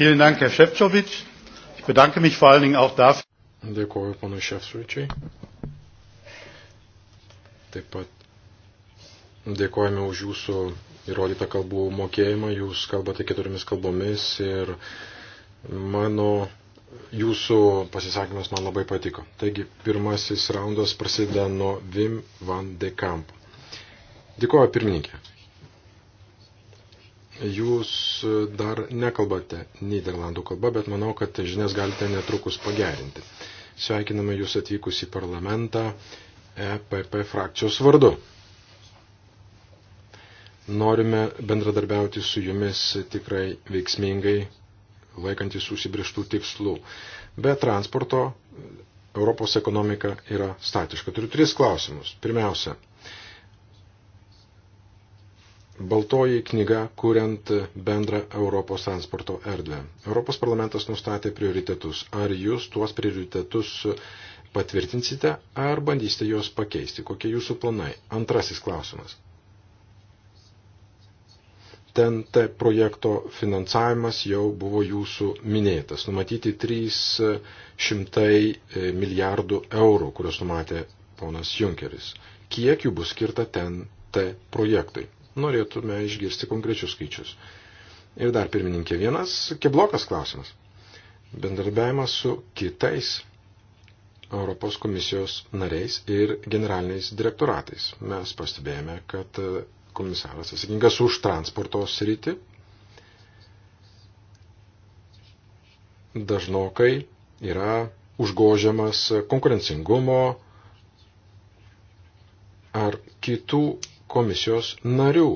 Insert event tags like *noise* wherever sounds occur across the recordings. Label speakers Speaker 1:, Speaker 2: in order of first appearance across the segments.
Speaker 1: Vielen Dank, Herr Šefčovič. Ich bedanke mich vor allen Dingen auch dafür. Dėkuoju ponui Šefčovičiai. Taip pat
Speaker 2: dėkojame už jūsų įrodytą kalbų mokėjimą. Jūs kalbate keturiomis kalbomis ir mano, jūsų pasisakymas man labai patiko. Taigi, pirmasis raundas prasideda nuo Vim van de Kamp. Dėkuoju pirmininkė jūs e, dar nekalbate Niderlandų kalba, bet manau, kad žinias galite netrukus pagerinti. Sveikiname jūs atvykus į parlamentą EPP frakcijos vardu. Norime bendradarbiauti su jumis tikrai veiksmingai, laikantis užsibrieštų tikslų. Be transporto Europos ekonomika yra statiška. Turiu tris klausimus. Pirmiausia, Baltoji knyga, kuriant bendrą Europos transporto erdvę. Europos parlamentas nustatė prioritetus. Ar jūs tuos prioritetus patvirtinsite, ar bandysite juos pakeisti? Kokie jūsų planai? Antrasis klausimas. Ten te projekto finansavimas jau buvo jūsų minėtas. Numatyti 300 e, milijardų eurų, kuriuos numatė ponas Junkeris. Kiek jų bus skirta ten te projektui? norėtume išgirsti konkrečius skaičius. Ir dar pirmininkė vienas keblokas klausimas. Bendarbiavimas su kitais Europos komisijos nariais ir generaliniais direktoratais. Mes pastebėjome, kad komisaras atsakingas už transporto sritį dažnokai yra užgožiamas konkurencingumo ar kitų komisijos narių.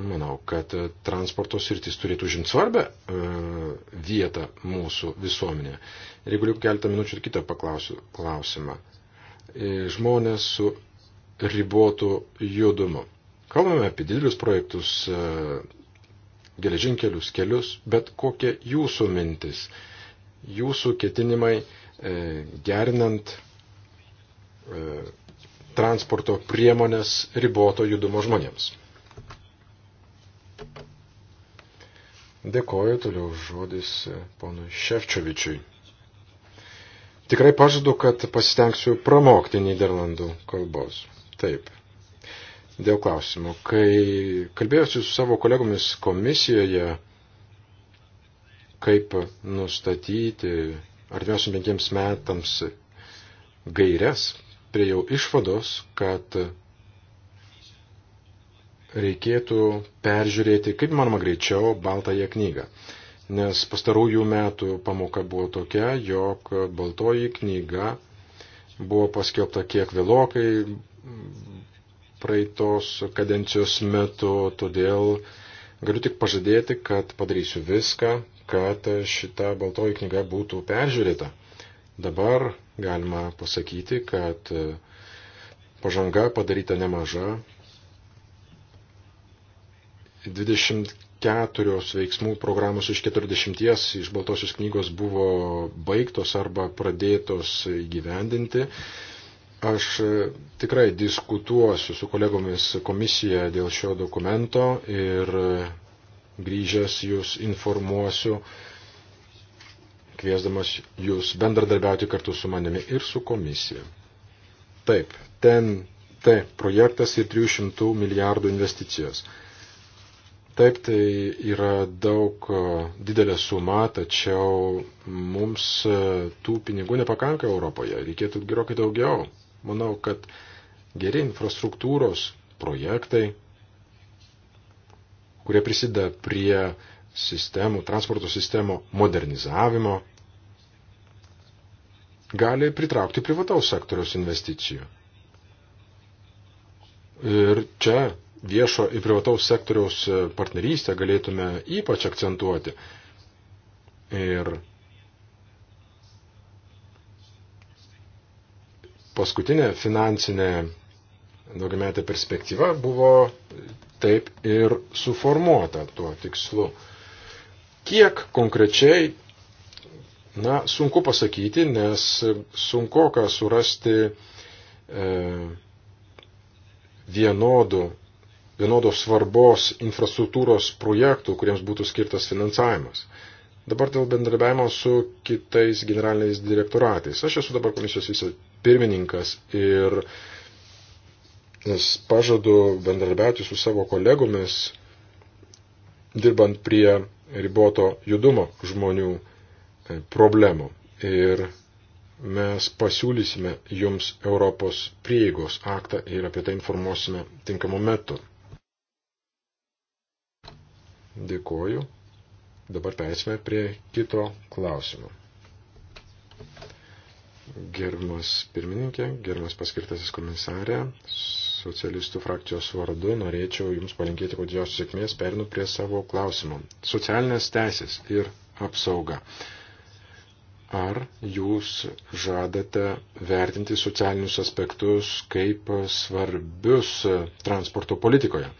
Speaker 2: Manau, kad transporto sritis turėtų žinti svarbę e, vietą mūsų visuomenėje. Ir jeigu liuk keletą minučių ir kitą paklausiu klausimą. E, žmonės su ribotu judumu. Kalbame apie didelius projektus, e, geležinkelius, kelius, bet kokie jūsų mintis, jūsų ketinimai e, gerinant e, transporto priemonės riboto judumo žmonėms. Dėkoju toliau žodis ponui Ševčiovičiui. Tikrai pažadu, kad pasistengsiu pramokti Niderlandų kalbos. Taip. Dėl klausimo. Kai kalbėjausi su savo kolegomis komisijoje, kaip nustatyti artimiausiams penkiems metams gairias, priejau išvados, kad reikėtų peržiūrėti, kaip manoma greičiau, baltąją knygą. Nes pastarųjų metų pamoka buvo tokia, jog baltoji knyga buvo paskelbta kiek vėlokai praeitos kadencijos metu, todėl galiu tik pažadėti, kad padarysiu viską, kad šita baltoji knyga būtų peržiūrėta. Dabar galima pasakyti, kad e, pažanga padaryta nemaža. 24 veiksmų programos iš 40 iš Baltosios knygos buvo baigtos arba pradėtos įgyvendinti. Aš e, tikrai diskutuosiu su kolegomis komisija dėl šio dokumento ir e, grįžęs jūs informuosiu, kviesdamas jūs bendradarbiauti kartu su manimi ir su komisija. Taip, ten T projektas ir 300 milijardų investicijos. Taip, tai yra daug e, didelė suma, tačiau mums e, tų pinigų nepakanka Europoje, reikėtų gerokai daugiau. Manau, kad geri infrastruktūros projektai, kurie prisideda prie sistemų, transporto sistemo modernizavimo, gali pritraukti privataus sektoriaus investicijų. Ir čia viešo ir privataus sektoriaus partnerystę galėtume ypač akcentuoti. Ir paskutinė finansinė daugiametė perspektyva buvo taip ir suformuota tuo tikslu. Kiek konkrečiai Na, sunku pasakyti, nes sunku ką surasti e, vienodų, vienodos svarbos infrastruktūros projektų, kuriems būtų skirtas finansavimas. Dabar dėl bendradarbiavimo su kitais generaliniais direktoratais. Aš esu dabar komisijos viso pirmininkas ir pažadu bendradarbiauti su savo kolegomis, dirbant prie riboto judumo žmonių E, problemų. Ir mes pasiūlysime jums Europos prieigos aktą ir apie tai informuosime tinkamu metu. Dėkoju. Dabar perėsime prie kito klausimo. Gerbimas pirmininkė, gerbimas paskirtasis komisarė, socialistų frakcijos vardu norėčiau Jums palinkėti kuo didžiausios sėkmės, perinu prie savo klausimų. Socialinės teisės ir apsauga. Ar jūs žadate vertinti socialinius aspektus kaip svarbius transporto politikoje?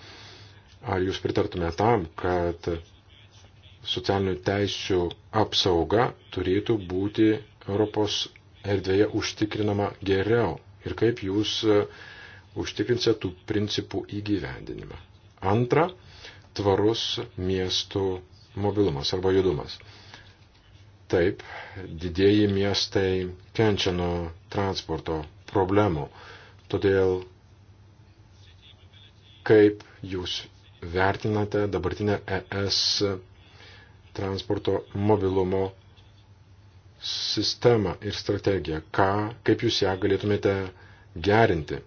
Speaker 2: Ar jūs pritartume tam, kad socialinių teisių apsauga turėtų būti Europos erdvėje užtikrinama geriau ir kaip jūs užtikrinsite tų principų įgyvendinimą. Antra, tvarus miestų mobilumas arba judumas. Taip, didėjai miestai kenčia nuo transporto problemų. Todėl kaip jūs vertinate dabartinę ES transporto mobilumo sistemą ir strategiją, ką, kaip jūs ją galėtumėte gerinti.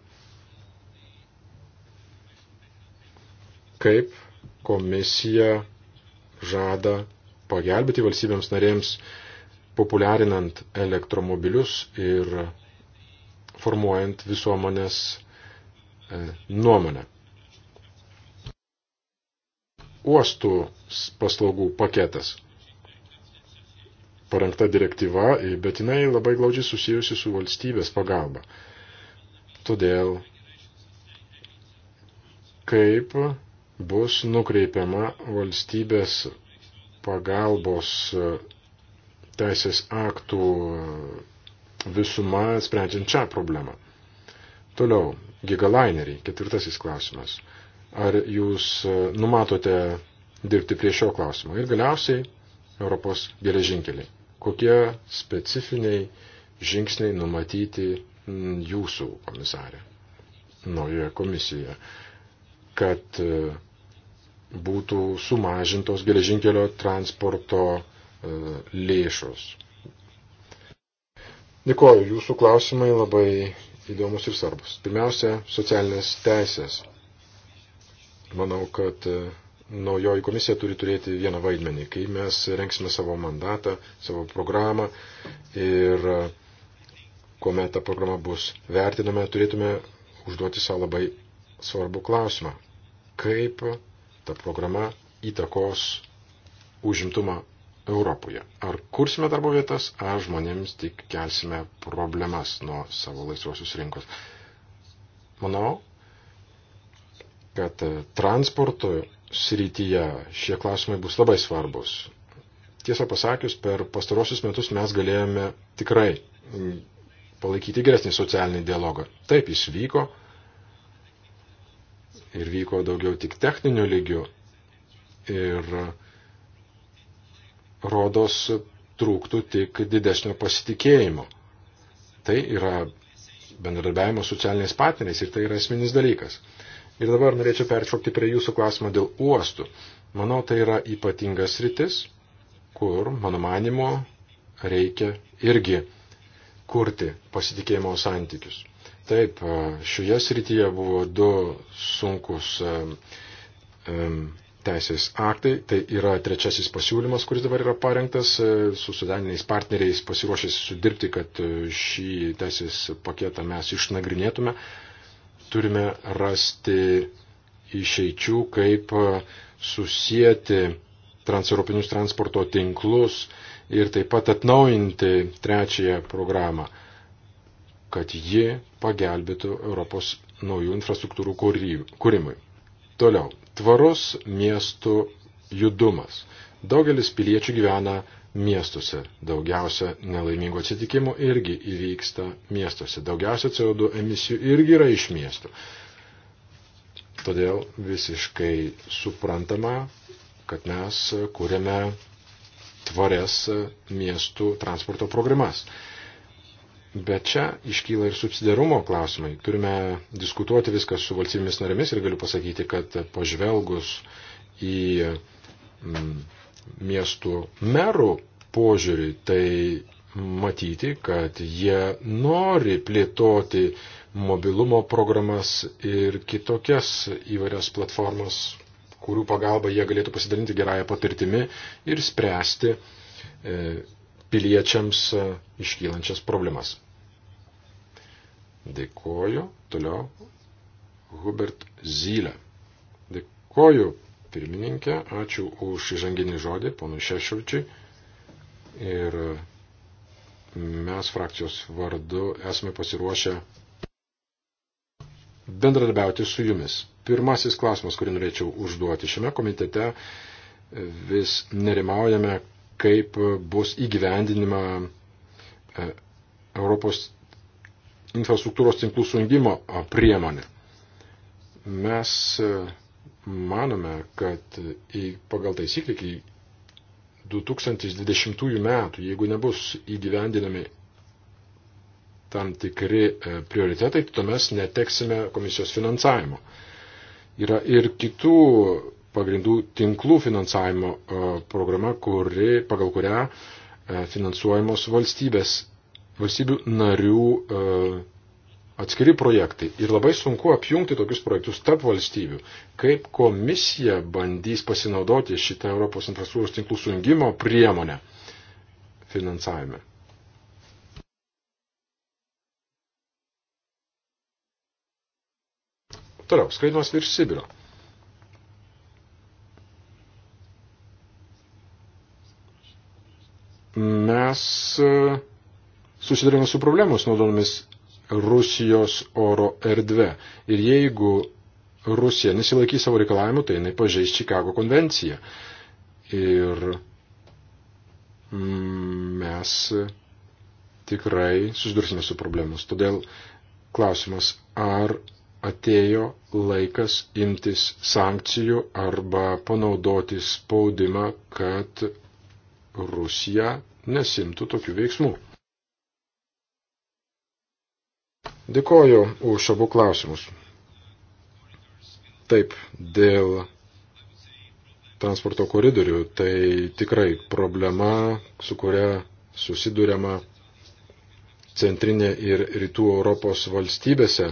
Speaker 2: Kaip komisija žada pagelbėti valstybėms narėms populiarinant elektromobilius ir formuojant visuomonės e, nuomonę. Uostų paslaugų paketas. Parengta direktyva, bet jinai labai glaudžiai susijusi su valstybės pagalba. Todėl kaip bus nukreipiama valstybės pagalbos e, teisės aktų e, visuma sprendžiant šią problemą. Toliau, gigalaineriai, ketvirtasis klausimas. Ar jūs e, numatote dirbti prie šio klausimo? Ir galiausiai Europos geležinkeliai. Kokie specifiniai žingsniai numatyti jūsų komisarė naujoje komisijoje, kad būtų sumažintos geležinkelio transporto e, lėšos. Dėkuoju, jūsų klausimai labai įdomus ir svarbus. Pirmiausia, socialinės teisės. Manau, kad e, naujoji komisija turi turėti vieną vaidmenį, kai mes renksime savo mandatą, savo programą ir e, kuomet ta programa bus vertinama, turėtume užduoti savo labai svarbų klausimą. Kaip ta programa įtakos užimtumą Europoje. Ar kursime darbo vietas, ar žmonėms tik kelsime problemas nuo savo laisvosios rinkos. Manau, kad e, transporto srityje šie klausimai bus labai svarbus. Tiesą pasakius, per pastarosius metus mes galėjome tikrai palaikyti geresnį socialinį dialogą. Taip jis vyko, ir vyko daugiau tik techninių lygių ir rodos trūktų tik didesnio pasitikėjimo. Tai yra bendradarbiavimo socialiniais partneriais ir tai yra esminis dalykas. Ir dabar norėčiau peršokti prie jūsų klausimą dėl uostų. Manau, tai yra ypatingas rytis, kur, mano manimo, reikia irgi kurti pasitikėjimo santykius. Taip, šioje srityje buvo du sunkus teisės aktai. Tai yra trečiasis pasiūlymas, kuris dabar yra parengtas. Su sudaniniais partneriais pasiruošęs sudirbti, kad šį teisės paketą mes išnagrinėtume. Turime rasti išeičių, kaip susijęti transeuropinius transporto tinklus ir taip pat atnaujinti trečiąją programą kad ji pagelbėtų Europos naujų infrastruktūrų kūrimui. Toliau. Tvarus miestų judumas. Daugelis piliečių gyvena miestuose. Daugiausia nelaimingų atsitikimų irgi įvyksta miestuose. Daugiausia CO2 emisijų irgi yra iš miestų. Todėl visiškai suprantama, kad mes kūrėme tvarias miestų transporto programas. Bet čia iškyla ir subsidiarumo klausimai. Turime diskutuoti viską su valstybėmis narėmis ir galiu pasakyti, kad pažvelgus į mm, miestų merų požiūrį, tai matyti, kad jie nori plėtoti mobilumo programas ir kitokias įvairias platformas, kurių pagalba jie galėtų pasidalinti gerąją patirtimi ir spręsti e, piliečiams e, iškylančias problemas. Dėkoju. Toliau Hubert Zylė. Dėkoju, pirmininkė. Ačiū už įžanginį žodį, ponui Šešovičiui. Ir mes frakcijos vardu esame pasiruošę bendradarbiauti su jumis. Pirmasis klausimas, kurį norėčiau užduoti šiame komitete, vis nerimaujame, kaip bus įgyvendinima e, Europos infrastruktūros tinklų sujungimo e, priemonė. Mes e, manome, kad į, pagal taisyklį iki 2020 metų, jeigu nebus įgyvendinami tam tikri prioritetai, tuomet neteksime komisijos finansavimo. Yra ir kitų pagrindų tinklų finansavimo e, programa, kuri, pagal kurią e, finansuojamos valstybės, valstybių narių e, atskiri projektai. Ir labai sunku apjungti tokius projektus tarp valstybių. Kaip komisija bandys pasinaudoti šitą Europos infrastruktūros tinklų sujungimo priemonę finansavime? Toliau, skraidimas virš Sibiro. mes e, susidurime su problemos naudodomis Rusijos oro erdvė. Ir jeigu Rusija nesilaikys savo reikalavimų, tai jinai pažeis Čikago konvenciją. Ir mm, mes e, tikrai susidursime su problemus. Todėl klausimas, ar atėjo laikas imtis sankcijų arba panaudoti spaudimą, kad Rusija nesimtų tokių veiksmų. Dėkoju už abu klausimus. Taip, dėl transporto koridorių, tai tikrai problema, su kuria susidūrėma centrinė ir rytų Europos valstybėse.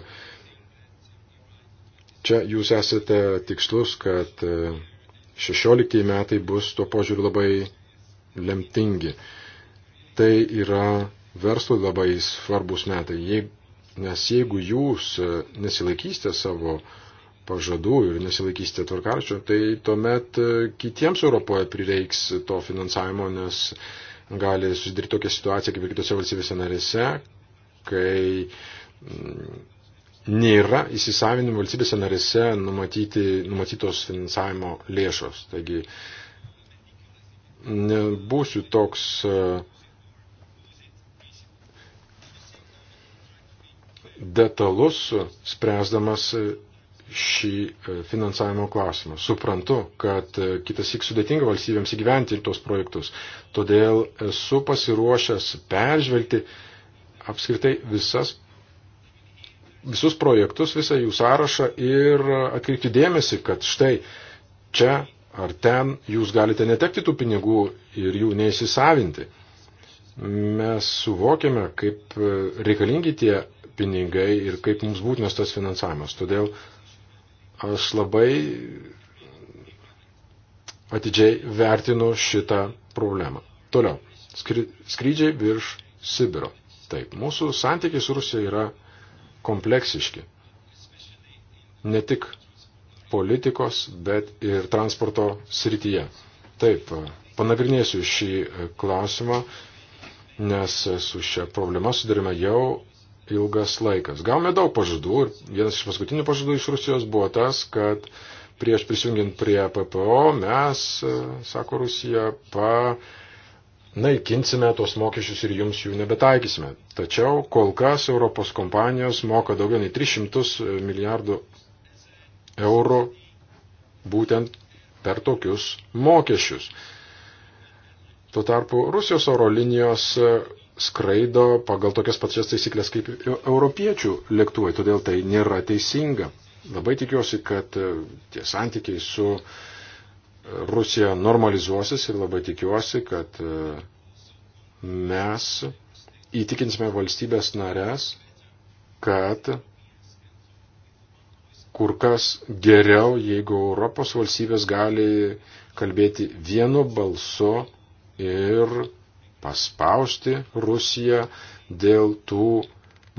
Speaker 2: Čia jūs esate tikslus, kad 16 metai bus tuo požiūriu labai lemtingi. Tai yra verslui labai svarbus metai, nes jeigu jūs nesilaikysite savo pažadų ir nesilaikysite tvarkarčio, tai tuomet e, kitiems Europoje prireiks to finansavimo, nes gali susidaryti tokia situacija kaip ir kitose valstybėse narėse, kai mm, nėra įsisavinimo valstybėse narėse numatyti, numatytos finansavimo lėšos. Taigi nebūsiu toks e, detalus spręsdamas šį e, finansavimo klausimą. Suprantu, kad e, kitas įk sudėtinga valstybėms įgyventi tos projektus. Todėl esu pasiruošęs peržvelgti apskritai visas, visus projektus, visą jų sąrašą ir atkreipti dėmesį, kad štai čia ar ten jūs galite netekti tų pinigų ir jų neįsisavinti. Mes suvokiame, kaip e, reikalingi tie pinigai ir kaip mums būtinas tas finansavimas. Todėl aš labai atidžiai vertinu šitą problemą. Toliau, skry, skrydžiai virš Sibiro. Taip, mūsų santykiai su Rusija yra kompleksiški. Ne tik politikos, bet ir transporto srityje. Taip, panagrinėsiu šį klausimą, nes su šia problema sudarime jau ilgas laikas. Gavome daug pažadų ir vienas iš paskutinių pažadų iš Rusijos buvo tas, kad prieš prisijungiant prie PPO mes, sako Rusija, pa naikinsime tuos mokesčius ir jums jų nebetaikysime. Tačiau kol kas Europos kompanijos moka daugiau nei 300 milijardų eurų būtent per tokius mokesčius. Tuo tarpu Rusijos oro linijos e, skraido pagal tokias pačias taisyklės kaip e, europiečių lėktuvai, todėl tai nėra teisinga. Labai tikiuosi, kad e, tie santykiai su Rusija normalizuosis ir labai tikiuosi, kad mes įtikinsime valstybės narės, kad kur kas geriau, jeigu Europos valstybės gali kalbėti vienu balsu ir paspausti Rusiją dėl tų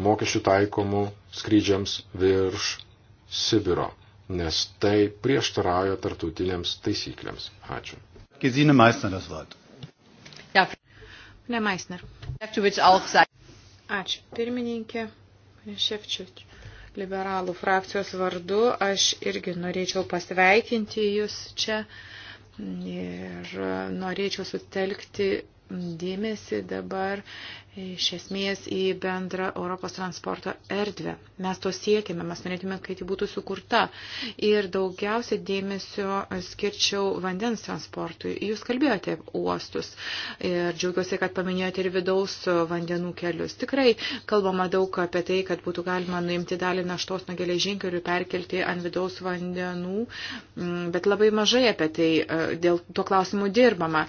Speaker 2: mokesčių taikomų skrydžiams virš Sibiro, nes tai prieštarauja tartutiniams taisyklėms. Ačiū. Gesine Meissner,
Speaker 1: das Wort.
Speaker 3: Ja, ne Meissner. Ačiū, pirmininkė, Šefčiučiu liberalų frakcijos vardu. Aš irgi norėčiau pasveikinti jūs čia ir norėčiau sutelkti dėmesį dabar iš esmės į bendrą Europos transporto erdvę. Mes to siekime, mes norėtume, kad ji būtų sukurta. Ir daugiausia dėmesio skirčiau vandens transportui. Jūs kalbėjote uostus ir džiaugiuosi, kad paminėjote ir vidaus vandenų kelius. Tikrai kalbama daug apie tai, kad būtų galima nuimti dalį naštos nuo geležinkelių ir perkelti ant vidaus vandenų, mm, bet labai mažai apie tai e, dėl to klausimų dirbama.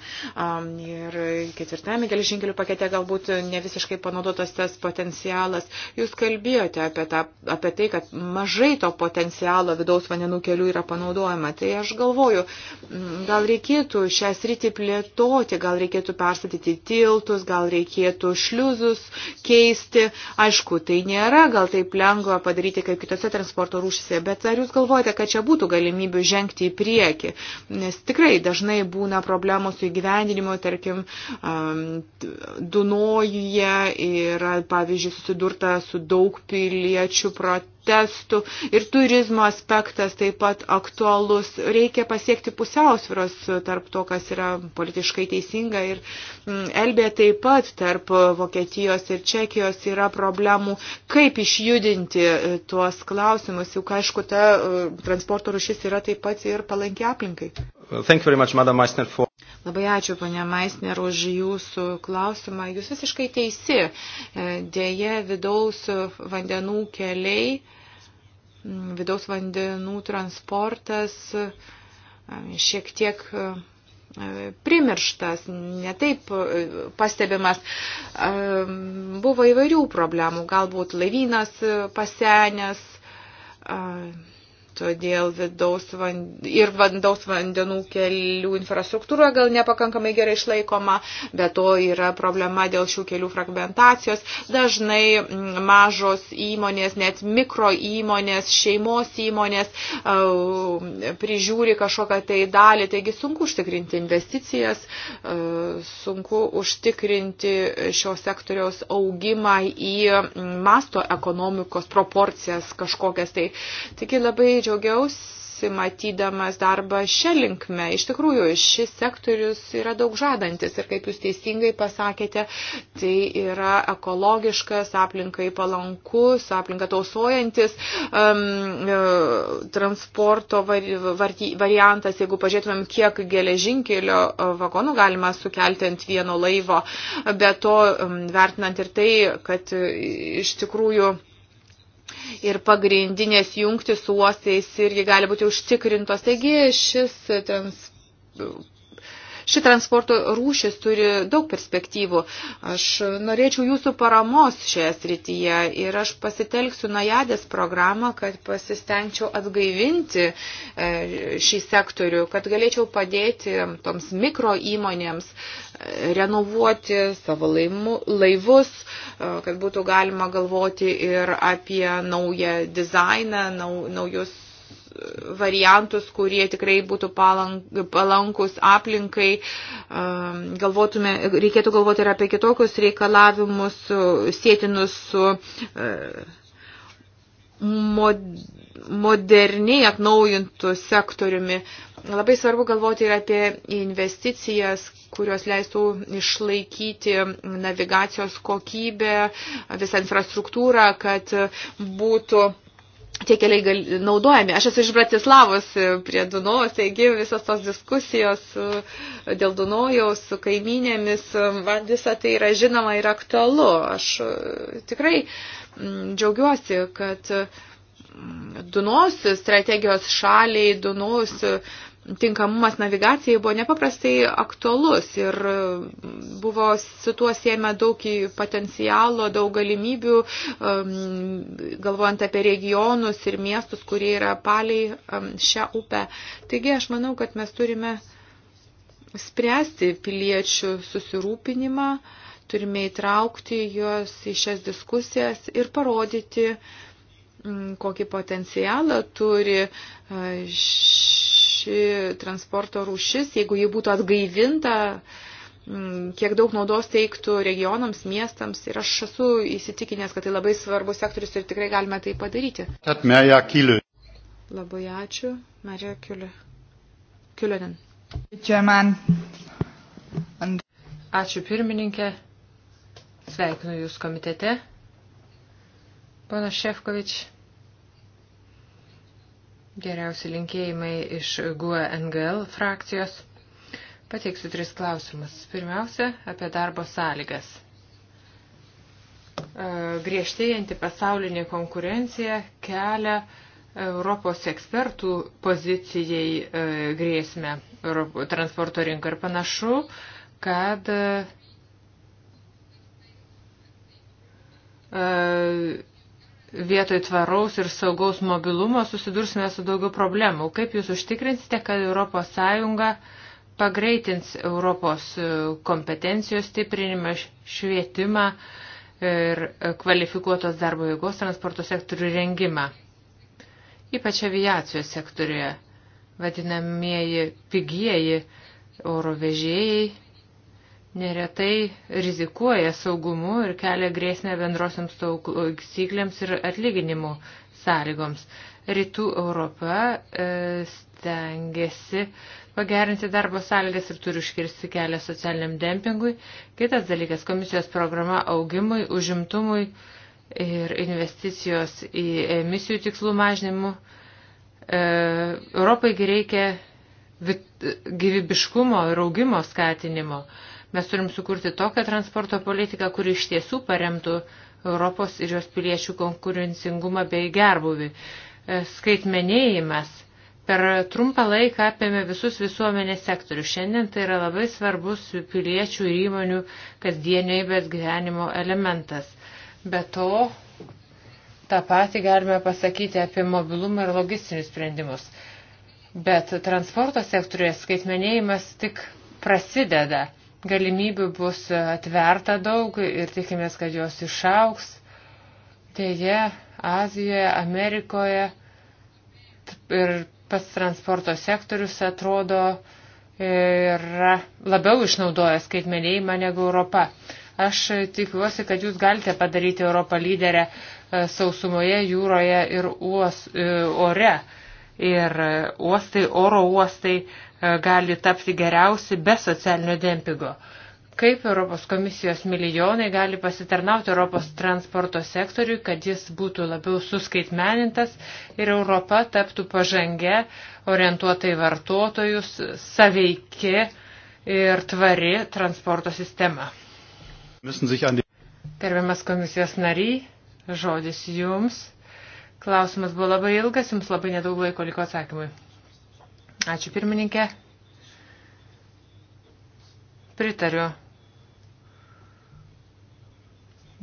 Speaker 3: Ir ketvirtame geležinkelių pakete galbūt nevisiškai panaudotas tas potencialas. Jūs kalbėjote apie, tą, apie tai, kad mažai to potencialo vidaus vandenų kelių yra panaudojama. Tai aš galvoju, gal reikėtų šią sritį plėtoti, gal reikėtų perstatyti tiltus, gal reikėtų šliuzus keisti. Aišku, tai nėra gal taip lengva padaryti kaip kitose transporto rūšise, bet ar jūs galvojate, kad čia būtų galimybių žengti į priekį? Nes tikrai dažnai būna problemų su įgyvendinimu, tarkim, Dunojų Rusiją ir, pavyzdžiui, susidurta su daug piliečių protestų ir turizmo aspektas taip pat aktualus. Reikia pasiekti pusiausviros tarp to, kas yra politiškai teisinga ir mm, Elbė taip pat tarp Vokietijos ir Čekijos yra problemų, kaip išjudinti e, tuos klausimus, juk aišku, ta e, transporto rušis yra taip pat ir palankia aplinkai.
Speaker 1: Thank you very much, Madam Meissner, for...
Speaker 3: Labai ačiū, ponia Maisner, už jūsų klausimą. Jūs visiškai teisi. E, dėje vidaus vandenų keliai, vidaus vandenų transportas e, šiek tiek e, primirštas, netaip pastebimas. Buvo įvairių problemų, galbūt laivynas pasenęs, Todėl vidaus van, ir vandaus vandenų kelių infrastruktūra gal nepakankamai gerai išlaikoma, bet to yra problema dėl šių kelių fragmentacijos. Dažnai mm, mažos įmonės, net mikro įmonės, šeimos įmonės prižiūri kažkokią tai dalį, taigi sunku užtikrinti investicijas, sunku užtikrinti šio sektoriaus augimą į mm, masto ekonomikos proporcijas kažkokias. Tai, taigi labai džiaugiausi matydamas darbą šią linkmę. Iš tikrųjų, šis sektorius yra daug žadantis ir kaip jūs teisingai pasakėte, tai yra ekologiškas, aplinkai palankus, aplinką tausojantis um, e, transporto var, var, variantas. Jeigu pažiūrėtumėm, kiek geležinkelio e, vagonų galima sukelti ant vieno laivo, be to um, vertinant ir tai, kad e, iš tikrųjų ir pagrindinės jungtis su uostais irgi gali būti užtikrintos. Taigi šis ten Ši transporto rūšis turi daug perspektyvų. Aš norėčiau jūsų paramos šioje srityje ir aš pasitelksiu Najadės programą, kad pasistengčiau atgaivinti e, šį sektorių, kad galėčiau padėti toms mikro įmonėms e, renovuoti savo laimu, laivus, e, kad būtų galima galvoti ir apie naują dizainą, nau, naujus variantus, kurie tikrai būtų palankus aplinkai. Um, galvotume, reikėtų galvoti ir apie kitokius reikalavimus sėtinus su uh, moderniai atnaujintų sektoriumi. Labai svarbu galvoti ir apie investicijas, kurios leistų išlaikyti navigacijos kokybę, visą infrastruktūrą, kad būtų tie keliai gal, naudojami. Aš esu iš Bratislavos e, prie Dunojaus, taigi visas tos diskusijos e, dėl Dunojaus su kaiminėmis, e, man visa tai yra žinoma ir aktualu. Aš tikrai džiaugiuosi, kad Dunos strategijos šaliai, Dunos tinkamumas navigacijai buvo nepaprastai aktualus ir e, buvo su tuo siejama daug potencialo, daug galimybių, galvojant apie regionus ir miestus, kurie yra paliai šią upę. Taigi aš manau, kad mes turime spręsti piliečių susirūpinimą, turime įtraukti juos į šias diskusijas ir parodyti, kokį potencialą turi ši e, ši transporto rūšis, jeigu ji būtų atgaivinta, mm, kiek daug naudos teiktų regionams, miestams. Ir aš esu įsitikinęs, kad tai labai svarbus sektorius ir tikrai galime tai padaryti.
Speaker 1: Atmeja Kiliu.
Speaker 3: Labai ačiū, Marija Kiliu. Kiliuonin.
Speaker 4: Ačiū pirmininkė. Sveikinu Jūs komitete. Pana Šefkovič. Geriausi linkėjimai iš GUE NGL frakcijos. Pateiksiu tris klausimus. Pirmiausia, apie darbo sąlygas. E, griežtėjanti pasaulinė konkurencija kelia Europos ekspertų pozicijai e, grėsmę transporto rinką ir panašu, kad e, vietoj tvaraus ir saugaus mobilumo susidursime su daugiau problemų. Kaip jūs užtikrinsite, kad ES pagreitins Europos e, kompetencijos stiprinimą, švietimą ir e, kvalifikuotos darbo jėgos transporto sektorių rengimą, ypač aviacijos sektoriuje, vadinamieji pigieji oro vežėjai neretai rizikuoja saugumu ir kelia grėsmę bendrosiams taisyklėms ir atlyginimų sąlygoms. Rytų Europa e, stengiasi pagerinti darbo sąlygas ir turi užkirsti kelią socialiniam dempingui. Kitas dalykas - komisijos programa augimui, užimtumui ir investicijos į emisijų tikslų mažinimu. E, Europai reikia gyvybiškumo ir augimo skatinimo. Mes turim sukurti tokią transporto politiką, kuri iš tiesų paremtų Europos ir jos piliečių konkurencingumą bei gerbuvį. E, skaitmenėjimas per trumpą laiką apėmė visus visuomenės sektorius. Šiandien tai yra labai svarbus piliečių ir įmonių kasdienybės gyvenimo elementas. Be to, tą patį galime pasakyti apie mobilumą ir logistinius sprendimus. Bet transporto sektorės skaitmenėjimas tik prasideda galimybių bus atverta daug ir tikimės, kad jos išauks. Deja, Azijoje, Amerikoje ir pats transporto sektorius atrodo e, yra labiau išnaudojęs skaitmenėjimą negu Europa. Aš tikiuosi, kad jūs galite padaryti Europą lyderę e, sausumoje, jūroje ir uos, e, ore. Ir uostai, oro uostai E, gali tapti geriausi be socialinio dempingo. Kaip Europos komisijos milijonai gali pasitarnauti Europos transporto sektoriui, kad jis būtų labiau suskaitmenintas ir Europa taptų pažangę, orientuotai vartotojus, saveiki ir tvari transporto sistema.
Speaker 1: Gerbiamas
Speaker 4: komisijos nariai, žodis jums. Klausimas buvo labai ilgas, jums labai nedaug laiko liko atsakymui. Ačiū pirmininkė. Pritariu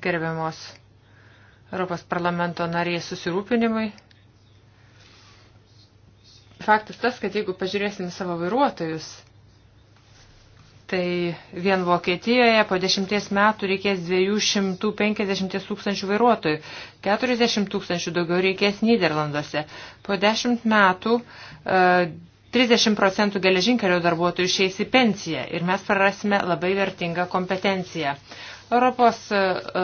Speaker 4: gerbiamos Europos parlamento narės susirūpinimui. Faktas tas, kad jeigu pažiūrėsim savo vairuotojus, tai vien Vokietijoje po dešimties metų reikės 250 tūkstančių vairuotojų, 40 tūkstančių daugiau reikės Niderlanduose. Po dešimt metų uh, 30 procentų geležinkelio darbuotojų išeis į pensiją ir mes prarasime labai vertingą kompetenciją. Europos e, e,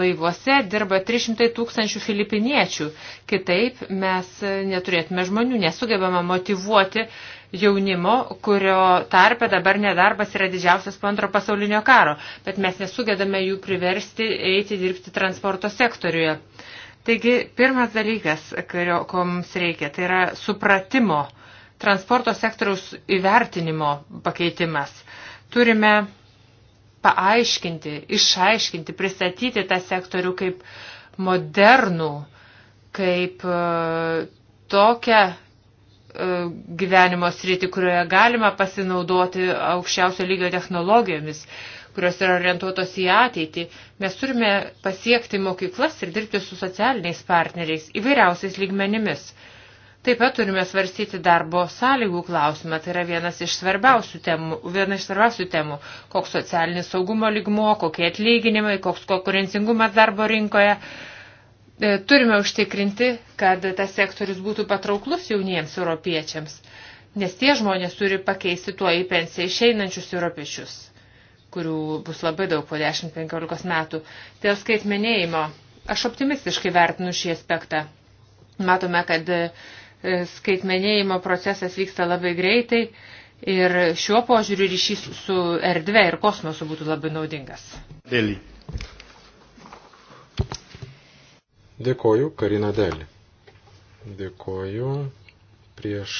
Speaker 4: laivuose dirba 300 tūkstančių filipiniečių. Kitaip mes e, neturėtume žmonių, nesugebame motivuoti jaunimo, kurio tarpe dabar nedarbas yra didžiausias po antro pasaulinio karo, bet mes nesugebame jų priversti eiti dirbti transporto sektoriuje. Taigi, pirmas dalykas, kurio mums reikia, tai yra supratimo Transporto sektoriaus įvertinimo pakeitimas. Turime paaiškinti, išaiškinti, pristatyti tą sektorių kaip modernų, kaip e, tokią e, gyvenimo sritį, kurioje galima pasinaudoti aukščiausio lygio technologijomis, kurios yra orientuotos į ateitį. Mes turime pasiekti mokyklas ir dirbti su socialiniais partneriais įvairiausiais lygmenimis. Uh, Taip pat turime svarstyti darbo sąlygų klausimą. Tai yra vienas iš svarbiausių temų, viena iš svarbiausių temų, koks socialinis saugumo lygmuo, kokie atlyginimai, koks konkurencingumas darbo rinkoje. E, turime užtikrinti, kad tas sektorius būtų patrauklus jauniems europiečiams, nes tie žmonės turi pakeisti tuo į pensiją išeinančius europiečius, kurių bus labai daug po 10-15 metų. Dėl skaitmenėjimo aš optimistiškai vertinu šį aspektą. Matome, kad E, skaitmenėjimo procesas vyksta labai greitai ir šiuo požiūriu ryšys su erdve ir kosmosu būtų labai naudingas.
Speaker 1: Dėlį.
Speaker 2: Dėkoju, Karina Dėlį. Dėkoju. Prieš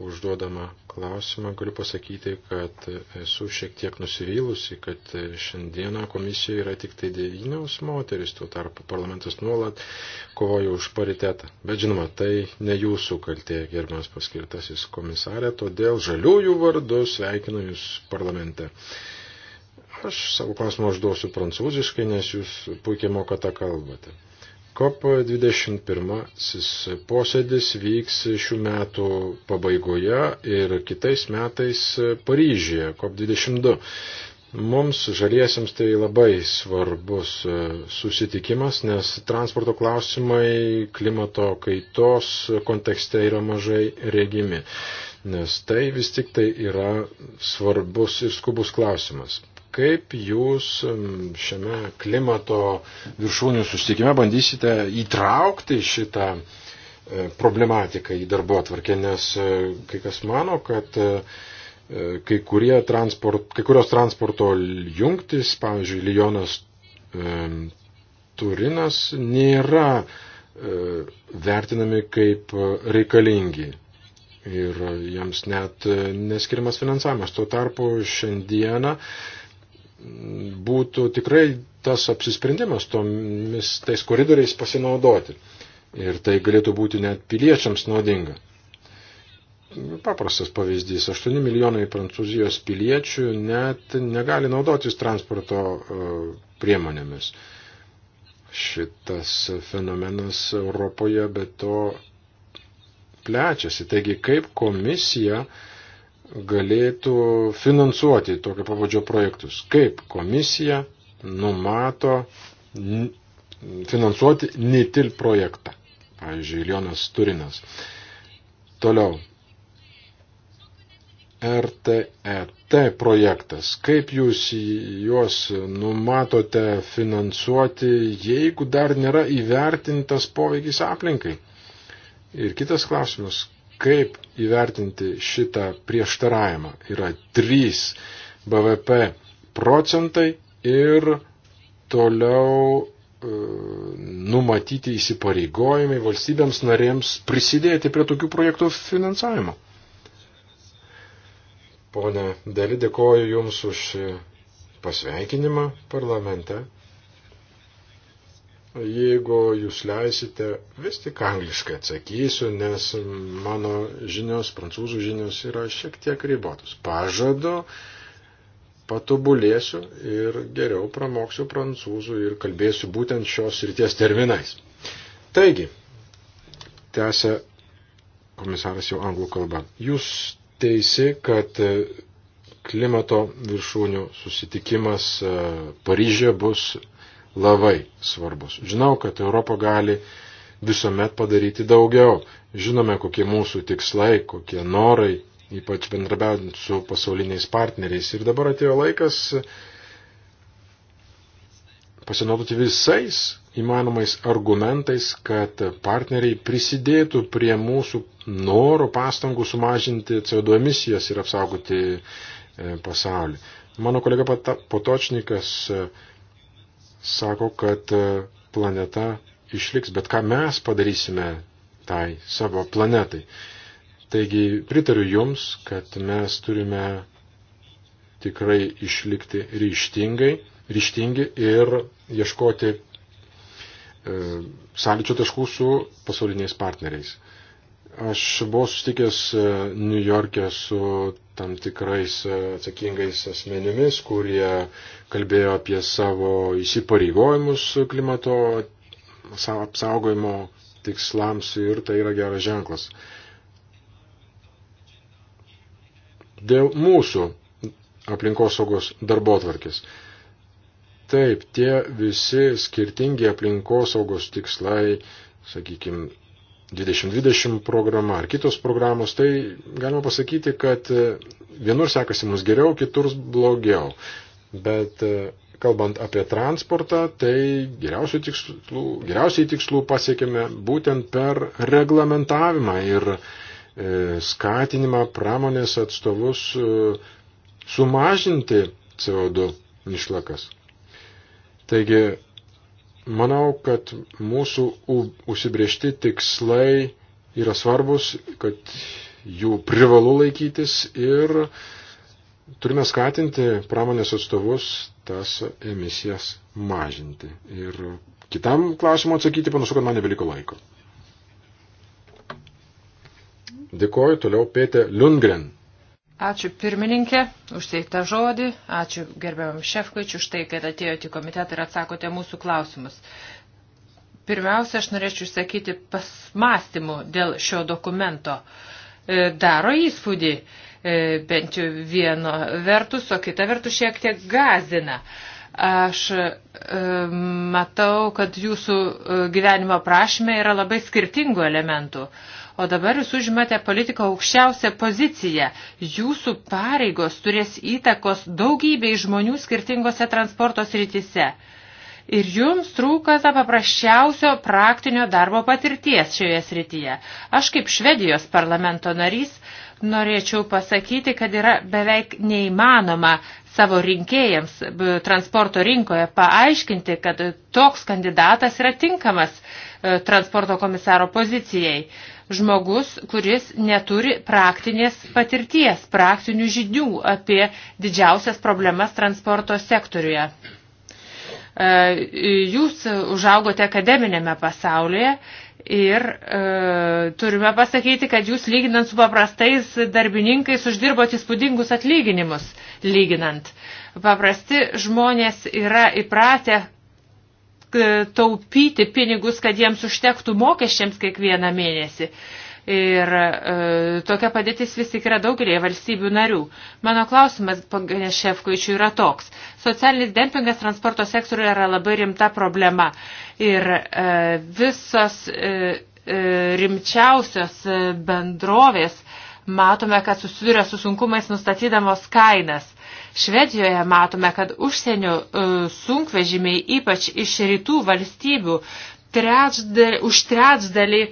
Speaker 2: užduodamą klausimą galiu pasakyti, kad esu šiek tiek nusivylusi, kad šiandieną komisijoje yra tik tai devynios moteris, tuo tarpu parlamentas nuolat kovoja už paritetą. Bet žinoma, tai ne jūsų kaltė, gerbiamas paskirtasis komisarė, todėl žaliųjų vardu sveikinu jūs parlamente. Aš savo klausimą užduosiu prancūziškai, nes jūs puikiai mokate kalbate. COP21 posėdis vyks šių metų pabaigoje ir kitais metais Paryžyje, COP22. Mums žaliesiams tai labai svarbus e, susitikimas, nes transporto klausimai klimato kaitos kontekste yra mažai regimi, nes tai vis tik tai yra svarbus ir skubus klausimas. Kaip jūs šiame klimato viršūnių susitikime bandysite įtraukti šitą e, problematiką į darbo atvarkę, nes e, kai kas mano, kad e, kai, transport, kai kurios transporto jungtis, pavyzdžiui, Lyonas Turinas nėra vertinami kaip reikalingi ir jiems net neskirimas finansavimas. Tuo tarpu šiandieną būtų tikrai tas apsisprendimas tomis tais koridoriais pasinaudoti. Ir tai galėtų būti net piliečiams naudinga. Paprastas pavyzdys. 8 milijonai prancūzijos piliečių net negali naudotis transporto e, priemonėmis. Šitas fenomenas Europoje be to plečiasi. Taigi kaip komisija uh, galėtų finansuoti tokio pavadžio projektus, kaip komisija numato finansuoti NITIL projektą. Pavyzdžiui, Lionas Turinas. Toliau. RTET e projektas. Kaip jūs juos numatote finansuoti, jeigu dar nėra įvertintas poveikis aplinkai? Ir kitas klausimas, Kaip įvertinti šitą prieštaravimą? Yra 3 BVP procentai ir toliau e, numatyti įsipareigojimai valstybėms narėms prisidėti prie tokių projektų finansavimo. Pone Deli, dėkoju Jums už pasveikinimą parlamente. Jeigu jūs leisite, vis tik angliškai atsakysiu, nes mano žinios, prancūzų žinios yra šiek tiek ribotos. Pažadu, patobulėsiu ir geriau pramoksiu prancūzų ir kalbėsiu būtent šios ryties terminais. Taigi, tęsė komisaras jau anglų kalba. Jūs teisi, kad klimato viršūnių susitikimas e, Paryžė bus labai svarbus. Žinau, kad Europa gali visuomet padaryti daugiau. Žinome, kokie mūsų tikslai, kokie norai, ypač bendrabiaujant su pasauliniais partneriais. Ir dabar atėjo laikas pasinaudoti visais įmanomais argumentais, kad partneriai prisidėtų prie mūsų norų pastangų sumažinti CO2 emisijas ir apsaugoti e, pasaulį. Mano kolega Potočnikas pat e, sako, kad e, planeta išliks, bet ką mes padarysime tai savo planetai. Taigi pritariu Jums, kad mes turime tikrai išlikti ryštingai, ryštingi ir ieškoti e, sąlyčio taškų su pasauliniais partneriais. Aš buvau sustikęs e, New York'e su tam tikrais e, atsakingais asmenimis, kurie kalbėjo apie savo įsipareigojimus klimato apsaugojimo tikslams ir tai yra geras ženklas. Dėl mūsų aplinkosaugos darbotvarkės. Taip, tie visi skirtingi aplinkosaugos tikslai, sakykime, 2020 programa ar kitos programos, tai galima pasakyti, kad e, vienur sekasi mums geriau, kitur blogiau. Bet e, kalbant apie transportą, tai geriausiai tikslų, geriausiai tikslų pasiekime būtent per reglamentavimą ir e, skatinimą pramonės atstovus e, sumažinti CO2 išlakas. Taigi Manau, kad mūsų užsibriežti tikslai yra svarbus, kad jų privalu laikytis ir turime skatinti pramonės atstovus tas emisijas mažinti. Ir kitam klausimui atsakyti panašu, kad man nebeliko laiko. Dėkoju toliau Pėtė Lundgren.
Speaker 4: Ačiū pirmininkė už teiktą žodį, ačiū gerbiamam Šefkočiu už tai, kad atėjote į komitetą ir atsakote mūsų klausimus. Pirmiausia, aš norėčiau išsakyti pasmastymų dėl šio dokumento. E, daro įspūdį e, bent jau vieno vertus, o kita vertus šiek tiek gazina. Aš e, matau, kad jūsų gyvenimo prašymė yra labai skirtingų elementų o dabar jūs užimate politiko aukščiausią poziciją. Jūsų pareigos turės įtakos daugybei žmonių skirtingose transporto srityse. Ir jums trūka tą paprasčiausio praktinio darbo patirties šioje srityje. Aš kaip Švedijos parlamento narys norėčiau pasakyti, kad yra beveik neįmanoma savo rinkėjams transporto rinkoje paaiškinti, kad toks kandidatas yra tinkamas e, transporto komisaro pozicijai žmogus, kuris neturi praktinės patirties, praktinių žinių apie didžiausias problemas transporto sektoriuje. E, jūs užaugote akademinėme pasaulyje ir e, turime pasakyti, kad jūs lyginant su paprastais darbininkais uždirbote įspūdingus atlyginimus lyginant. Paprasti žmonės yra įpratę E, taupyti pinigus, kad jiems užtektų mokesčiams kiekvieną mėnesį. Ir e, tokia padėtis vis tik yra daugelėje valstybių narių. Mano klausimas, ponė Šefkoičių, yra toks. Socialinis dempingas transporto sektoriuje yra labai rimta problema. Ir e, visos e, e rimčiausios e, bendrovės matome, kad susiduria su sunkumais nustatydamos kainas. Švedijoje matome, kad užsienio e, sunkvežimiai, ypač iš rytų valstybių, trečdali, už trečdalį e,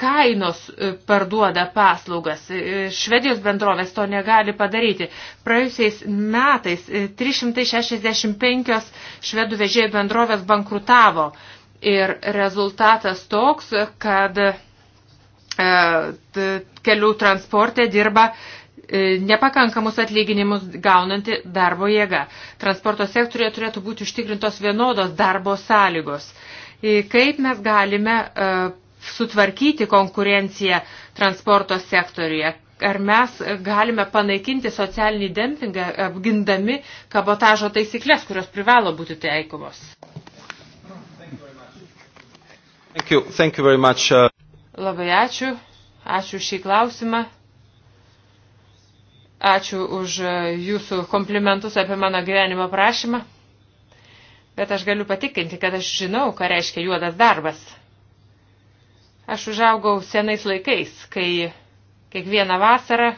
Speaker 4: kainos e, parduoda paslaugas. Švedijos bendrovės to negali padaryti. Praėjusiais metais 365 švedų vežėjų bendrovės bankrutavo. Ir rezultatas toks, kad kelių transporte dirba E, nepakankamus atlyginimus gaunanti darbo jėga. Transporto sektorija turėtų būti užtikrintos vienodos darbo sąlygos. E, kaip mes galime e, sutvarkyti konkurenciją transporto sektoriuje? Ar mes galime panaikinti socialinį dempingą, apgindami kabotažo taisyklės, kurios privalo būti teikomos?
Speaker 1: Thank you. Thank you very much. Uh,
Speaker 4: Labai ačiū. Ačiū šį klausimą. Ačiū už jūsų komplimentus apie mano gyvenimo prašymą. Bet aš galiu patikinti, kad aš žinau, ką reiškia juodas darbas. Aš užaugau senais laikais, kai kiekvieną vasarą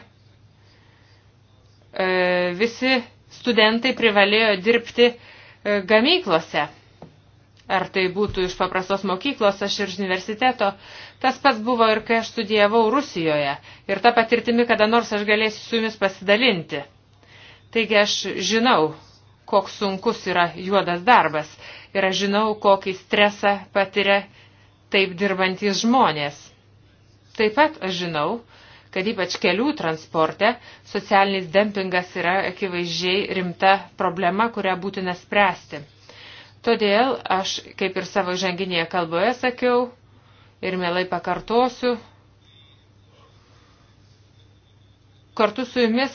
Speaker 4: e, visi studentai privalėjo dirbti e, gamyklose. Ar tai būtų iš paprastos mokyklos, aš ir universiteto. E, Tas pats buvo ir kai aš studijavau Rusijoje ir tą patirtimi kada nors aš galėsiu su jumis pasidalinti. Taigi aš žinau, koks sunkus yra juodas darbas ir aš žinau, kokį stresą patiria taip dirbantys žmonės. Taip pat aš žinau, kad ypač kelių transporte socialinis dempingas yra akivaizdžiai rimta problema, kurią būtina spręsti. Todėl aš, kaip ir savo žanginėje kalboje sakiau, ir mielai pakartosiu. Kartu su jumis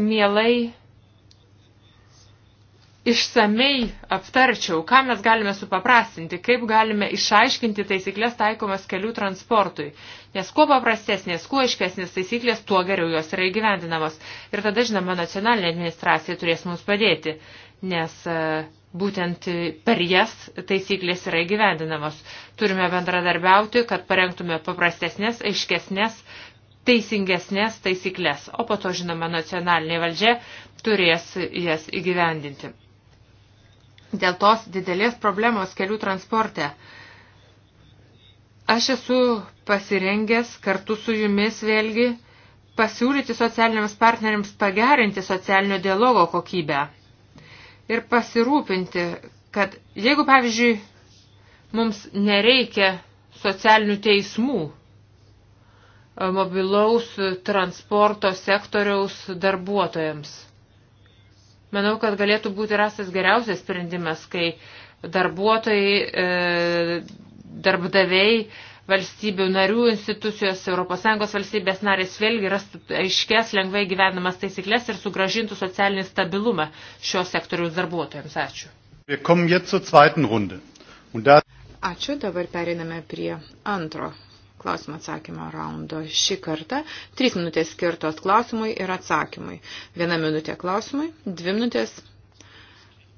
Speaker 4: mielai išsamei aptarčiau, ką mes galime supaprastinti, kaip galime išaiškinti taisyklės taikomas kelių transportui. Nes kuo paprastesnės, kuo aiškesnės taisyklės, tuo geriau jos yra įgyvendinamos. Ir tada, žinoma, nacionalinė administracija turės mums padėti, nes uh, būtent per jas taisyklės yra įgyvendinamos. Turime bendradarbiauti, kad parengtume paprastesnės, aiškesnės, teisingesnės taisyklės, o po to, žinoma, nacionalinė valdžia turės jas įgyvendinti. Dėl tos didelės problemos kelių transporte. Aš esu pasirengęs kartu su jumis vėlgi pasiūlyti socialiniams partneriams pagerinti socialinio dialogo kokybę ir pasirūpinti, kad jeigu, pavyzdžiui, mums nereikia socialinių teismų, e, mobilaus transporto sektoriaus darbuotojams. Manau, kad galėtų būti rastas geriausias sprendimas, kai darbuotojai, e, darbdaviai valstybių narių institucijos, ES valstybės narės vėlgi rastų aiškės lengvai gyvenamas taisyklės ir sugražintų socialinį stabilumą šio sektoriaus darbuotojams. Ačiū.
Speaker 3: Ačiū, dabar pereiname prie antro klausimo atsakymo raundo. Šį kartą trys minutės skirtos klausimui ir atsakymui. Viena minutė klausimui, dvi minutės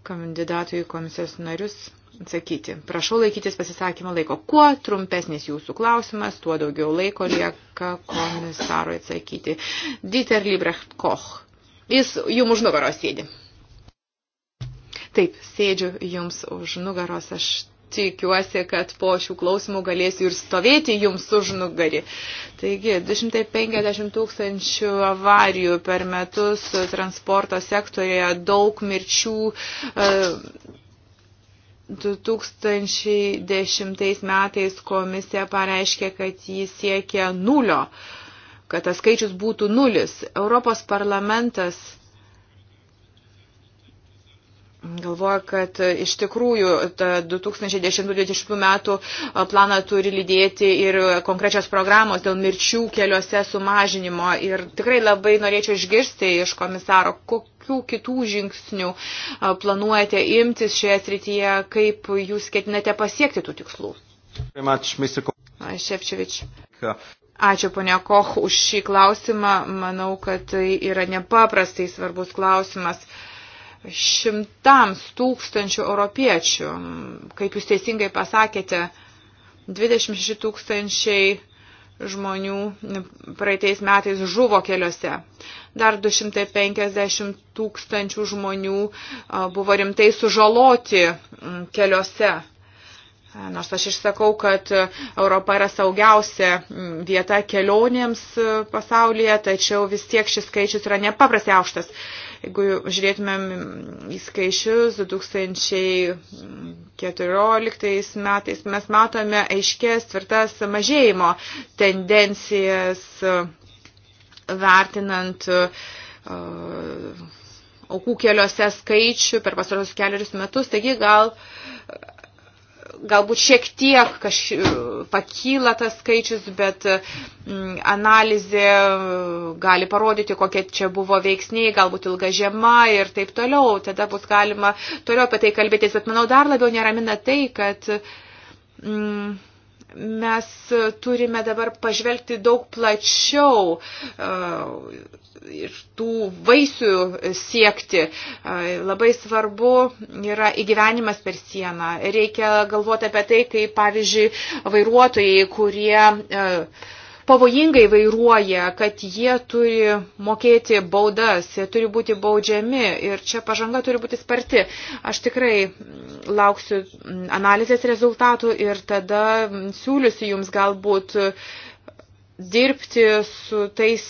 Speaker 3: kandidatui į komisijos narius atsakyti. Prašau laikytis pasisakymo laiko. Kuo trumpesnis jūsų klausimas, tuo daugiau laiko lieka komisarui atsakyti. Dieter Liebrecht Koch. Jis jums už nugaros sėdi. Taip, sėdžiu jums už nugaros. Aš tikiuosi, kad po šių klausimų galėsiu ir stovėti jums už nugarį. Taigi, 250 tūkstančių avarijų per metus transporto sektorėje, daug mirčių. Uh, 2010 metais komisija pareiškė, kad jį siekia nulio, kad tas skaičius būtų nulis. Europos parlamentas Galvoju, kad e, iš tikrųjų 2010-2020 metų e, planą turi lydėti ir konkrečios programos dėl mirčių keliuose sumažinimo. Ir tikrai labai norėčiau išgirsti iš komisaro, kokių kitų žingsnių e, planuojate imtis šioje srityje, kaip jūs ketinate pasiekti tų tikslų. Šepčevič. Ačiū, ponia Koch, už šį klausimą. Manau, kad tai yra nepaprastai svarbus klausimas šimtams tūkstančių europiečių. Kaip jūs teisingai pasakėte, 26 tūkstančiai žmonių praeitais metais žuvo keliuose. Dar 250 tūkstančių žmonių buvo rimtai sužaloti keliuose. Nors aš išsakau, kad Europa yra saugiausia vieta kelionėms pasaulyje, tačiau vis tiek šis skaičius yra nepaprastai aukštas. Jeigu žiūrėtumėm į skaičius 2014 metais, mes matome aiškės tvirtas mažėjimo tendencijas e, vertinant e, aukų keliuose skaičių per pasarosius keliarius metus. Taigi gal galbūt šiek tiek kaž, pakyla tas skaičius, bet mm, analizė mm, gali parodyti, kokie čia buvo veiksniai, galbūt ilga žiema ir taip toliau. Tada bus galima toliau apie tai kalbėtis, bet manau dar labiau neramina tai, kad. Mm, mes turime dabar pažvelgti daug plačiau e, ir tų vaisių siekti. E, labai svarbu yra įgyvenimas per sieną. Reikia galvoti apie tai, kaip pavyzdžiui vairuotojai, kurie e, pavojingai vairuoja, kad jie turi mokėti baudas, jie turi būti baudžiami ir čia pažanga turi būti sparti. Aš tikrai lauksiu analizės rezultatų ir tada siūlysiu jums galbūt dirbti su tais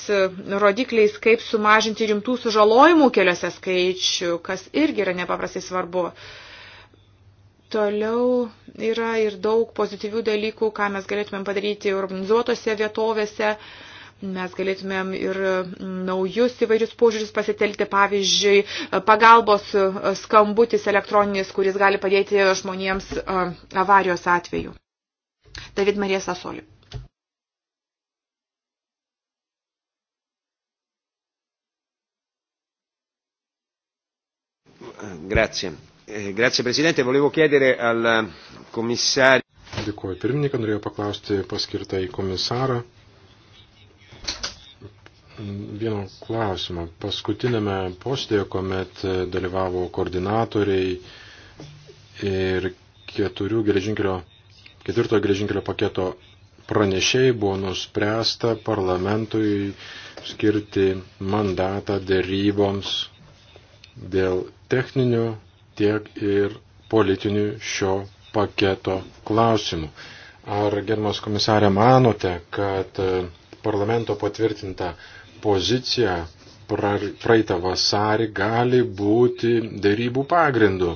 Speaker 3: rodikliais, kaip sumažinti rimtų sužalojimų keliuose skaičių, kas irgi yra nepaprastai svarbu. Uh, Toliau yra ir daug pozityvių dalykų, ką mes galėtumėm padaryti urbanizuotose vietovėse. Mes galėtumėm ir mm, naujus įvairius požiūrius pasitelti, pavyzdžiui, pagalbos e, skambutis elektroninis, kuris gali padėti žmonėms e, avarijos atveju. David Marija Sasoli.
Speaker 4: Grazie. Eh, grazie Presidente, volevo chiedere al eh, commissario.
Speaker 2: Dėkuoju pirmininką, norėjau paklausti paskirtą į komisarą. Vieno klausimo. Paskutinėme postėje, kuomet dalyvavo koordinatoriai ir keturių geležinkelio, ketvirto geležinkelio paketo pranešėjai buvo nuspręsta parlamentui skirti mandatą dėryboms dėl techninių tiek ir politinių šio paketo klausimų. Ar, gerbiamas komisarė, manote, kad e, parlamento patvirtinta pozicija praeitą vasarį gali būti dėrybų pagrindu,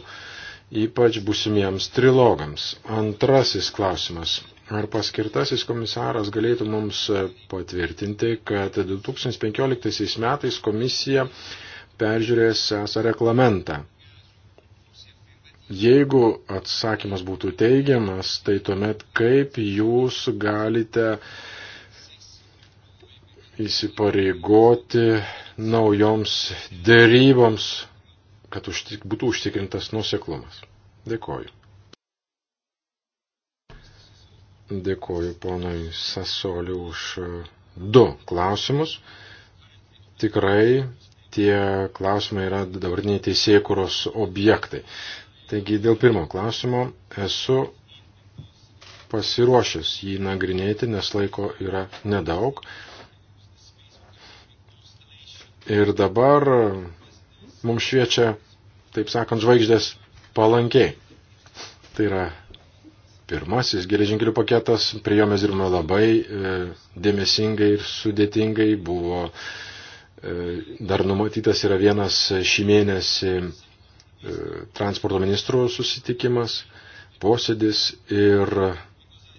Speaker 2: ypač busimiems trilogams? Antrasis klausimas. Ar paskirtasis komisaras galėtų mums e, patvirtinti, kad 2015 metais komisija peržiūrės esą reglamentą Jeigu atsakymas būtų teigiamas, tai tuomet kaip jūs galite įsipareigoti naujoms dėryboms, kad užtik, būtų užtikrintas nuseklumas. Dėkoju. Dėkoju ponui Sasoliu už uh, du klausimus. Tikrai tie klausimai yra dabartiniai teisėkuros objektai. Taigi dėl pirmo klausimo esu pasiruošęs jį nagrinėti, nes laiko yra nedaug. Ir dabar mums šviečia, taip sakant, žvaigždės palankiai. Tai yra pirmasis geležinkelių paketas, prie jo mes dirbame labai e, dėmesingai ir sudėtingai. Buvo e, dar numatytas yra vienas šį mėnesį E, transporto ministrų susitikimas, posėdis ir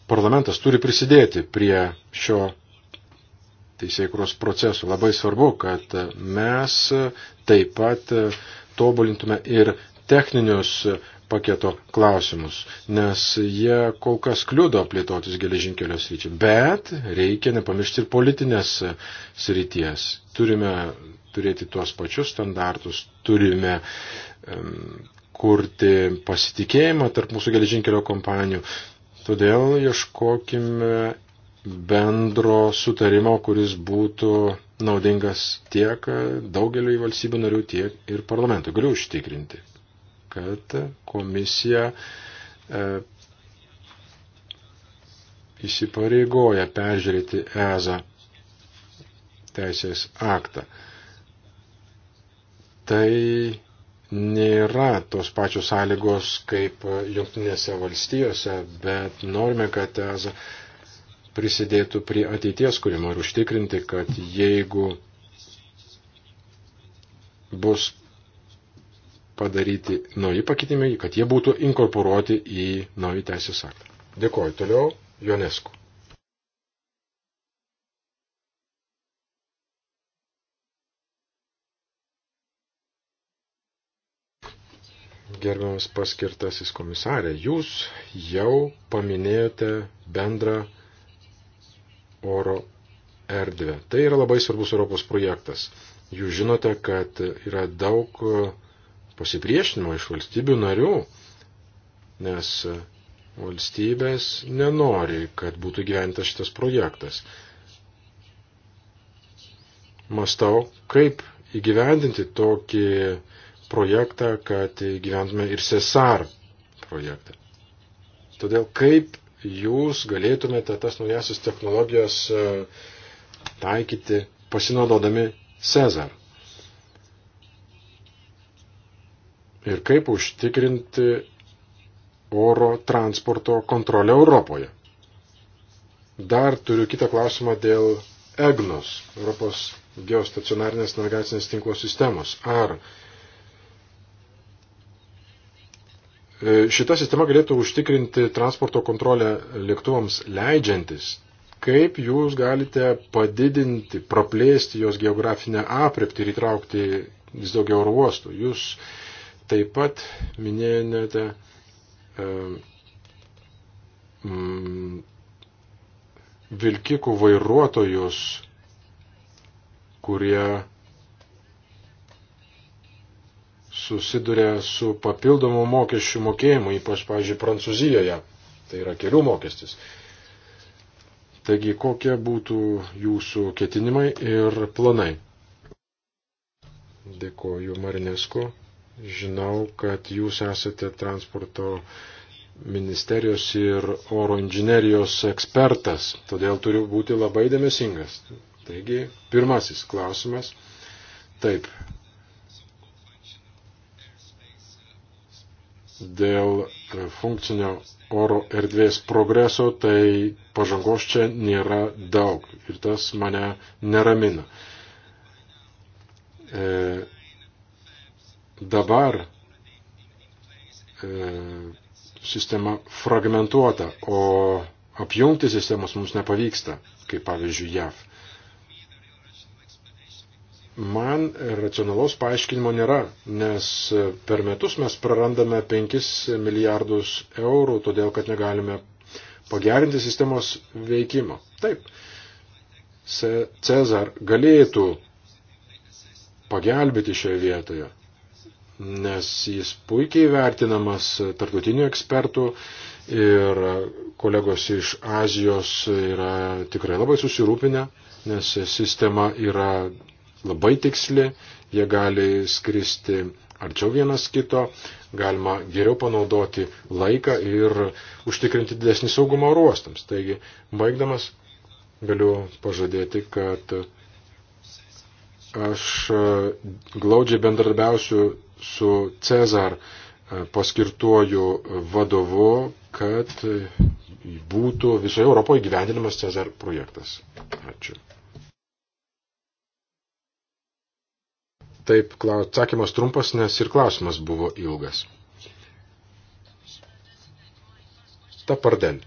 Speaker 2: parlamentas turi prisidėti prie šio teisėkuros procesų. Labai svarbu, kad mes taip pat tobulintume ir techninius paketo klausimus, nes jie kol kas kliudo plėtotis geležinkelio sryčiai. Bet reikia nepamiršti ir politinės srities. Turime turėti tuos pačius standartus, turime kurti pasitikėjimą tarp mūsų geležinkelio kompanijų. Todėl ieškokime bendro sutarimo, kuris būtų naudingas tiek daugeliu valstybių narių, tiek ir parlamentui. Galiu užtikrinti, kad komisija e, įsipareigoja peržiūrėti EZA teisės aktą. Tai nėra tos pačios sąlygos kaip jungtinėse valstijose, bet norime, kad EZA prisidėtų prie ateities kūrimo ir užtikrinti, kad jeigu bus padaryti nauji pakitimai, kad jie būtų inkorporuoti į naują teisės aktą. Dėkoju. Toliau Jonesku. gerbiamas paskirtasis komisarė, jūs jau paminėjote bendrą oro erdvę. Tai yra labai svarbus Europos projektas. Jūs žinote, kad yra daug pasipriešinimo iš valstybių narių, nes valstybės nenori, kad būtų gyventas šitas projektas. Mastau, kaip įgyvendinti tokį projektą, kad gyventume ir Cesar projektą. Todėl kaip jūs galėtumėte tas naujasis technologijas e, taikyti pasinaudodami Cezar? Ir kaip užtikrinti oro transporto kontrolę Europoje? Dar turiu kitą klausimą dėl EGNOS, Europos geostacionarinės navigacinės tinklo sistemos. Ar E, šita sistema galėtų užtikrinti transporto kontrolę lėktuvams leidžiantis. Kaip jūs galite padidinti, praplėsti jos geografinę aprepti ir įtraukti vis daugiau oro uostų? Jūs taip pat minėjote um, vilkikų vairuotojus, kurie susiduria su papildomu mokesčių mokėjimu, ypač, pavyzdžiui, Prancūzijoje. Tai yra kelių mokestis. Taigi, kokie būtų jūsų ketinimai ir planai? Dėkoju Marinesko. Žinau, kad jūs esate transporto ministerijos ir oro inžinerijos ekspertas, todėl turiu būti labai dėmesingas. Taigi, pirmasis klausimas. Taip, dėl e, funkcinio oro erdvės progreso, tai pažangos čia nėra daug ir tas mane neramina. E, dabar e, sistema fragmentuota, o apjungti sistemos mums nepavyksta, kaip pavyzdžiui JAV. Man racionalaus paaiškinimo nėra, nes per metus mes prarandame 5 milijardus eurų, todėl kad negalime pagerinti sistemos veikimo. Taip, Cezar galėtų pagelbėti šioje vietoje, nes jis puikiai vertinamas tartutinių ekspertų ir kolegos iš Azijos yra tikrai labai susirūpinę, nes sistema yra labai tiksli, jie gali skristi arčiau vienas kito, galima geriau panaudoti laiką ir užtikrinti didesnį saugumą ruostams. Taigi, baigdamas, galiu pažadėti, kad aš e, glaudžiai bendradarbiausiu su Cezar e, paskirtuoju vadovu, kad būtų visoje Europoje gyvendinamas Cezar projektas. Ačiū. Taip, atsakymas trumpas, nes ir klausimas buvo ilgas. Ta pardel.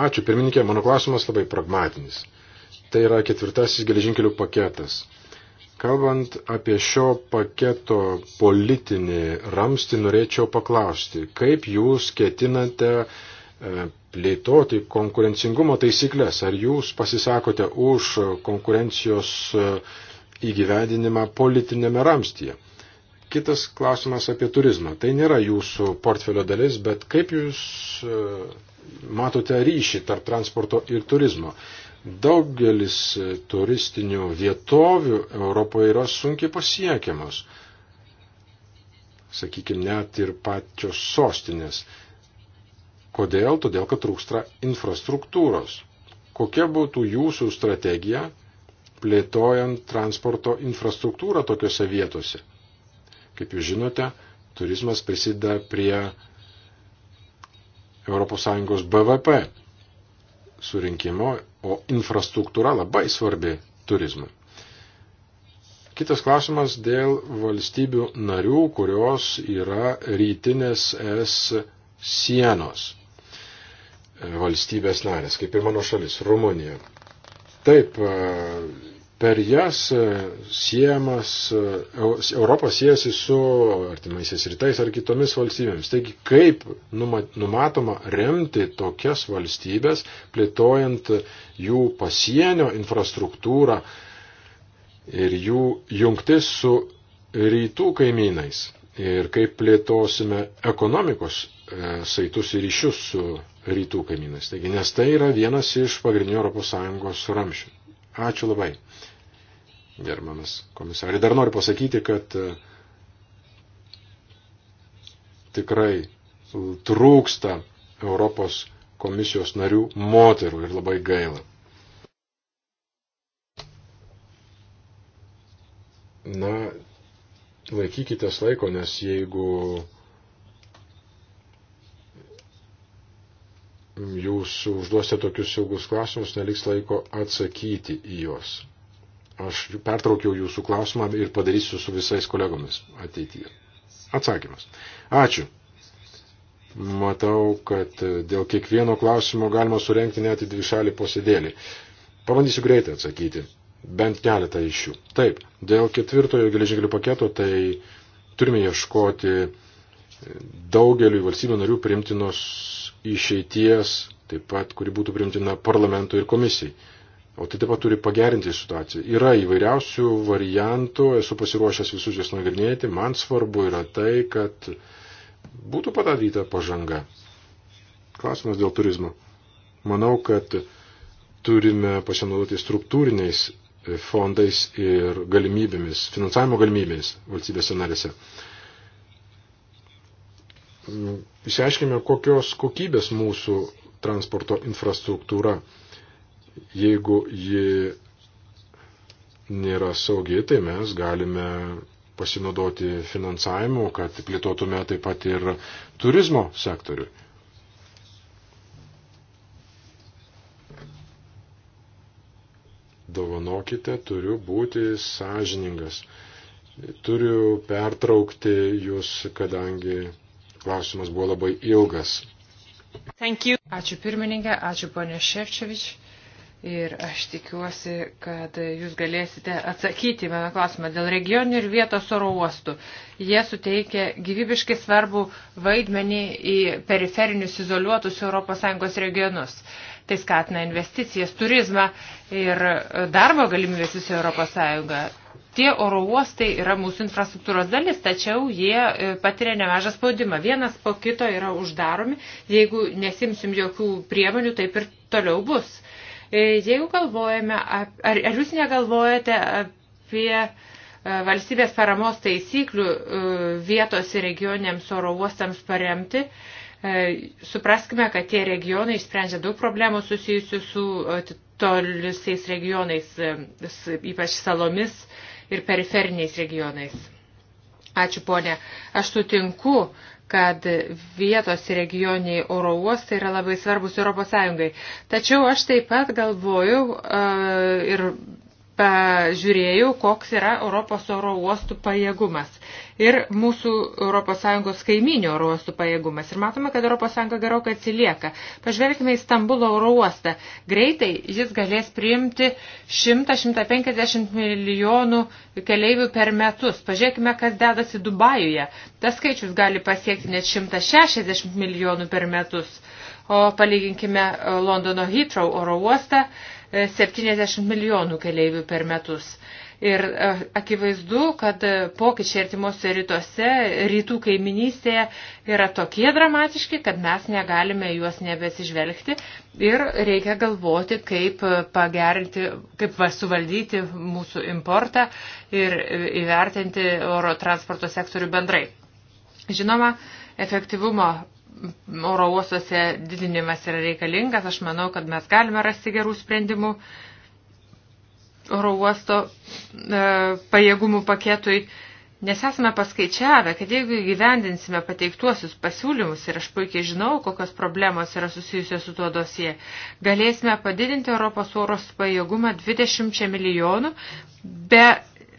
Speaker 2: Ačiū, pirmininkė, mano klausimas labai pragmatinis. Tai yra ketvirtasis geležinkelių paketas. Kalbant apie šio paketo politinį ramstį, norėčiau paklausti, kaip jūs ketinate e, plėtoti konkurencingumo taisyklės? Ar jūs pasisakote už konkurencijos uh, įgyvendinimą politinėme ramstyje. Kitas klausimas apie turizmą. Tai nėra jūsų portfelio dalis, bet kaip jūs e, matote ryšį tarp transporto ir turizmo? Daugelis turistinių vietovių Europoje yra sunkiai pasiekiamos. Sakykime, net ir pačios sostinės. Kodėl? Todėl, kad trūksta infrastruktūros. Kokia būtų jūsų strategija, plėtojant transporto infrastruktūrą tokiuose vietose. Kaip jūs žinote, turizmas prisideda prie ES BVP surinkimo, o infrastruktūra labai svarbi turizmui. Kitas klausimas dėl valstybių narių, kurios yra rytinės es sienos valstybės narės, kaip ir mano šalis, Rumunija. Taip, per jas e, siejamas, e, Europos siejasi su artimaisiais rytais ar kitomis valstybėmis. Taigi, kaip numatoma remti tokias valstybės, plėtojant jų pasienio infrastruktūrą ir jų jungtis su rytų kaimynais. Ir kaip plėtosime ekonomikos e, saitus ir ryšius su rytų kaimynais. Taigi, nes tai yra vienas iš pagrindinių ES ramšių. Ačiū labai germamas komisarė. Dar noriu pasakyti, kad e, tikrai trūksta Europos komisijos narių moterų ir labai gaila. Na, laikykitės laiko, nes jeigu jūs užduosite tokius ilgus klausimus, neliks laiko atsakyti į juos. Aš pertraukiau jūsų klausimą ir padarysiu su visais kolegomis ateityje. Atsakymas. Ačiū. Matau, kad dėl kiekvieno klausimo galima surenkti net į dvišalį posėdėlį. Pabandysiu greitai atsakyti. Bent keletą iš jų. Taip, dėl ketvirtojo geležinkelių paketo, tai turime ieškoti daugeliu valstybių narių primtinos išeities, taip pat, kuri būtų primtina parlamentui ir komisijai. O tai taip pat turi pagerinti situaciją. Yra įvairiausių variantų, esu pasiruošęs visus juos nagrinėti. Man svarbu yra tai, kad būtų padaryta pažanga. Klausimas dėl turizmo. Manau, kad turime pasinaudoti struktūriniais fondais ir galimybėmis, finansavimo galimybėmis valstybėse narėse. Išsiaiškime, kokios kokybės mūsų transporto infrastruktūra. Jeigu ji nėra saugi, tai mes galime pasinaudoti finansavimu, kad plėtotume taip pat ir turizmo sektoriui. Dovanokite, turiu būti sąžiningas. Turiu pertraukti jūs, kadangi klausimas buvo labai ilgas.
Speaker 4: Ačiū pirmininkė, ačiū ponė Ševčevič. Ir aš tikiuosi, kad jūs galėsite atsakyti mano klausimą dėl regionių ir vietos oro uostų. Jie suteikia gyvybiškai svarbų vaidmenį į periferinius izoliuotus ES regionus. Tai skatina investicijas, turizmą ir darbo galimybės visoje ES. Tie oro uostai yra mūsų infrastruktūros dalis, tačiau jie e, patiria nemažą spaudimą. Vienas po kito yra uždaromi. Jeigu nesimsim jokių priemonių, taip ir toliau bus. E, jeigu galvojame, ar, ar jūs negalvojate apie e, valstybės paramos taisyklių e, vietos ir regioniams oro uostams paremti, supraskime, kad tie regionai išsprendžia daug problemų susijusių su tolisiais regionais, ypač salomis ir periferiniais regionais. Ačiū, ponė. Aš sutinku kad vietos regioniai oro uostai yra labai svarbus ES. Tačiau aš taip pat galvoju uh, ir pažiūrėjau, koks yra Europos oro uostų pajėgumas ir mūsų ES kaiminių oro uostų pajėgumas. Ir matome, kad ES gerokai atsilieka. Pažvelgime į Stambulo oro uostą. Greitai jis galės priimti 100-150 milijonų keleivių per metus. Pažiūrėkime, kas dedasi Dubajuje. Tas skaičius gali pasiekti net 160 milijonų per metus. O palyginkime Londono Heathrow oro uostą 70 milijonų keleivių per metus. Ir e, akivaizdu, kad pokyčiai artimuose rytuose, rytų kaiminystėje yra tokie dramatiški, kad mes negalime juos nebesižvelgti ir reikia galvoti, kaip pagerinti, kaip suvaldyti mūsų importą ir įvertinti oro transporto sektorių bendrai. Žinoma, efektyvumo oro uostuose didinimas yra reikalingas. Aš manau, kad mes galime rasti gerų sprendimų oro uosto e, pajėgumų paketui, nes esame paskaičiavę, kad jeigu įgyvendinsime pateiktuosius pasiūlymus ir aš puikiai žinau, kokios problemos yra susijusios su tuo dosie, galėsime padidinti Europos oros pajėgumą 20 milijonų be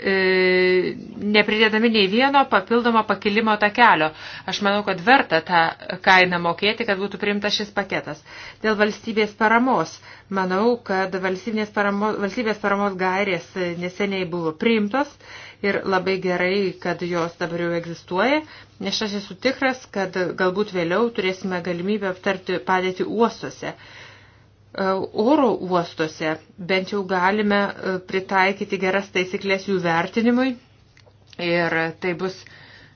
Speaker 4: E, nepridėdami nei vieno papildomo pakilimo takelio. Aš manau, kad verta tą kainą mokėti, kad būtų priimta šis paketas. Dėl valstybės paramos. Manau, kad valstybės paramos, valstybės paramos gairės neseniai buvo priimtos ir labai gerai, kad jos dabar jau egzistuoja, nes aš esu tikras, kad galbūt vėliau turėsime galimybę aptarti padėti uostuose. Uh, E, oro uostuose bent jau galime e, pritaikyti geras taisyklės jų vertinimui ir tai bus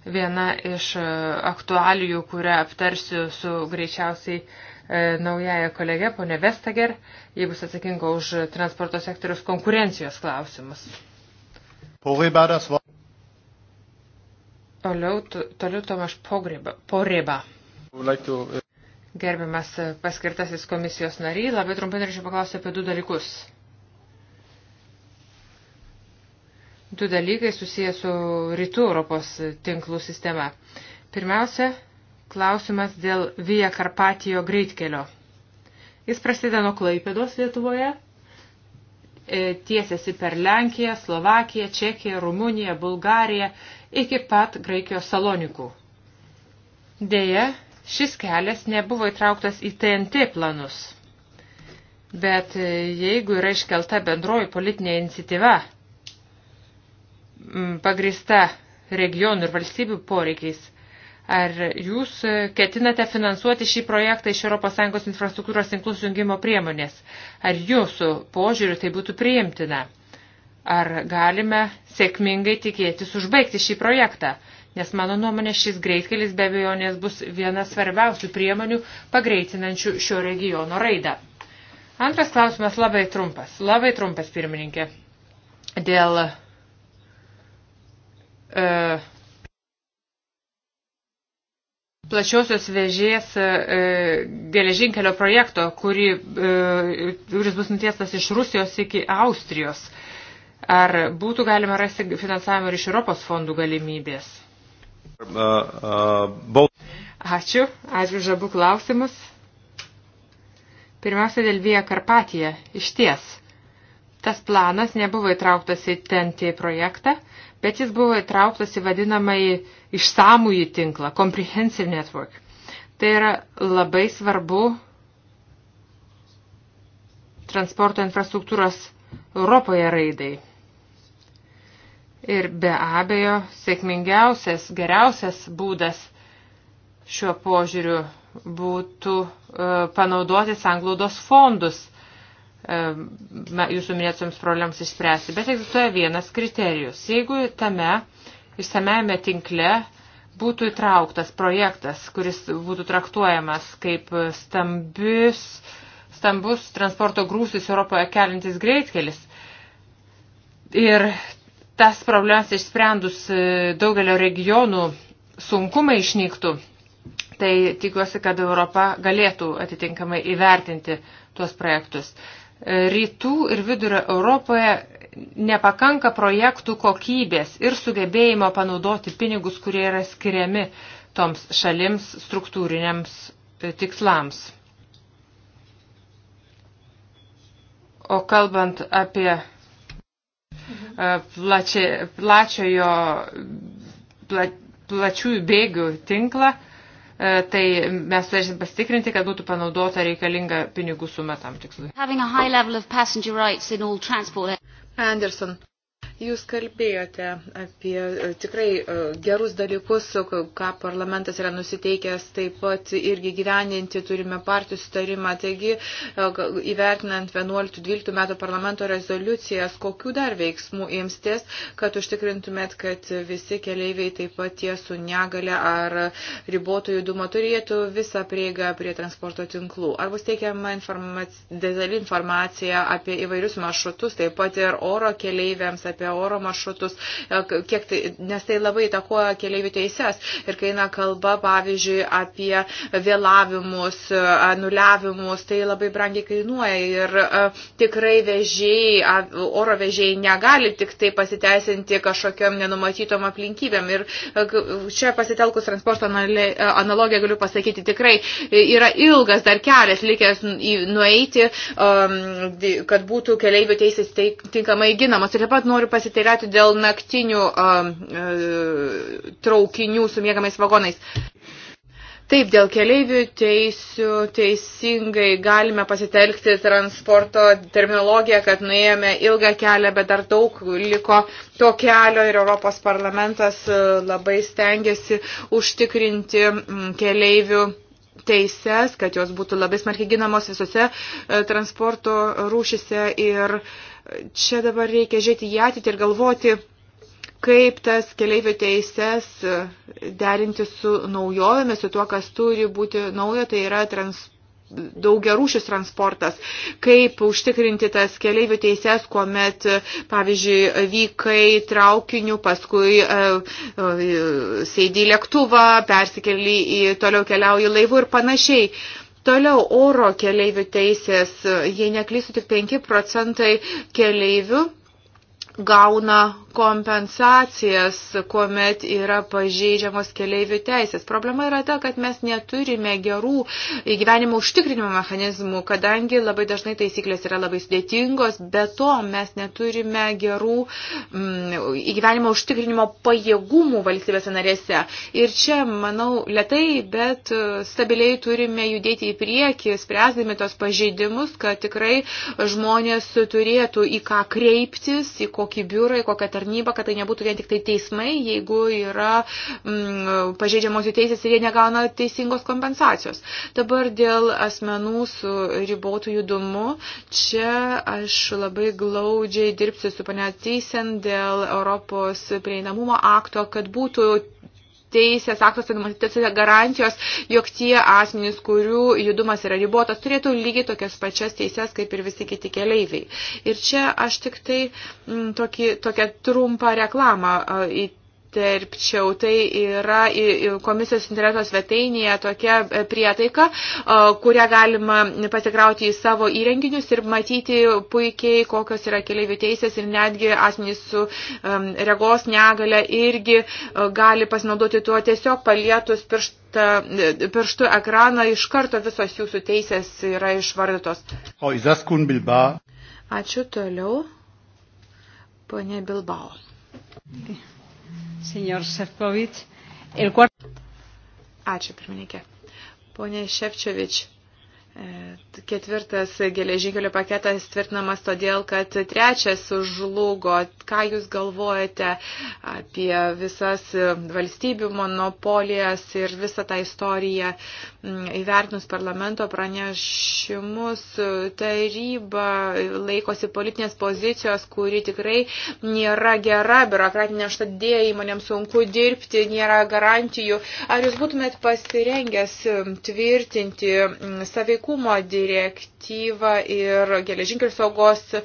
Speaker 4: viena iš e, aktualijų, kurią aptarsiu su greičiausiai naujaja kolege, ponė Vestager, jie bus atsakinga už transporto sektorius konkurencijos klausimus.
Speaker 1: Toliau,
Speaker 4: toliau Tomas Poreba. Gerbiamas e, paskirtasis komisijos nariai, labai trumpai norėčiau paklausti apie du dalykus. Du dalykai susijęs su rytų Europos tinklų sistema. Pirmiausia, klausimas dėl Via Karpatijo greitkelio. Jis prasideda nuo Klaipėdos Lietuvoje, e, tiesiasi per Lenkiją, Slovakiją, Čekiją, Rumuniją, Bulgariją iki pat Graikijos Salonikų. Deja, Šis kelias nebuvo įtrauktas į TNT planus. Bet e, jeigu yra iškelta bendroji politinė iniciatyva, pagrista regionų ir valstybių poreikiais, ar jūs e, ketinate finansuoti šį projektą iš ES infrastruktūros tinklus jungimo priemonės? Ar jūsų požiūriu tai būtų priimtina? Ar galime sėkmingai tikėtis užbaigti šį projektą? Nes mano nuomonė šis greitkelis be abejonės bus viena svarbiausių priemonių pagreitinančių šio regiono raidą. Antras klausimas labai trumpas. Labai trumpas, pirmininkė. Dėl e, plačiosios vežės e, geležinkelio projekto, kuri, e, kuris bus nutiestas iš Rusijos iki Austrijos. Ar būtų galima rasti finansavimą ir iš Europos fondų galimybės?
Speaker 1: Ačiū,
Speaker 4: ačiū už abu klausimus. Pirmiausia, dėl Vija Karpatija. Iš ties, tas planas nebuvo įtrauktas į TNT projektą, bet jis buvo įtrauktas į vadinamąjį išsamųjį tinklą, Comprehensive Network. Tai yra labai svarbu transporto infrastruktūros Europoje raidai. Ir be abejo, sėkmingiausias, geriausias būdas šiuo požiūriu būtų e, panaudoti sanglaudos fondus e, jūsų minėtoms problemams išspręsti. Bet egzistuoja vienas kriterijus. Jeigu tame išsameme tinkle būtų įtrauktas projektas, kuris būtų traktuojamas kaip stambius, stambus transporto grūsis Europoje kelintis greitkelis. Ir tas problemas išsprendus e, daugelio regionų sunkumai išnyktų, tai tikiuosi, kad Europa galėtų atitinkamai įvertinti tuos projektus. E, rytų ir vidurio Europoje nepakanka projektų kokybės ir sugebėjimo panaudoti pinigus, kurie yra skiriami toms šalims struktūriniams e, tikslams. O kalbant apie E, plačia, plačiojo, pla, plačiųjų bėgių tinklą, e, tai mes turėsim pasitikrinti, kad būtų panaudota reikalinga pinigų suma tam tikslui. Anderson.
Speaker 3: Jūs kalbėjote apie e, tikrai e, gerus dalykus, ką parlamentas yra nusiteikęs taip pat irgi gyveninti, turime partijų sutarimą. Taigi, e, įvertinant 11-12 metų parlamento rezoliucijas, kokiu dar veiksmų imstės, kad užtikrintumėt, kad visi keleiviai taip pat tie su negale ar ribotų judumo turėtų visą prieigą prie transporto tinklų. Ar bus teikiama informac... detali informacija apie įvairius maršrutus, taip pat ir oro keleiviams apie apie oro maršrutus, e, kiek tai, nes tai labai įtakoja keliaivių teises. Ir kai eina kalba, pavyzdžiui, apie vėlavimus, e, anuliavimus, tai labai brangiai kainuoja. Ir e, tikrai vežėjai, oro vežėjai negali tik tai pasiteisinti kažkokiam nenumatytom aplinkybėm. Ir čia pasitelkus transporto analogiją galiu pasakyti, tikrai yra ilgas dar kelias likęs nueiti, kad būtų keliaivių teisės tinkamai ginamos. Ir taip pat noriu pasiteirauti dėl naktinių a, a, traukinių su mėgamais vagonais. Taip, dėl keleivių teisių teisingai galime pasitelkti transporto terminologiją, kad nuėjome ilgą kelią, bet dar daug liko to kelio ir Europos parlamentas labai stengiasi užtikrinti keleivių teises, kad jos būtų labai smarkiai ginamos visose e, transporto rūšise ir uh, Čia dabar reikia žiūrėti į ateitį ir galvoti, kaip tas keliaivių teises e, derinti su naujovėmis, su tuo, kas turi būti naujo, tai yra transportas daugiarūšis transportas, kaip užtikrinti tas keleivių teises, kuomet, e, pavyzdžiui, vykai traukiniu, paskui e, e, sėdi į lėktuvą, persikeli į toliau keliauji laivu ir panašiai. E, Toliau oro keleivių teisės, jei neklysiu, tik 5 procentai keleivių gauna kompensacijas, kuomet yra pažeidžiamos keleivių teisės. Problema yra ta, kad mes neturime gerų gyvenimo užtikrinimo mechanizmų, kadangi labai dažnai taisyklės yra labai sudėtingos, be to mes neturime gerų mm, gyvenimo užtikrinimo pajėgumų valstybėse narėse. Ir čia, manau, lietai, bet stabiliai turime judėti į priekį, spręsdami tos pažeidimus, kad tikrai žmonės turėtų į ką kreiptis, į kokį biurą, į kokią tarnybą tarnyba, kad tai nebūtų vien tik tai teismai, jeigu yra mm, pažeidžiamos jų teisės ir jie negauna teisingos kompensacijos. Dabar dėl asmenų su ribotų judumu, čia aš labai glaudžiai dirbsiu su panė Teisen dėl Europos prieinamumo akto, kad būtų teisės aktuose numatytose garantijos, jog tie asmenys, kurių judumas yra ribotas, turėtų lygiai tokias pačias teises kaip ir visi kiti keleiviai. Ir čia aš tik tai m, mm, tokį, tokią trumpą reklamą į įsiterpčiau. Tai yra komisijos interneto svetainėje tokia e, prietaika, e, kurią galima pasikrauti į savo įrenginius ir matyti puikiai, kokios yra keliaivių teisės ir netgi asmenys su regos negale irgi e, gali pasinaudoti tuo tiesiog palietus pirštų pirštų ekraną iš karto visos jūsų teisės yra išvardytos.
Speaker 1: O Izaskun Bilba.
Speaker 3: Ačiū toliau, ponė Bilbao. Okay. Senor Sefcovic. El cuarto. Ačiū, pirmininkė. Pone Šepčiovič, e, ketvirtas geležinkelio paketas tvirtinamas todėl, kad trečias žlugo. Ką Jūs galvojate apie visas valstybių monopolijas ir visą tą istoriją? Mm, įvertinus parlamento pranešimus, taryba laikosi politinės pozicijos, kuri tikrai nėra gera, biurokratinė štadėja įmonėms sunku dirbti, nėra garantijų. Ar jūs būtumėt pasirengęs tvirtinti mm, saveikumo direktyvą ir geležinkelių saugos e,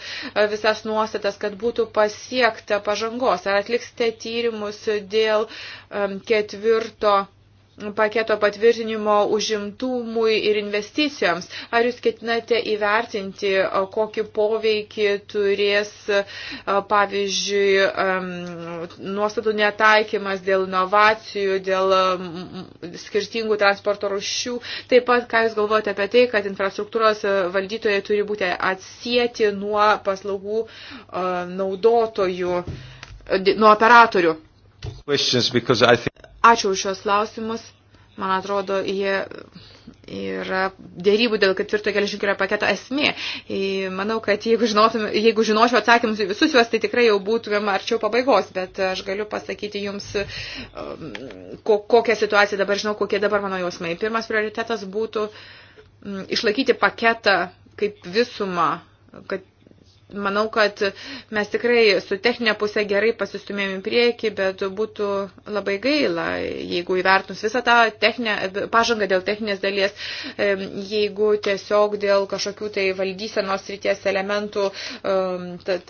Speaker 3: visas nuostatas, kad būtų pasiekta pažangos? Ar atliksite tyrimus dėl mm, ketvirto paketo patvirtinimo užimtumui ir investicijoms. Ar jūs ketinate įvertinti, kokį poveikį turės, pavyzdžiui, nuostatų netaikymas dėl inovacijų, dėl skirtingų transporto rušių. Taip pat, ką jūs galvojate apie tai, kad infrastruktūros valdytojai turi būti atsieti nuo paslaugų naudotojų, nuo operatorių.
Speaker 1: Questions because I think
Speaker 3: Ačiū už šios klausimus. Man atrodo, jie yra dėrybų dėl ketvirto geležinkelio paketo esmė. Manau, kad jeigu, žinotum, jeigu žinočiau atsakymus į visus juos, tai tikrai jau būtumėm arčiau pabaigos, bet aš galiu pasakyti jums, um, ko, kokią situaciją dabar žinau, kokie dabar mano jausmai. Pirmas prioritetas būtų mm, išlaikyti paketą kaip visumą, kad manau, kad mes tikrai su techninė pusė gerai pasistumėm į priekį, bet būtų labai gaila, jeigu įvertinus visą tą techninę, pažangą dėl techninės dalies, jeigu tiesiog dėl kažkokių tai valdysenos ryties elementų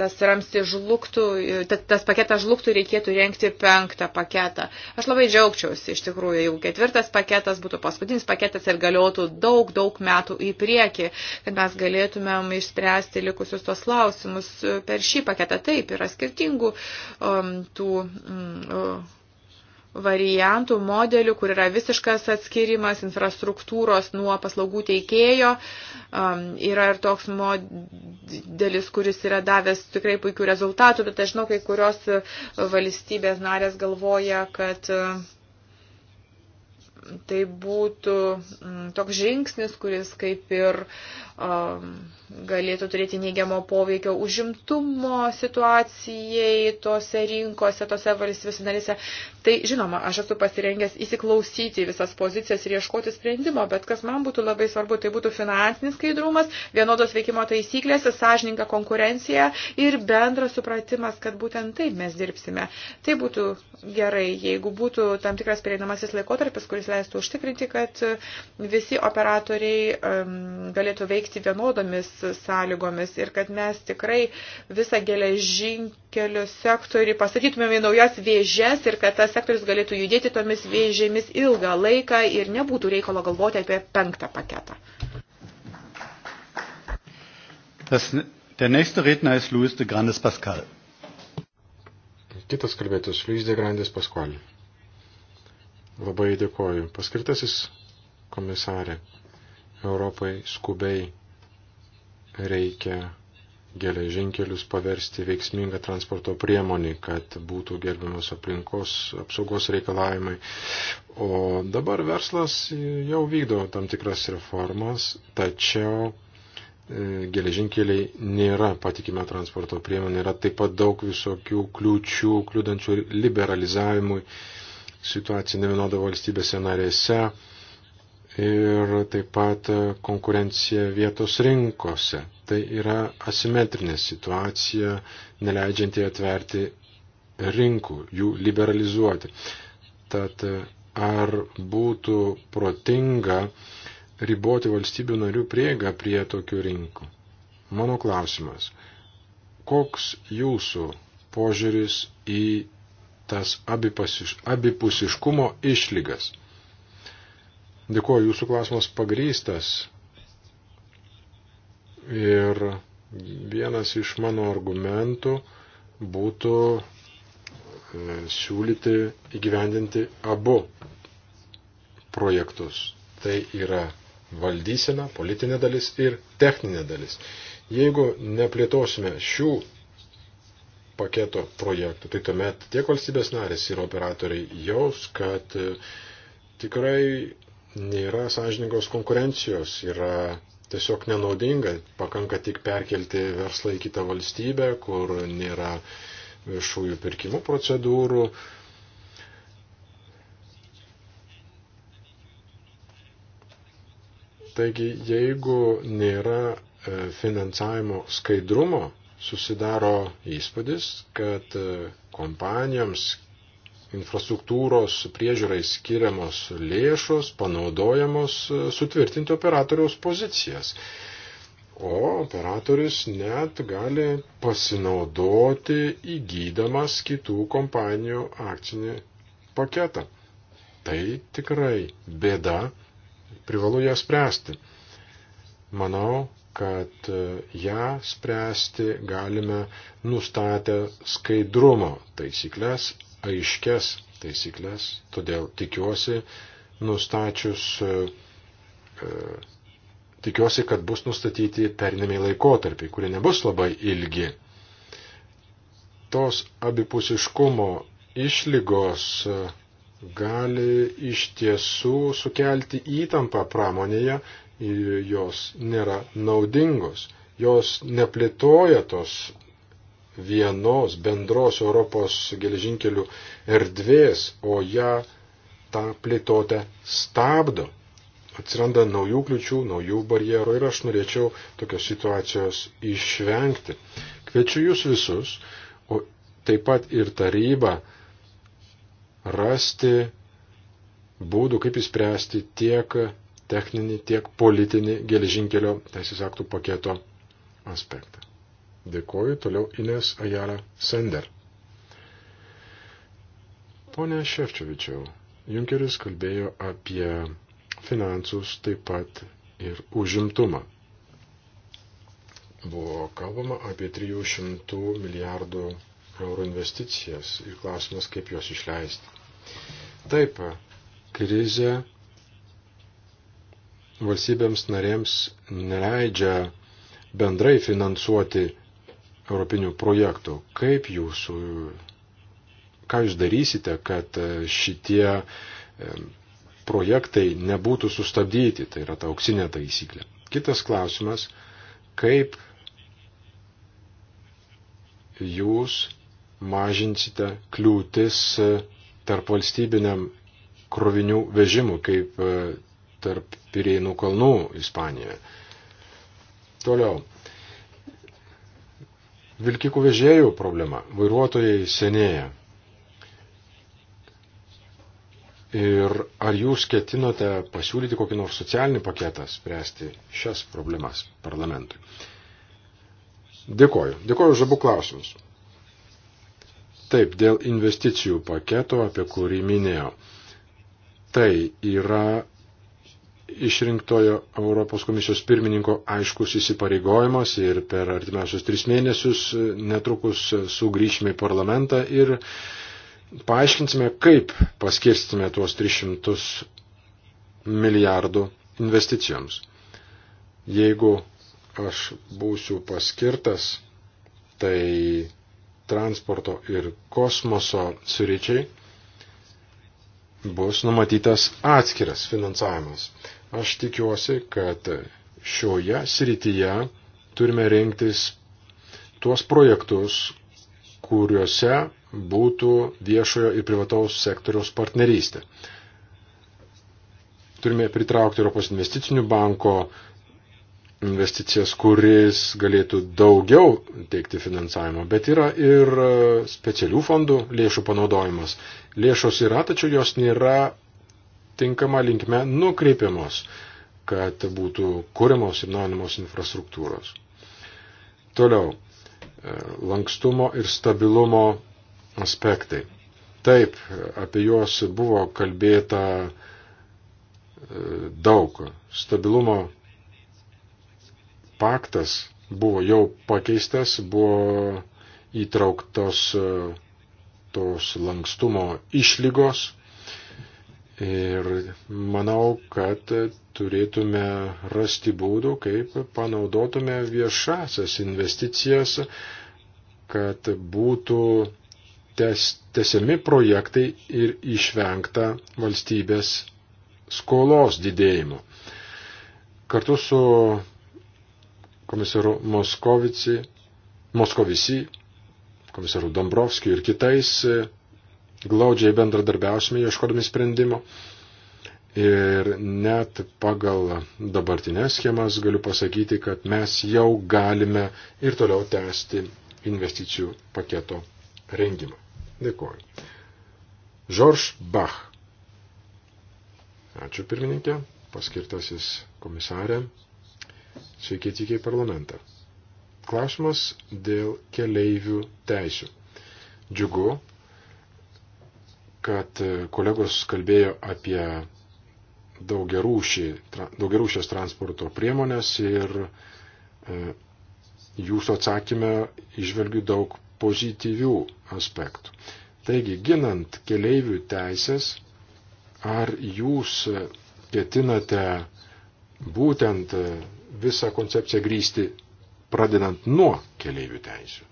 Speaker 3: tas ramsti žlugtų, e, tas paketas žlugtų, reikėtų renkti penktą paketą. Aš labai džiaugčiausi, iš tikrųjų, jeigu ketvirtas paketas būtų paskutinis paketas ir galiotų daug, daug metų į priekį, kad mes galėtumėm išspręsti likusius tos klausimus klausimus e, per šį paketą. Taip, yra skirtingų um, tų. Um, variantų, modelių, kur yra visiškas atskirimas infrastruktūros nuo paslaugų teikėjo. Um, yra ir toks modelis, kuris yra davęs tikrai puikių rezultatų, bet aš žinau, kai kurios e, valstybės narės galvoja, kad uh, tai būtų mm, toks žingsnis, kuris kaip ir Um, galėtų turėti neigiamo poveikio užimtumo situacijai tose rinkose, tose valstybės narėse. Tai žinoma, aš esu pasirengęs įsiklausyti visas pozicijas ir ieškoti sprendimo, bet kas man būtų labai svarbu, tai būtų finansinis skaidrumas, vienodos veikimo taisyklės, sąžininga konkurencija ir bendras supratimas, kad būtent taip mes dirbsime. Tai būtų gerai, jeigu būtų tam tikras pereinamasis laikotarpis, kuris leistų užtikrinti, kad visi operatoriai um, galėtų veikti veikti vienodomis sąlygomis ir kad mes tikrai visą geležinkelių sektorių pasakytumėm į naujas vėžes ir kad tas sektorius galėtų judėti tomis vėžėmis ilgą laiką ir nebūtų reikalo galvoti apie penktą paketą.
Speaker 1: Das, der nächste Redner ist Luis de Grandes Pascal. Kitas kalbėtas
Speaker 2: Luis de Grandes Pascal. Labai dėkoju. Paskirtasis komisarė Europai skubiai Reikia geležinkelius paversti veiksmingą transporto priemonį, kad būtų gerbiamos aplinkos apsaugos reikalavimai. O dabar verslas jau vykdo tam tikras reformas, tačiau e, geležinkeliai nėra patikima transporto priemonė, yra taip pat daug visokių kliūčių, kliūdančių liberalizavimui situacija nevienoda valstybėse narėse ir taip pat konkurencija vietos rinkose. Tai yra asimetrinė situacija, neleidžianti atverti rinkų, jų liberalizuoti. Tad ar būtų protinga riboti valstybių narių prieigą prie tokių rinkų? Mano klausimas. Koks jūsų požiūris į tas abipusiškumo išlygas? Dėkuoju, jūsų klausimas pagrystas. Ir vienas iš mano argumentų būtų e, siūlyti įgyvendinti abu projektus. Tai yra valdysena, politinė dalis ir techninė dalis. Jeigu neplėtosime šių paketo projektų, tai tuomet tiek valstybės narės ir operatoriai jaus, kad e, tikrai nėra sąžiningos konkurencijos, yra tiesiog nenaudinga, pakanka tik perkelti verslą į kitą valstybę, kur nėra viešųjų pirkimų procedūrų. Taigi, jeigu nėra e, finansavimo skaidrumo, susidaro įspūdis, kad e, kompanijoms infrastruktūros priežiūrai skiriamos lėšos panaudojamos e, sutvirtinti operatoriaus pozicijas. O operatorius net gali pasinaudoti įgydamas kitų kompanijų akcinį paketą. Tai tikrai bėda, privalu ją spręsti. Manau, kad e, ją spręsti galime nustatę skaidrumo taisyklės aiškes taisyklės, todėl tikiuosi, nustačius, e, e, tikiuosi, kad bus nustatyti perinamiai laikotarpiai, kurie nebus labai ilgi. Tos abipusiškumo išlygos e, gali iš tiesų sukelti įtampą pramonėje, jos nėra naudingos, jos neplėtoja tos vienos bendros Europos geležinkelių erdvės, o ją tą plėtotę stabdo. Atsiranda naujų kliučių, naujų barjerų ir aš norėčiau tokios situacijos išvengti. Kviečiu jūs visus, o taip pat ir tarybą rasti būdų, kaip įspręsti tiek techninį, tiek politinį geležinkelio teisės aktų paketo aspektą. Dėkoju toliau Ines Ajala Sender. Pone Ševčiovičiau, Junkeris kalbėjo apie finansus taip pat ir užimtumą. Buvo kalbama apie 300 milijardų eurų investicijas ir klausimas, kaip juos išleisti. Taip, krizė valstybėms narėms neleidžia bendrai finansuoti europinių projektų. Kaip jūsų, ką jūs darysite, kad e, šitie e, projektai nebūtų sustabdyti, tai yra ta auksinė taisyklė. Kitas klausimas, kaip jūs mažinsite kliūtis e, tarp valstybiniam krovinių vežimų, kaip tarp Pireinų kalnų Ispanijoje. Toliau, Vilkikų vežėjų problema. Vairuotojai senėja. Ir ar jūs ketinote pasiūlyti kokį nors socialinį paketą spręsti šias problemas parlamentui? Dėkoju. Dėkoju už abu klausimus. Taip, dėl investicijų paketo, apie kurį minėjau. Tai yra išrinktojo Europos komisijos pirmininko aiškus įsipareigojimas ir per artimiausius tris mėnesius netrukus sugrįšime į parlamentą ir paaiškinsime, kaip paskirstime tuos 300 milijardų investicijoms. Jeigu aš būsiu paskirtas, tai transporto ir kosmoso sričiai bus numatytas atskiras finansavimas. Aš tikiuosi, kad šioje srityje turime rinktis tuos projektus, kuriuose būtų viešojo ir privataus sektoriaus partnerystė. Turime pritraukti Europos investicinių banko investicijas, kuris galėtų daugiau teikti finansavimo, bet yra ir specialių fondų lėšų panaudojimas. Lėšos yra, tačiau jos nėra tinkama linkme nukreipiamos, kad būtų kūriamos ir naunimos infrastruktūros. Toliau, e, lankstumo ir stabilumo aspektai. Taip, apie juos buvo kalbėta e, daug. Stabilumo paktas buvo jau pakeistas, buvo įtrauktos e, tos lankstumo išlygos Ir manau, kad turėtume rasti būdų, kaip panaudotume viešasias investicijas, kad būtų tes, tesiami projektai ir išvengta valstybės skolos didėjimo. Kartu su komisaru Moskovici, Moskovici komisaru Dombrovskiu ir kitais glaudžiai bendradarbiausime ieškodami sprendimo. Ir net pagal dabartinės schemas galiu pasakyti, kad mes jau galime ir toliau tęsti investicijų paketo rengimą. Dėkuoju. Žorž Bach. Ačiū pirmininkė, paskirtasis komisarė. Sveiki atvykę į parlamentą. Klausimas dėl keleivių teisių. Džiugu, kad e, kolegos kalbėjo apie daugiarūšį, daugiarūšės transporto priemonės ir e, jūsų atsakymę išvelgiu daug pozityvių aspektų. Taigi, ginant keleivių teisės, ar jūs ketinate būtent e, visą koncepciją grįsti pradedant nuo keleivių teisių?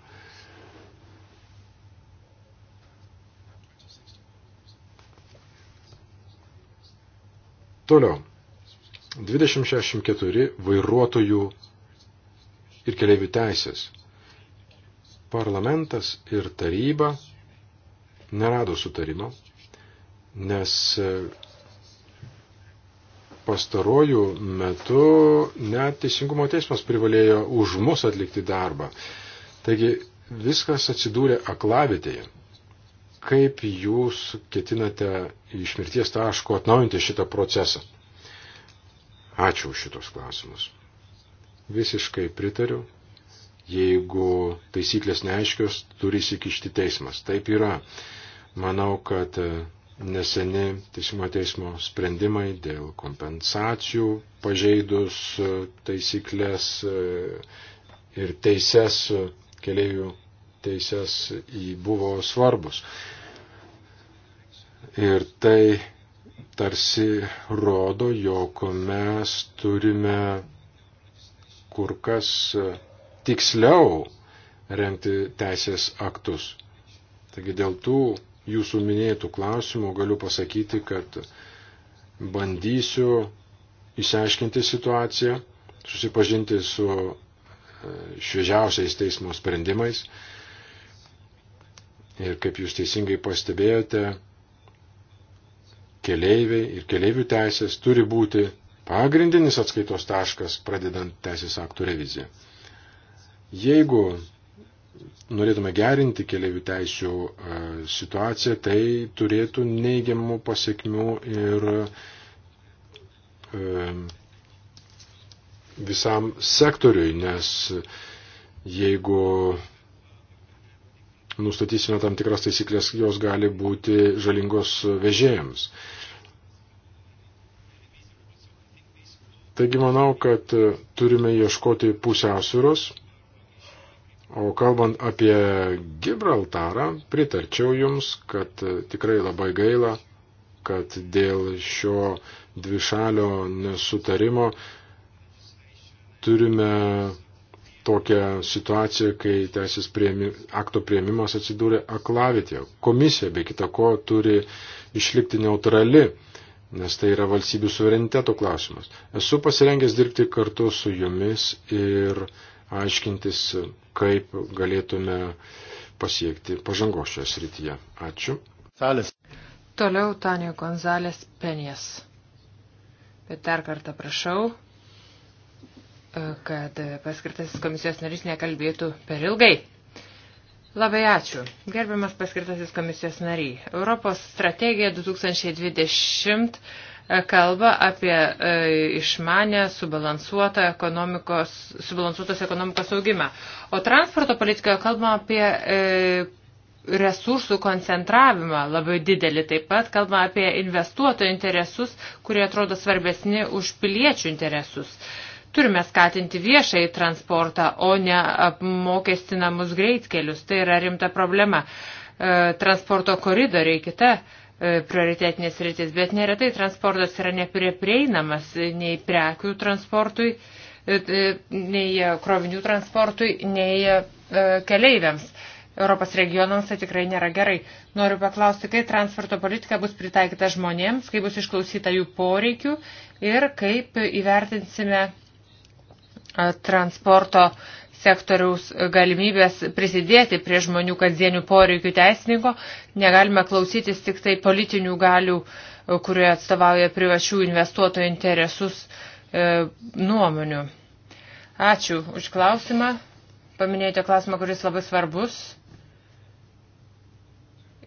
Speaker 2: Toliau. 2064 vairuotojų ir keliaivių teisės. Parlamentas ir taryba nerado sutarimo, nes e, pastarojų metu net Teisingumo teismas privalėjo už mus atlikti darbą. Taigi viskas atsidūrė aklavitėje. Kaip jūs ketinate iš mirties taško atnaujinti šitą procesą? Ačiū už šitos klausimus. Visiškai pritariu. Jeigu taisyklės neaiškios, turi įsikišti teismas. Taip yra. Manau, kad e, neseni teismo teismo sprendimai dėl kompensacijų pažeidus e, taisyklės e, ir teises keliaivių teises buvo svarbus. Ir tai tarsi rodo, jog mes turime kur kas tiksliau renkti teisės aktus. Taigi dėl tų jūsų minėtų klausimų galiu pasakyti, kad bandysiu įsiaiškinti situaciją, susipažinti su e, šviežiausiais teismo sprendimais Ir kaip jūs teisingai pastebėjote, keleiviai ir keleivių teisės turi būti pagrindinis atskaitos taškas, pradedant teisės aktų reviziją. Jeigu norėtume gerinti keliaivių teisų e, situaciją, tai turėtų neigiamų pasiekmių ir e, visam sektoriui, nes jeigu nustatysime tam tikras taisyklės, jos gali būti žalingos vežėjams. Taigi manau, kad turime ieškoti pusiausvyros, o kalbant apie Gibraltarą, pritarčiau Jums, kad tikrai labai gaila, kad dėl šio dvišalio nesutarimo turime tokią situaciją, kai teisės prieimi, akto prieimimas atsidūrė aklavitėje. Komisija, be kita ko, turi išlikti neutrali, nes tai yra valstybių suvereniteto klausimas. Esu pasirengęs dirbti kartu su jumis ir aiškintis, kaip galėtume pasiekti pažangos šioje srityje.
Speaker 1: Ačiū. Salės.
Speaker 4: Toliau Tanio Gonzalės Penės. Bet dar kartą prašau kad paskirtasis komisijos narys nekalbėtų per ilgai. Labai ačiū. Gerbiamas paskirtasis komisijos nariai. Europos strategija 2020 e, kalba apie e, išmanę, subalansuotą ekonomikos, subalansuotos ekonomikos augimą. O transporto politikoje kalbama apie e, resursų koncentravimą labai didelį. Taip pat kalbama apie investuotojų interesus, kurie atrodo svarbesni už piliečių interesus. E, Turime skatinti viešai transportą, o ne apmokestinamus greitkelius. Tai yra rimta problema. E, transporto koridoriai kita e, prioritetinės rytis, bet neretai transportas yra neprieinamas nei prekių transportui, e, nei krovinių transportui, nei keleiviams. Europos regionams tai tikrai nėra gerai. Noriu paklausti, kai transporto politika bus pritaikyta žmonėms, kai bus išklausyta jų poreikių ir kaip įvertinsime transporto sektoriaus galimybės prisidėti prie žmonių kasdienių poreikių teisininko. Negalime klausytis tik tai politinių galių, kurie atstovauja privačių investuotojų interesus e, nuomonių. Ačiū už klausimą. Paminėjote klausimą, kuris labai svarbus.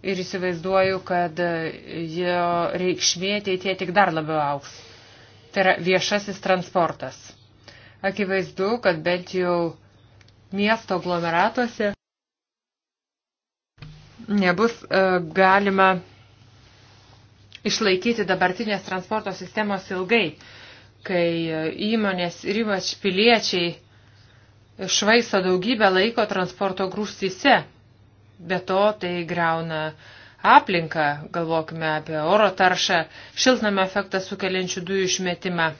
Speaker 4: Ir įsivaizduoju, kad jo reikšmė ateitie tik dar labiau auks. Tai yra viešasis transportas Akivaizdu, kad bent jau miesto aglomeratuose nebus e, galima išlaikyti dabartinės transporto sistemos ilgai, kai e, įmonės ir ypač piliečiai švaisto daugybę laiko transporto grūstyse. Be to tai greuna aplinką, galvokime apie oro taršą, šiltnamio efektą sukeliančių dujų išmetimą.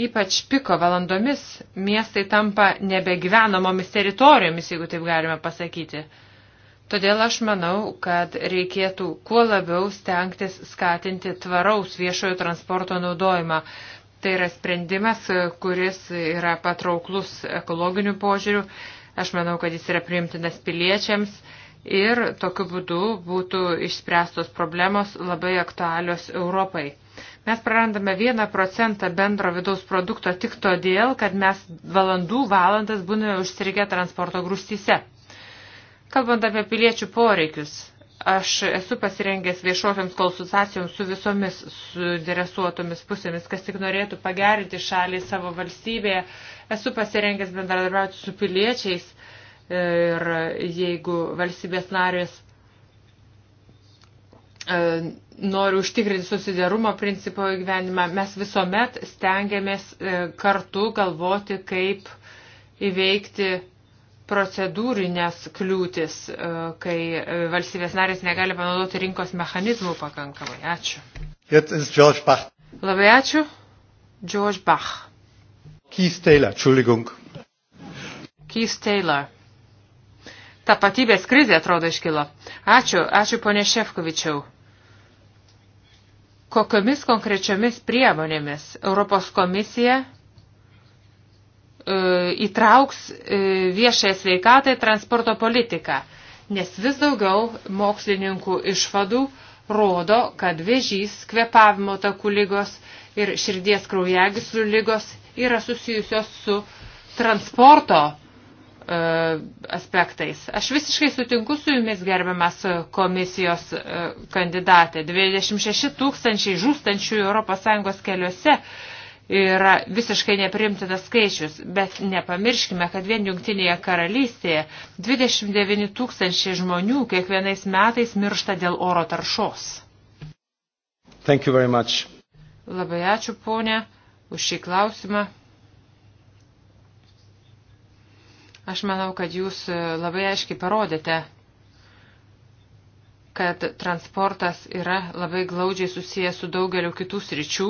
Speaker 4: Ypač piko valandomis miestai tampa nebegyvenamomis teritorijomis, jeigu taip galime pasakyti. Todėl aš manau, kad reikėtų kuo labiau stengtis skatinti tvaraus viešojo transporto naudojimą. Tai yra sprendimas, kuris yra patrauklus ekologiniu požiūriu. Aš manau, kad jis yra priimtinas piliečiams ir tokiu būdu būtų išspręstos problemos labai aktualios Europai. Mes prarandame 1 procentą bendro vidaus produkto tik todėl, kad mes valandų valandas būname užsirigę transporto grūstyse. Kalbant apie piliečių poreikius, aš esu pasirengęs viešosioms konsultacijoms su visomis suinteresuotomis pusėmis, kas tik norėtų pagerinti šalį savo valstybėje. Esu pasirengęs bendradarbiauti su piliečiais e, ir jeigu valstybės narės E, noriu užtikrinti susidarumo principo įgyvenimą, mes visuomet stengiamės e, kartu galvoti, kaip įveikti procedūrinės kliūtis, e, kai valstybės narės negali panaudoti rinkos mechanizmų pakankamai. Ačiū. Labai ačiū. George Bach.
Speaker 1: Keith Taylor, Entschuldigung.
Speaker 4: Keith Taylor tapatybės krizė atrodo iškilo. Ačiū, ačiū ponė Šefkovičiau. Kokiomis konkrečiomis priemonėmis Europos komisija e, įtrauks e, viešąją sveikatą į transporto politiką, nes vis daugiau mokslininkų išvadų rodo, kad vėžys, kvepavimo takų lygos ir širdies kraujagyslių lygos yra susijusios su transporto E, aspektais. Aš visiškai sutinku su jumis, gerbiamas komisijos e, kandidatė. 26 tūkstančiai žūstančių ES keliuose yra visiškai neprimtinas skaičius, bet nepamirškime, kad vien jungtinėje karalystėje 29 tūkstančiai žmonių kiekvienais metais miršta dėl oro taršos.
Speaker 1: Thank you very much.
Speaker 4: Labai ačiū, ponė, už šį klausimą. Aš manau, kad jūs e, labai aiškiai parodėte, kad transportas yra labai glaudžiai susijęs su daugeliu kitų sričių,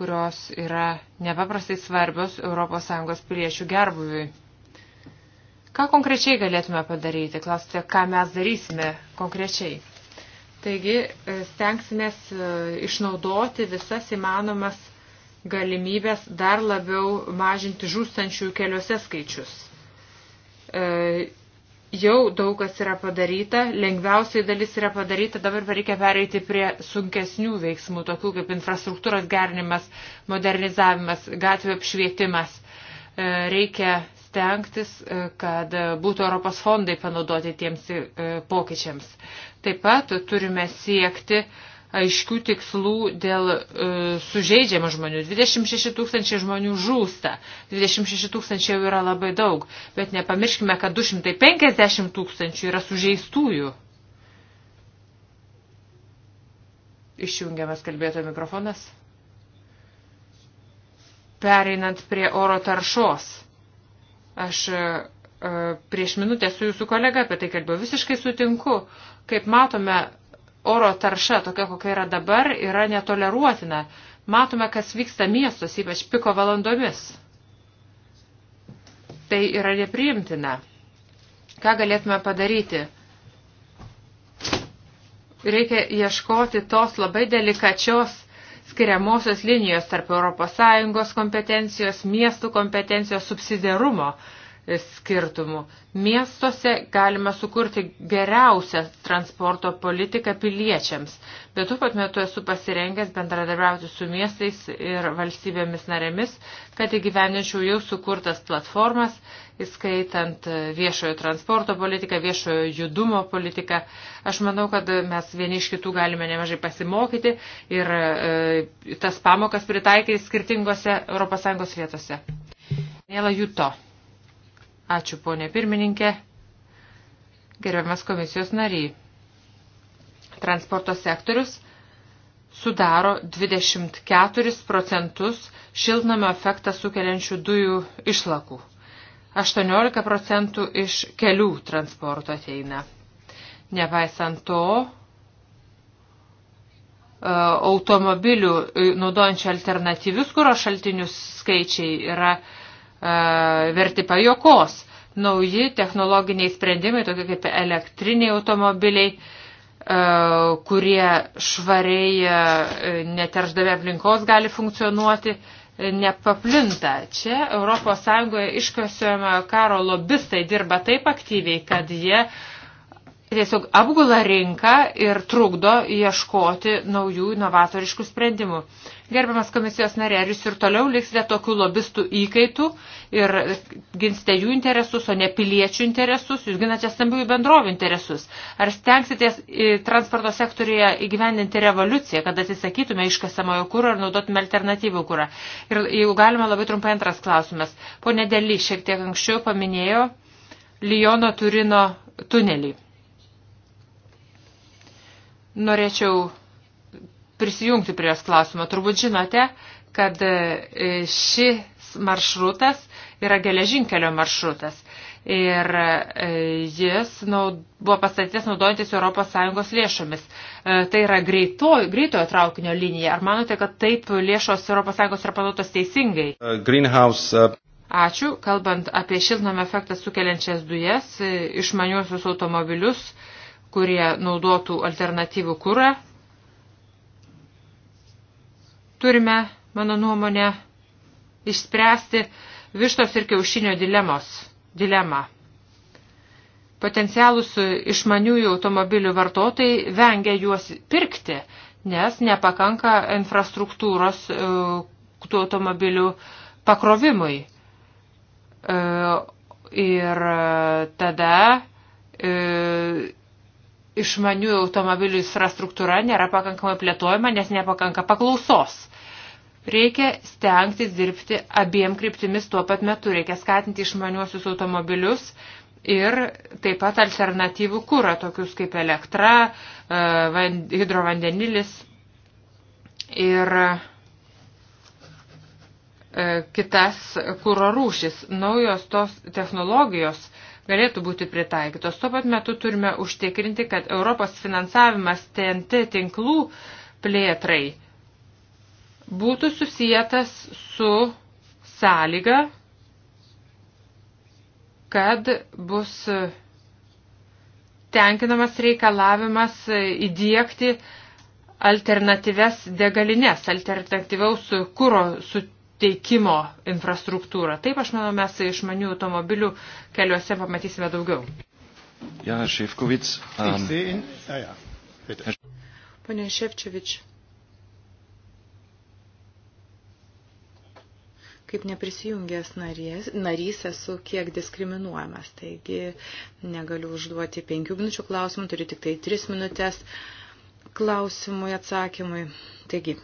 Speaker 4: kurios yra nepaprastai svarbios ES piliečių gerbuviui. Ką konkrečiai galėtume padaryti? Klausite, ką mes darysime konkrečiai. Taigi, e, stengsimės e, išnaudoti visas įmanomas galimybės dar labiau mažinti žūstančių keliuose skaičius. E, jau daug kas yra padaryta, lengviausiai dalis yra padaryta, dabar reikia pereiti prie sunkesnių veiksmų, tokių kaip infrastruktūros gerinimas, modernizavimas, gatvių apšvietimas. E, reikia stengtis, e, kad būtų Europos fondai panaudoti tiems e, pokyčiams. Taip pat turime siekti uh, aiškių tikslų dėl e, sužeidžiamų žmonių. 26 tūkstančiai žmonių žūsta, 26 tūkstančiai jau yra labai daug, bet nepamirškime, kad 250 tūkstančių yra sužeistųjų. Išjungiamas kalbėtojo mikrofonas. Pereinant prie oro taršos. Aš e, prieš minutę su jūsų kolega apie tai kalbėjau. Visiškai sutinku. Kaip matome, oro tarša, tokia kokia yra dabar, yra netoleruotina. Matome, kas vyksta miestos, ypač piko valandomis. Tai yra nepriimtina. Ką galėtume padaryti? Reikia ieškoti tos labai delikačios skiriamosios linijos tarp ES kompetencijos, miestų kompetencijos subsidiarumo. Uh, skirtumų. Miestuose galima sukurti geriausią transporto politiką piliečiams, bet tuo pat metu esu pasirengęs bendradarbiauti su miestais ir valstybėmis narėmis, kad įgyveninčiau jau sukurtas platformas, įskaitant viešojo transporto politiką, viešojo judumo politiką. Aš manau, kad mes vieni iš kitų galime nemažai pasimokyti ir e, tas pamokas pritaikyti skirtingose ES vietose. Mėla Juto. Ačiū, ponė pirmininkė. Gerbiamas komisijos nariai. Transporto sektorius sudaro 24 procentus šiltnamio efektą sukeliančių dujų išlakų. 18 procentų iš kelių transporto ateina. Nepaisant to, e, automobilių e, naudojančių alternatyvius kūro šaltinius skaičiai yra uh, verti pajokos. Nauji technologiniai sprendimai, tokie kaip elektriniai automobiliai, kurie švariai neterždami aplinkos gali funkcionuoti, nepaplinta. Čia ES iškasiojama karo lobistai dirba taip aktyviai, kad jie uh, tiesiog apgula rinką ir trukdo ieškoti naujų inovatoriškų sprendimų. Gerbiamas komisijos narė, ar jūs ir toliau liksite tokių lobistų įkaitų ir ginsite jų interesus, o ne piliečių interesus, jūs ginate stambiųjų bendrovų interesus. Ar stengsitės e, transporto sektorija įgyvendinti revoliuciją, kad atsisakytume iškasamojo kūro ir naudotume alternatyvų kūrą? Ir jeigu galima, labai trumpai antras klausimas. Pone Deli šiek tiek anksčiau paminėjo Lijono Turino tunelį Norėčiau prisijungti prie jos klausimą. Turbūt žinote, kad e, šis maršrutas yra geležinkelio maršrutas ir e, jis naud, buvo pastatytas naudojantis ES lėšomis. E, tai yra greito, greitojo traukinio linija. Ar manote, kad taip lėšos ES yra panaudotos teisingai? Uh,
Speaker 2: greenhouse. Uh,
Speaker 4: Ačiū, kalbant apie šiltnamio efektą sukeliančias dujas, išmaniuosius automobilius. Uh, kurie naudotų alternatyvų kūrą. Turime, mano nuomonė, išspręsti vištos ir kiaušinio dilemos, dilemą. Potencialus išmaniųjų automobilių vartotojai vengia juos pirkti, nes nepakanka infrastruktūros e, tų automobilių pakrovimui. E, ir e, tada išmanių automobilių infrastruktūra nėra pakankamai plėtojama, nes nepakanka paklausos. Reikia stengtis dirbti abiem kryptimis tuo pat metu. Reikia skatinti išmaniuosius automobilius ir taip pat alternatyvų kūrą, tokius kaip elektra, e, hidrovandenilis ir e, kitas kūro rūšis. Naujos tos technologijos galėtų būti pritaikytos. Tuo pat metu turime užtikrinti, kad Europos finansavimas TNT tinklų plėtrai būtų susijęs su sąlyga, kad bus tenkinamas reikalavimas įdėkti alternatyves degalinės, alternatyvaus kūro su teikimo infrastruktūrą. Taip, aš manau, mes išmanių automobilių keliuose pamatysime daugiau.
Speaker 1: Ja, Šefkovic. Um... Ah, ja.
Speaker 4: Pane Šefčevič.
Speaker 3: kaip neprisijungęs narys, narys esu kiek diskriminuojamas. Taigi negaliu užduoti penkių minučių klausimų, turiu tik tai tris minutės klausimui atsakymui. Taigi,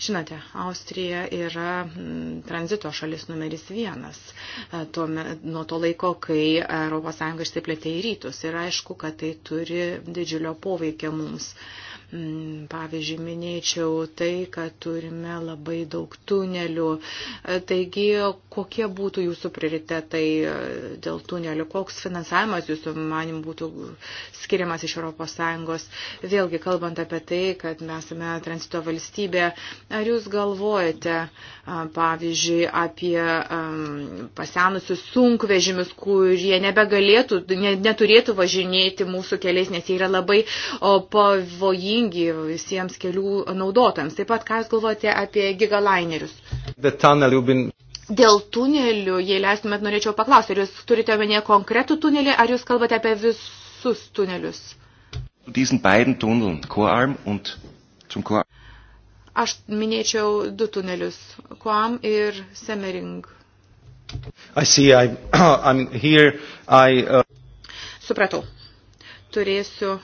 Speaker 3: Žinote, Austrija yra mm, tranzito šalis numeris vienas e, tuo, nuo to laiko, kai ES išsiplėtė į rytus. Ir aišku, kad tai turi didžiulio poveikio mums. Uh, Mm, pavyzdžiui, minėčiau tai, kad turime labai daug tunelių. E, taigi, kokie būtų jūsų prioritetai e, dėl tunelių? Koks finansavimas jūsų manim būtų skiriamas iš ES? Vėlgi, kalbant apie tai, kad mes esame tranzito valstybė, ar jūs galvojate, e, pavyzdžiui, apie pasenusius sunkvežimius, kurie nebegalėtų, neturėtų važinėti mūsų keliais, nes jie yra labai pavojingi? naudingi visiems kelių naudotams. Taip pat, ką Jūs galvojate apie gigalainerius? Dėl tunelių, jei leistumėt, norėčiau paklausti, ar jūs turite omenyje konkretų tunelį, ar jūs kalbate apie visus tunelius? Aš minėčiau du tunelius, Kuam ir Semering.
Speaker 1: I see, I, *clears throat* I'm here, I, uh...
Speaker 3: Supratau. Turėsiu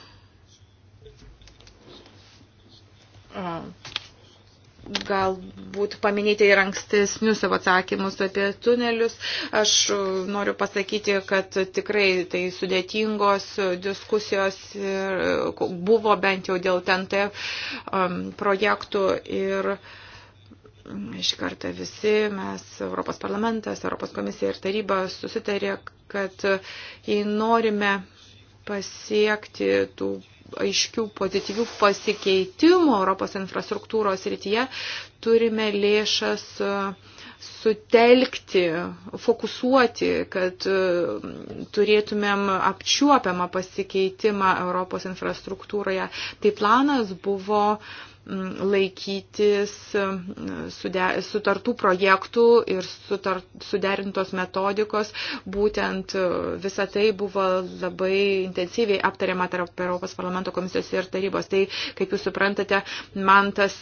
Speaker 3: galbūt paminėti ir ankstesnius savo atsakymus apie tunelius. Aš e, noriu pasakyti, kad tikrai tai sudėtingos diskusijos e, buvo bent jau dėl TNT e, projektų ir mm, iš karto visi mes, Europos parlamentas, Europos komisija ir taryba susitarė, kad jei norime pasiekti tų aiškių pozityvių pasikeitimų Europos infrastruktūros rytyje, turime lėšas e, sutelkti, fokusuoti, kad e, turėtumėm apčiuopiamą pasikeitimą Europos infrastruktūroje. Tai planas buvo uh, laikytis mm, sutartų projektų ir suderintos metodikos. Būtent e, visa tai buvo labai intensyviai aptariama tarp Europos parlamento komisijos ir tarybos. Tai, kaip jūs suprantate, man tas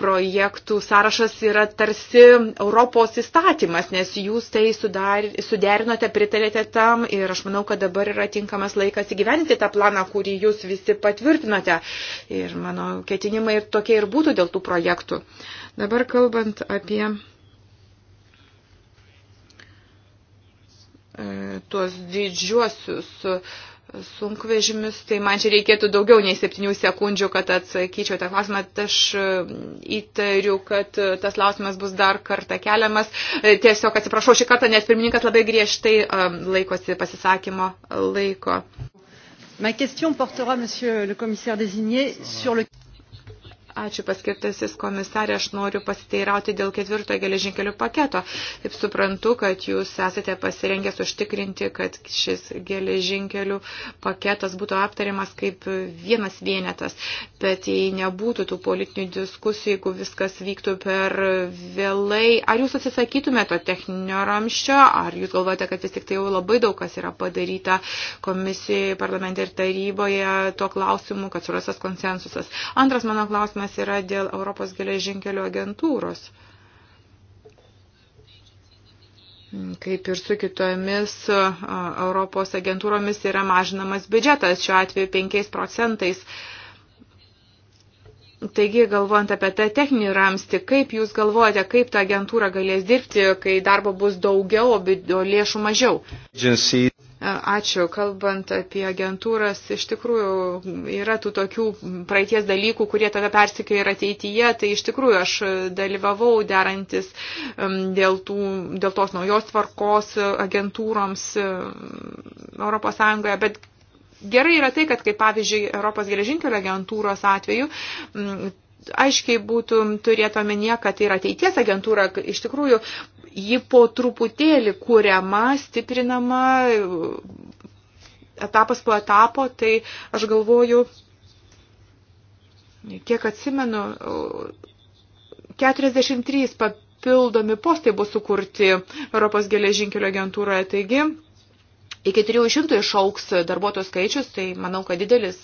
Speaker 3: projektų sąrašas yra tarsi Europos įstatymas, nes jūs tai sudar, suderinote, pritarėte tam ir aš manau, kad dabar yra tinkamas laikas įgyveninti tą planą, kurį jūs visi patvirtinote. Ir mano ketinimai ir tokie tokie ir būtų dėl tų projektų. Dabar kalbant apie e, tuos didžiuosius sunkvežimius, tai man čia reikėtų daugiau nei septynių sekundžių, kad atsakyčiau tą klausimą. Aš e, įtariu, kad e, tas klausimas bus dar kartą keliamas. Tiesiog atsiprašau šį kartą, nes pirmininkas labai griežtai laikosi pasisakymo laiko. Ma question portera, monsieur le commissaire désigné, sur le... Ačiū paskirtasis komisarė, aš noriu pasiteirauti dėl ketvirtojo geležinkelių paketo. Taip suprantu, kad jūs esate pasirengęs užtikrinti, kad šis geležinkelių paketas būtų aptariamas kaip vienas vienetas, bet jei nebūtų tų politinių diskusijų, jeigu viskas vyktų per vėlai, ar jūs atsisakytumėte to techninio ramščio, ar jūs galvojate, kad vis tik tai jau labai daug kas yra padaryta komisijoje, parlamente ir taryboje tuo klausimu, kad surastas konsensusas. Antras mano klausimas klausimas yra dėl Europos geležinkelio agentūros. Kaip ir su kitomis Europos agentūromis yra mažinamas biudžetas, šiuo atveju 5 procentais. Taigi, galvojant apie tą techninį ramstį, kaip Jūs galvojate, kaip ta agentūra galės dirbti, kai darbo bus daugiau, o lėšų mažiau? Agency. Ačiū. Kalbant apie agentūras, iš tikrųjų yra tų tokių praeities dalykų, kurie tave persikė ir ateityje. Tai iš tikrųjų aš dalyvavau derantis um, dėl, tų, dėl tos naujos tvarkos agentūroms um, Europos Sąjungoje, bet gerai yra tai, kad kaip pavyzdžiui Europos geležinkelio agentūros atveju um, aiškiai būtų turėtų omenyje, kad ir ateities agentūra iš tikrųjų ji po truputėlį kuriama, stiprinama, etapas po etapo, tai aš galvoju, kiek atsimenu, 43 papildomi postai bus sukurti Europos geležinkelio agentūroje, taigi Iki 300 išauks darbuotojų skaičius, tai manau, kad didelis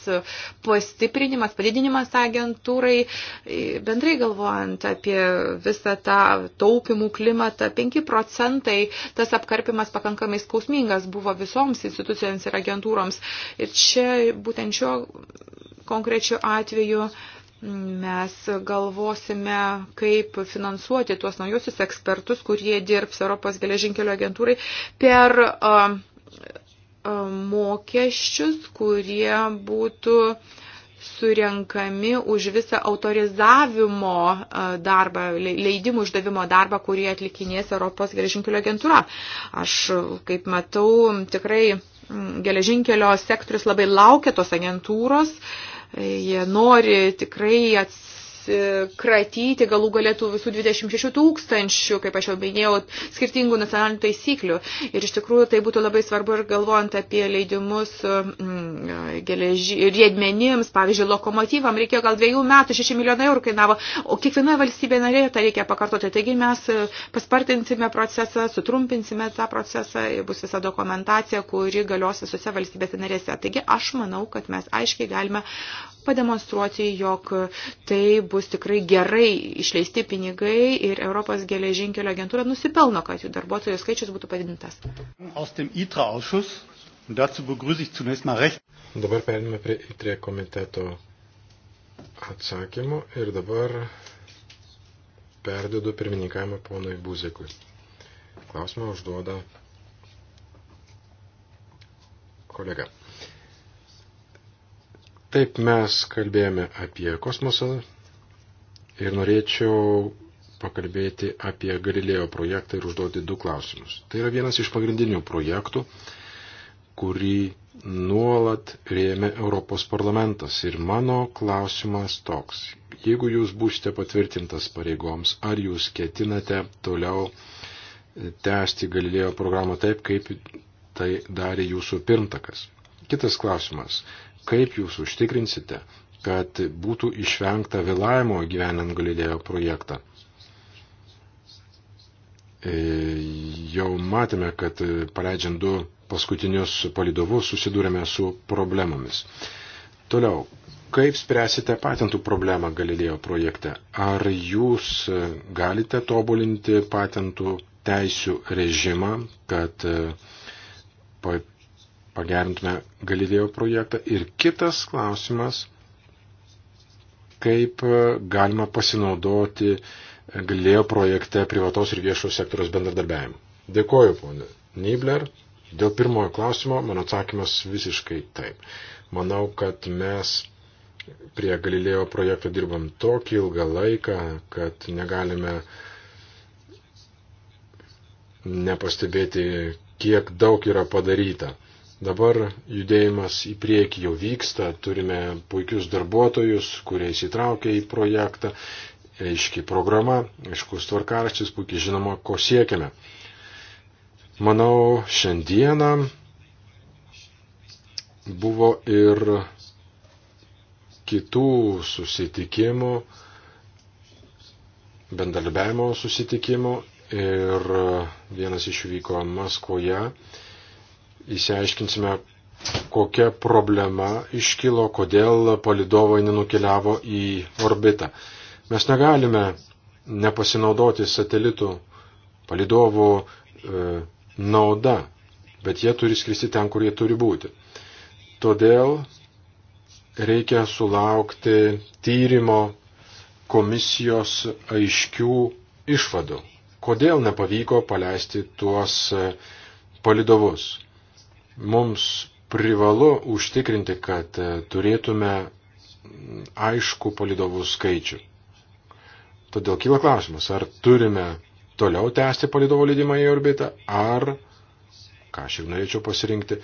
Speaker 3: pastiprinimas, padidinimas agentūrai, e, bendrai galvojant apie visą tą taupimų klimatą, 5 procentai tas apkarpimas pakankamai skausmingas buvo visoms institucijoms ir agentūroms. Ir čia būtent šio konkrečiu atveju mes galvosime, kaip finansuoti tuos naujosius ekspertus, kurie dirbs Europos geležinkelio agentūrai per mokesčius, kurie būtų surenkami už visą autorizavimo darbą, leidimų išdavimo darbą, kurį atlikinės Europos geležinkelio agentūra. Aš, kaip matau, tikrai geležinkelio sektorius labai laukia tos agentūros, jie nori tikrai atsitikti atsikratyti galų galėtų visų 26 tūkstančių, kaip aš jau minėjau, skirtingų nacionalinių taisyklių. Ir iš tikrųjų tai būtų labai svarbu ir galvojant apie leidimus mm, geleži, riedmenims, pavyzdžiui, lokomotyvam, reikėjo gal dviejų metų 6 milijonai eurų kainavo, o kiekvienoje valstybėje narėje tą reikia pakartoti. Taigi mes e, paspartinsime procesą, sutrumpinsime tą procesą, bus visa dokumentacija, kuri galios visose valstybėse narėse. Taigi aš manau, kad mes aiškiai galime pademonstruoti, jog tai bus tikrai gerai išleisti pinigai ir Europos geležinkelio agentūra nusipelno, kad jų darbuotojų skaičius būtų padidintas.
Speaker 1: Dabar perėmėme prie ITRE komiteto atsakymų ir
Speaker 2: dabar perdodu pirmininkavimą ponui Buzikui. Klausimą užduoda kolega. Taip mes kalbėjome apie kosmosą ir norėčiau pakalbėti apie Galilėjo projektą ir užduoti du klausimus. Tai yra vienas iš pagrindinių projektų, kurį nuolat rėmė Europos parlamentas. Ir mano klausimas toks. Jeigu jūs būsite patvirtintas pareigoms, ar jūs ketinate toliau tęsti Galilėjo programą taip, kaip tai darė jūsų pirmtakas? Kitas klausimas. Kaip jūs užtikrinsite, kad būtų išvengta vėlavimo gyvenant Galilėjo projektą? E, jau matėme, kad paleidžiant du paskutinius palidovus susidūrėme su problemomis. Toliau, kaip spręsite patentų problemą Galilėjo projekte? Ar jūs galite tobulinti patentų teisių režimą, kad pagerintume Galilėjo projektą. Ir kitas klausimas, kaip e, galima pasinaudoti e, Galilėjo projekte privataus ir viešo sektoriaus bendradarbiavimu. Dėkoju, ponė Nibler. Dėl pirmojo klausimo mano atsakymas visiškai taip. Manau, kad mes prie Galilėjo projekto dirbam tokį ilgą laiką, kad negalime nepastebėti, kiek daug yra padaryta. Dabar judėjimas į priekį jau vyksta, turime puikius darbuotojus, kurie įsitraukia į projektą, aiški programa, aiškus tvarkaraštis, puikiai žinoma, ko siekiame. Manau, šiandieną buvo ir kitų susitikimų, bendarbiavimo susitikimų ir vienas iš jų vyko Maskvoje. Įsiaiškinsime, kokia problema iškilo, kodėl palidovai nenukeliavo į orbitą. Mes negalime nepasinaudoti satelitų palidovų e, nauda, bet jie turi skristi ten, kur jie turi būti. Todėl reikia sulaukti tyrimo komisijos aiškių išvadų. Kodėl nepavyko paleisti tuos palidovus? Mums privalu užtikrinti, kad e, turėtume aišku palidovų skaičių. Todėl kyla klausimas, ar turime toliau tęsti palidovo leidimą į orbitą, ar, ką aš ir norėčiau pasirinkti,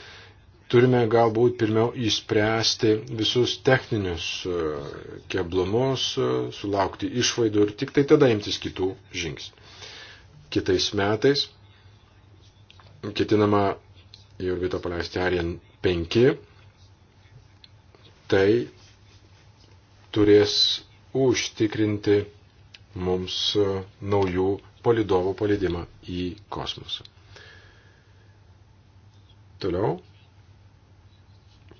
Speaker 2: turime galbūt pirmiau įspręsti visus techninius e, keblumus, e, sulaukti išvaidų ir tik tai tada imtis kitų žingsnių. Kitais metais ketinama į orbitą paleisti Ariane 5, tai turės užtikrinti mums e, naujų palidovų palidimą į kosmosą. Toliau,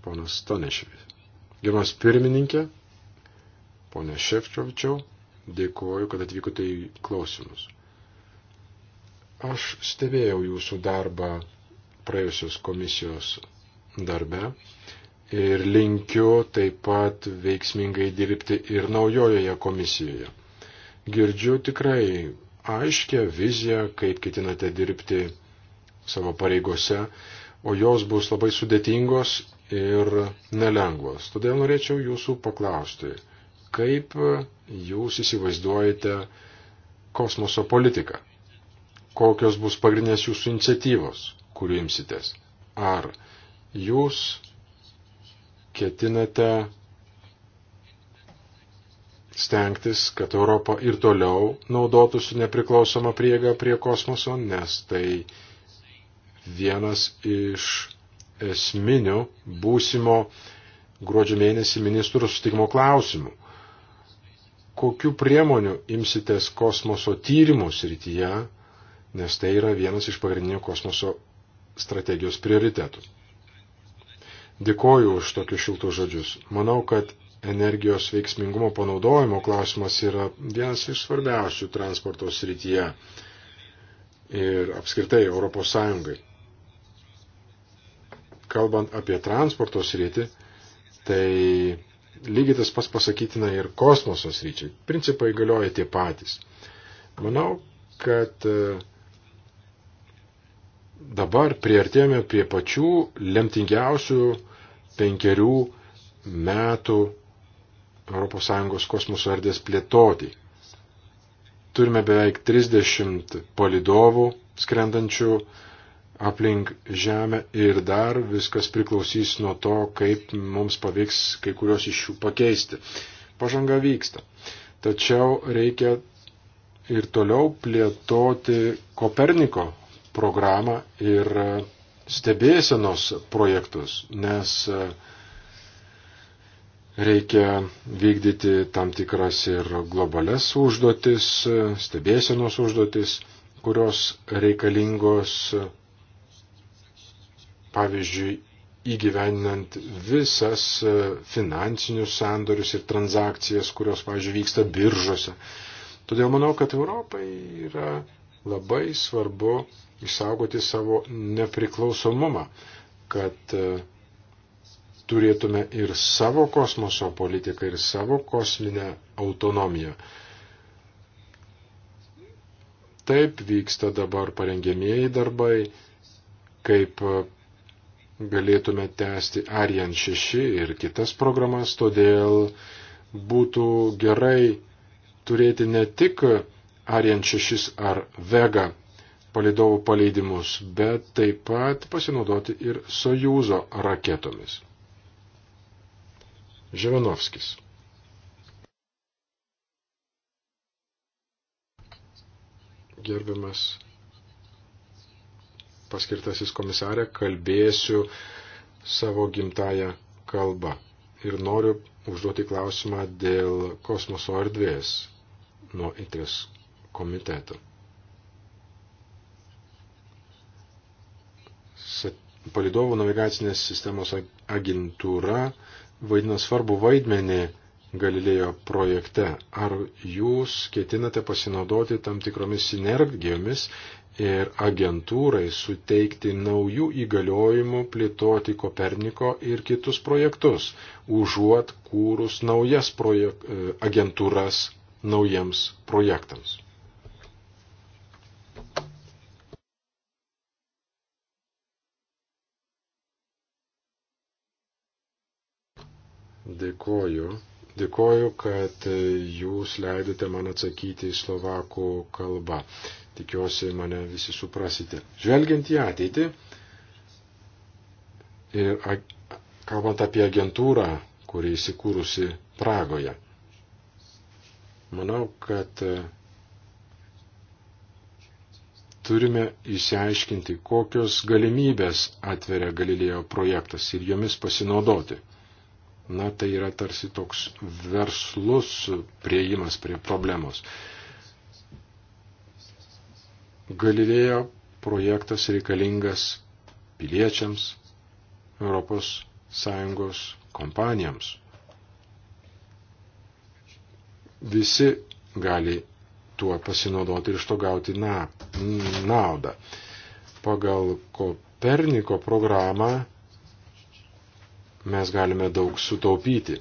Speaker 2: ponas Stanešvis. Gerbiamas pirmininkė, ponė Šefčiovičiau, dėkuoju, kad atvykote į klausimus. Aš stebėjau jūsų darbą praėjusios komisijos darbe. Ir linkiu taip pat veiksmingai dirbti ir naujojoje komisijoje. Girdžiu tikrai aiškę viziją, kaip ketinate dirbti savo pareigose, o jos bus labai sudėtingos ir nelengvos. Todėl norėčiau jūsų paklausti, kaip jūs įsivaizduojate kosmoso politiką? Kokios bus pagrindinės jūsų iniciatyvos? kuriuo imsitės. Ar jūs ketinate stengtis, kad Europa ir toliau naudotųsi nepriklausomą priegą prie kosmoso, nes tai vienas iš esminių būsimo gruodžio mėnesį ministrų sustikimo klausimų. Kokiu priemoniu imsitės kosmoso tyrimų srityje, nes tai yra vienas iš pagrindinių kosmoso strategijos prioritetų. Dėkoju už tokius šiltus žodžius. Manau, kad energijos veiksmingumo panaudojimo klausimas yra vienas iš svarbiausių transporto srityje ir apskritai Europos Sąjungai. Kalbant apie transporto sritį, tai lygiai tas pas pasakytina ir kosmoso sryčiai. Principai galioja tie patys. Manau, kad dabar prieartėjome prie pačių lemtingiausių penkerių metų ES kosmoso erdvės plėtoti. Turime beveik 30 palidovų skrendančių aplink Žemę ir dar viskas priklausys nuo to, kaip mums pavyks kai kurios iš jų pakeisti. Pažanga vyksta. Tačiau reikia ir toliau plėtoti Koperniko programą ir e, stebėsenos projektus, nes e, reikia vykdyti tam tikras ir globales užduotis, e, stebėsenos užduotis, kurios reikalingos, pavyzdžiui, įgyveninant visas finansinius sandorius ir transakcijas, kurios, pavyzdžiui, vyksta biržose. Todėl manau, kad Europai yra Labai svarbu išsaugoti savo nepriklausomumą, kad e, turėtume ir savo kosmoso politiką, ir savo kosminę autonomiją. Taip vyksta dabar parengėmieji darbai, kaip e, galėtume tęsti Arian 6 ir kitas programas, todėl būtų gerai turėti ne tik Ariant 6 ar Vega palidovų paleidimus, bet taip pat pasinaudoti ir Sojūzo raketomis. Ževanovskis. Gerbiamas paskirtasis komisarė, kalbėsiu savo gimtają kalbą. Ir noriu užduoti klausimą dėl kosmoso erdvės nuo ITRES komitetų. Palidovų navigacinės sistemos agentūra vaidina svarbu vaidmenį Galilėjo projekte. Ar jūs ketinate pasinaudoti tam tikromis sinergijomis ir agentūrai suteikti naujų įgaliojimų plėtoti Koperniko ir kitus projektus, užuot kūrus naujas projek e, agentūras naujiems projektams? Dėkoju. Dėkoju, kad jūs leidote man atsakyti į slovakų kalbą. Tikiuosi, mane visi suprasite. Žvelgiant į ateitį ir kalbant apie agentūrą, kuri įsikūrusi Pragoje, manau, kad e, turime išsiaiškinti, kokios galimybės atveria Galilėjo projektas ir jomis pasinaudoti. Na, tai yra tarsi toks verslus prieimas prie problemos. Galilėjo projektas reikalingas piliečiams, Europos Sąjungos kompanijoms. Visi gali tuo pasinaudoti ir iš to gauti na, naudą. Pagal Koperniko programą mes galime daug sutaupyti,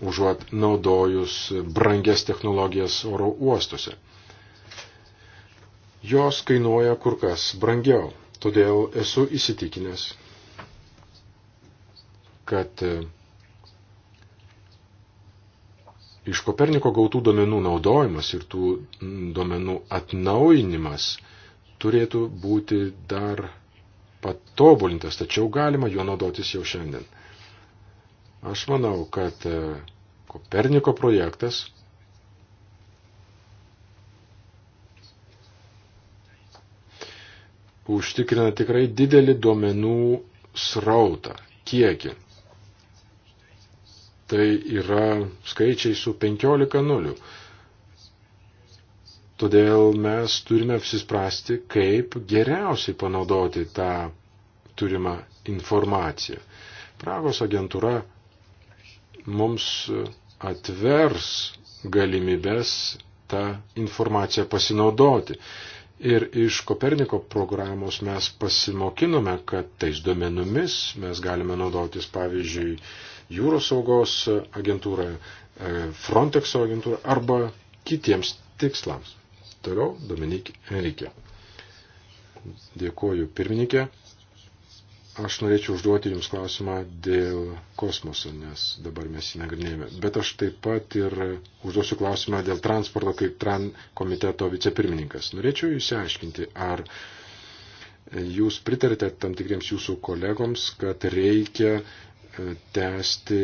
Speaker 2: užuot naudojus brangias technologijas oro uostuose. Jos kainuoja kur kas brangiau, todėl esu įsitikinęs, kad e, iš Koperniko gautų domenų naudojimas ir tų domenų atnaujinimas turėtų būti dar patobulintas, tačiau galima juo naudotis jau šiandien. Aš manau, kad e, Koperniko projektas užtikrina tikrai didelį duomenų srautą, kiekį. Tai yra skaičiai su 15 nulių. Todėl mes turime apsispręsti, kaip geriausiai panaudoti tą turimą informaciją. Pragos agentūra mums atvers galimybės tą informaciją pasinaudoti. Ir iš Koperniko programos mes pasimokinome, kad tais duomenimis mes galime naudotis, pavyzdžiui, jūros saugos agentūrą, e, Frontexo agentūrą arba kitiems tikslams. Toliau Dominik Enrikė. Dėkuoju pirmininkė. Aš norėčiau užduoti Jums klausimą dėl kosmoso, nes dabar mes jį nagrinėjame. Bet aš taip pat ir užduosiu klausimą dėl transporto kaip TRAN komiteto vicepirmininkas. Norėčiau Jūs aiškinti, ar Jūs pritarite tam tikriems Jūsų kolegoms, kad reikia e, tęsti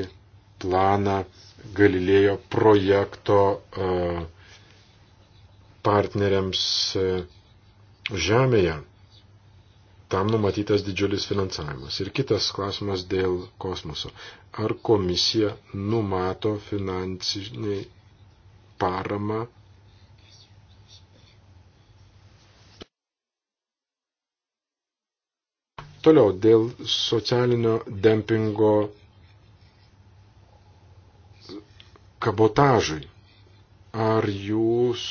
Speaker 2: planą Galilėjo projekto uh, partneriams e, žemėje. Tam numatytas didžiulis finansavimas. Ir kitas klausimas dėl kosmoso. Ar komisija numato finansinį paramą Toliau dėl socialinio dempingo kabotažui. Ar jūs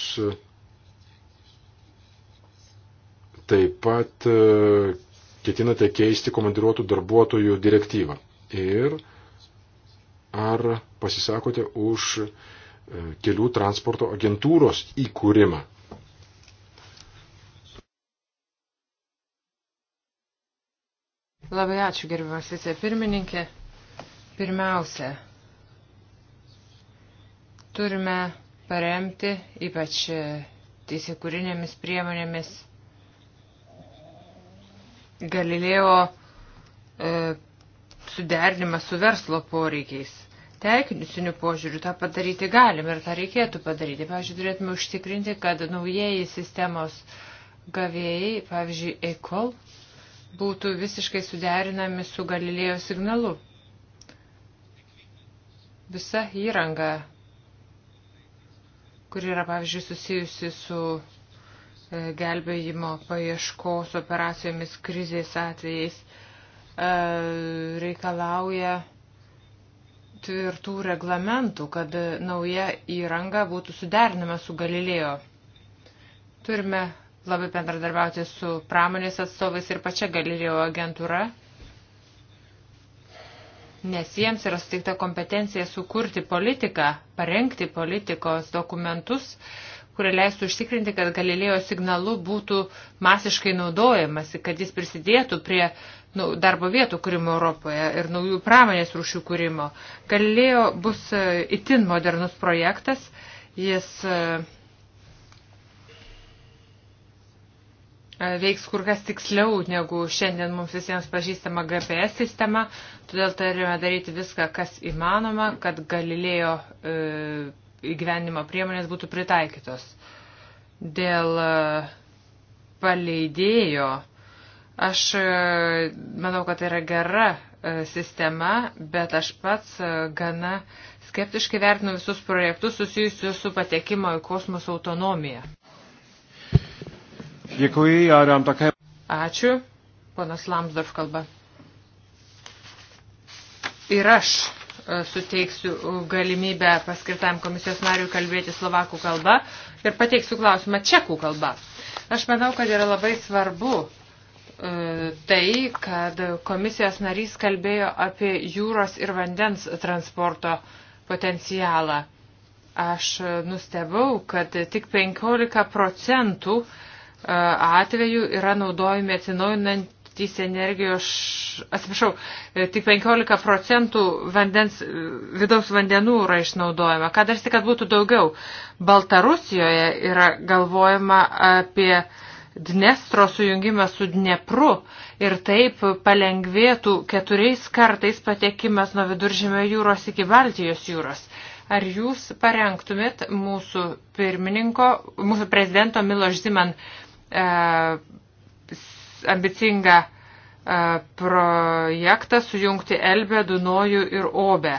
Speaker 2: Taip pat e, ketinate keisti komandiruotų darbuotojų direktyvą. Ir ar pasisakote už e, kelių transporto agentūros įkūrimą?
Speaker 4: Labai ačiū, gerbiamas vicepirmininkė. Pirmiausia, turime paremti ypač teisėkūrinėmis priemonėmis Galilėjo e, suderinimas su verslo poreikiais. Teikiniusinių požiūrių tą padaryti galim ir tą reikėtų padaryti. Pavyzdžiui, turėtume užtikrinti, kad naujieji sistemos gavėjai, pavyzdžiui, ECOL, būtų visiškai suderinami su Galilėjo signalu. Visa įranga, kur yra, pavyzdžiui, susijusi su E, gelbėjimo paieškos operacijomis krizės atvejais e, reikalauja tvirtų reglamentų, kad nauja įranga būtų suderinama su Galilėjo. Turime labai bendradarbiauti su pramonės atstovais ir pačia Galilėjo agentūra, nes jiems yra suteikta kompetencija sukurti politiką, parengti politikos dokumentus, uh, kurie leistų užtikrinti, kad Galilėjo signalu būtų masiškai naudojamasi, kad jis prisidėtų prie nu, darbo vietų kūrimo Europoje ir naujų pramonės rūšių kūrimo. Galilėjo bus e, itin modernus projektas, jis e, e, veiks kur kas tiksliau negu šiandien mums visiems pažįstama GPS sistema, todėl turime daryti viską, kas įmanoma, kad Galilėjo e, įgyvenimo priemonės būtų pritaikytos. Dėl e, paleidėjo, aš e, manau, kad tai yra gera e, sistema, bet aš pats gana skeptiškai vertinu visus projektus susijusius su patekimo į kosmosą autonomija.
Speaker 1: Děkuji, já dám také.
Speaker 4: Ačiū, ponas Lamsdorf kalba. Ir aš E, suteiksiu e, galimybę paskirtam komisijos nariui kalbėti slovakų kalba ir pateiksiu klausimą čekų kalba. Aš manau, kad yra labai svarbu e, tai, kad komisijos narys kalbėjo apie jūros ir vandens transporto potencialą. Aš nustebau, kad tik 15 procentų atvejų yra naudojami atsinaujinant srityse energijos, atsiprašau, e, tik 15 procentų vandens, e, vidaus vandenų yra išnaudojama. Ką darsti, kad būtų daugiau? Baltarusijoje yra galvojama apie Dnestro sujungimą su Dnepru ir taip palengvėtų keturiais kartais patekimas nuo viduržėmio jūros iki Baltijos jūros. Ar jūs parengtumėt mūsų pirmininko, mūsų prezidento Miloš Ziman e, ambicingą e, projektą sujungti Elbę, Dunojų ir Obę.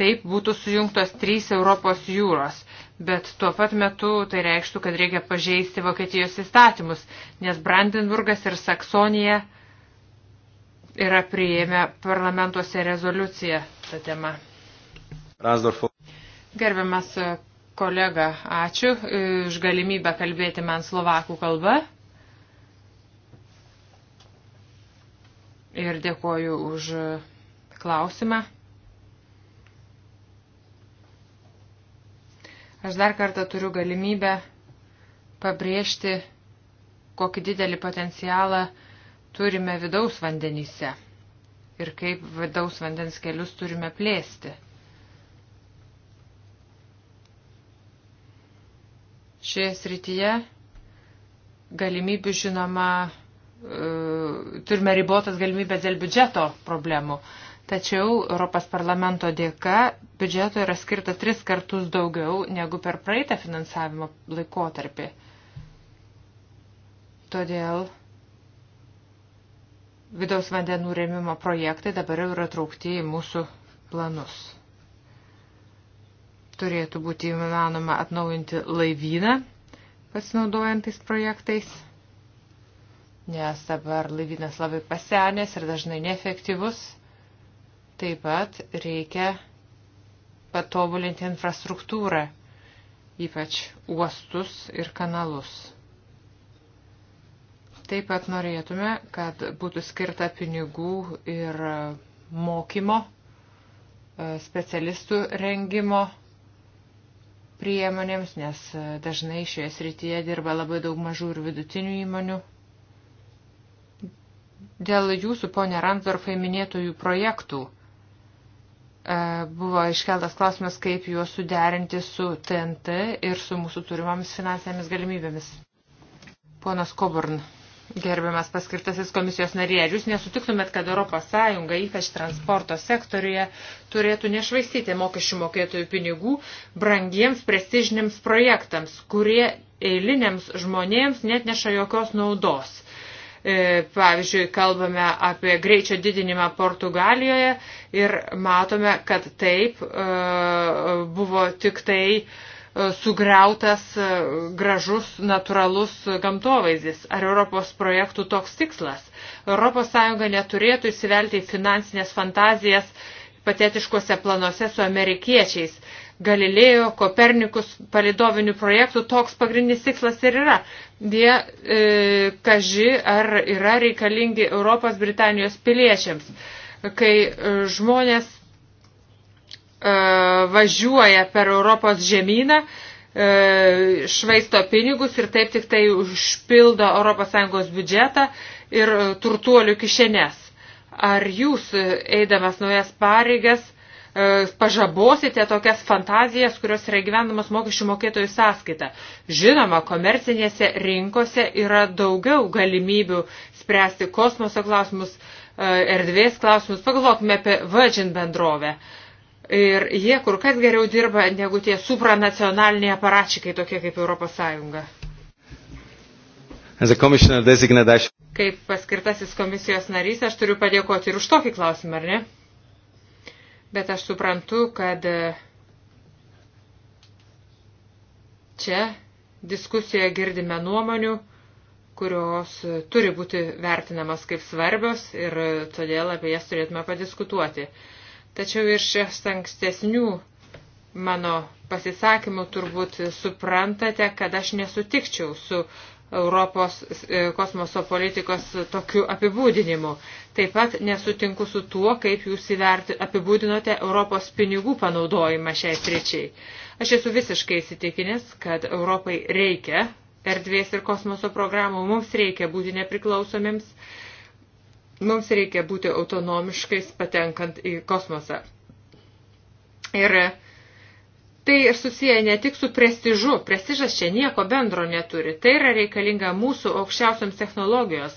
Speaker 4: Taip būtų sujungtos trys Europos jūros, bet tuo pat metu tai reikštų, kad reikia pažeisti Vokietijos įstatymus, nes Brandenburgas ir Saksonija yra priėmę parlamentuose rezoliuciją tą temą. Rasdorfo. Gerbiamas e, kolega, ačiū e, už galimybę kalbėti man slovakų kalbą. ir dėkoju už klausimą. Aš dar kartą turiu galimybę pabrėžti, kokį didelį potencialą turime vidaus vandenyse ir kaip vidaus vandens kelius turime plėsti. Šioje srityje galimybių žinoma e, turime ribotas galimybės dėl biudžeto problemų. Tačiau Europos parlamento dėka biudžeto yra skirta tris kartus daugiau negu per praeitą finansavimo laikotarpį. Todėl vidaus vandenų rėmimo projektai dabar jau yra traukti į mūsų planus. Turėtų būti įmanoma atnaujinti laivyną, pasinaudojantais projektais nes dabar laivynas labai pasenęs ir dažnai neefektyvus. Taip pat reikia patobulinti infrastruktūrą, ypač uostus ir kanalus. Taip pat norėtume, kad būtų skirta pinigų ir mokymo, e, specialistų rengimo priemonėms, nes e, dažnai šioje srityje dirba labai daug mažų ir vidutinių įmonių. Dėl jūsų, ponė Ransdorfai, minėtojų projektų e, buvo iškeltas klausimas, kaip juos suderinti su TNT ir su mūsų turimomis finansinėmis galimybėmis. Ponas Koburn, gerbiamas paskirtasis komisijos narė, jūs nesutiktumėt, kad ES, ypač transporto sektoriuje, turėtų nešvaistyti mokesčių mokėtojų pinigų brangiems prestižiniams projektams, kurie eiliniams žmonėms net neša jokios naudos E, pavyzdžiui, kalbame apie greičio didinimą Portugalijoje ir matome, kad taip e, buvo tik tai e, sugriautas gražus natūralus gamtovaizdis. Ar Europos projektų toks tikslas? ES neturėtų įsivelti į finansinės fantazijas patetiškuose planuose su amerikiečiais, Galilėjo, Kopernikus palidovinių projektų toks pagrindinis tikslas ir yra. Jie, e, kaži, ar yra reikalingi Europos Britanijos piliečiams, kai e, žmonės e, važiuoja per Europos žemyną, e, švaisto pinigus ir taip tik tai užpildo ES biudžetą ir e, turtuolių kišenes. Ar jūs, e, eidamas naujas pareigas, E, pažabosite tokias fantazijas, kurios yra gyvenamas mokesčių mokėtojų sąskaita. Žinoma, komercinėse rinkose yra daugiau galimybių spręsti kosmoso klausimus, e, erdvės klausimus. Pagalvokime apie Virgin bendrovę. Ir jie kur kas geriau dirba negu tie supranacionaliniai aparačikai, tokie kaip Europos Sąjunga. Kaip paskirtasis komisijos narys, aš turiu padėkoti ir už tokį klausimą, ar ne? Bet aš suprantu, kad e, čia diskusijoje girdime nuomonių, kurios e, turi būti vertinamas kaip svarbios ir e, todėl apie jas turėtume padiskutuoti. Tačiau iš ankstesnių mano pasisakymų turbūt suprantate, kad aš nesutikčiau su uh, Europos e, kosmoso politikos tokiu apibūdinimu. Taip pat nesutinku su tuo, kaip jūs įverti, apibūdinote Europos pinigų panaudojimą šiai sričiai. Aš esu visiškai įsitikinęs, kad Europai reikia erdvės ir kosmoso programų, mums reikia būti nepriklausomiems, mums reikia būti autonomiškais patenkant į kosmosą. Ir uh, tai susiję ne tik su prestižu, prestižas čia nieko bendro neturi, tai yra reikalinga mūsų aukščiausioms technologijos,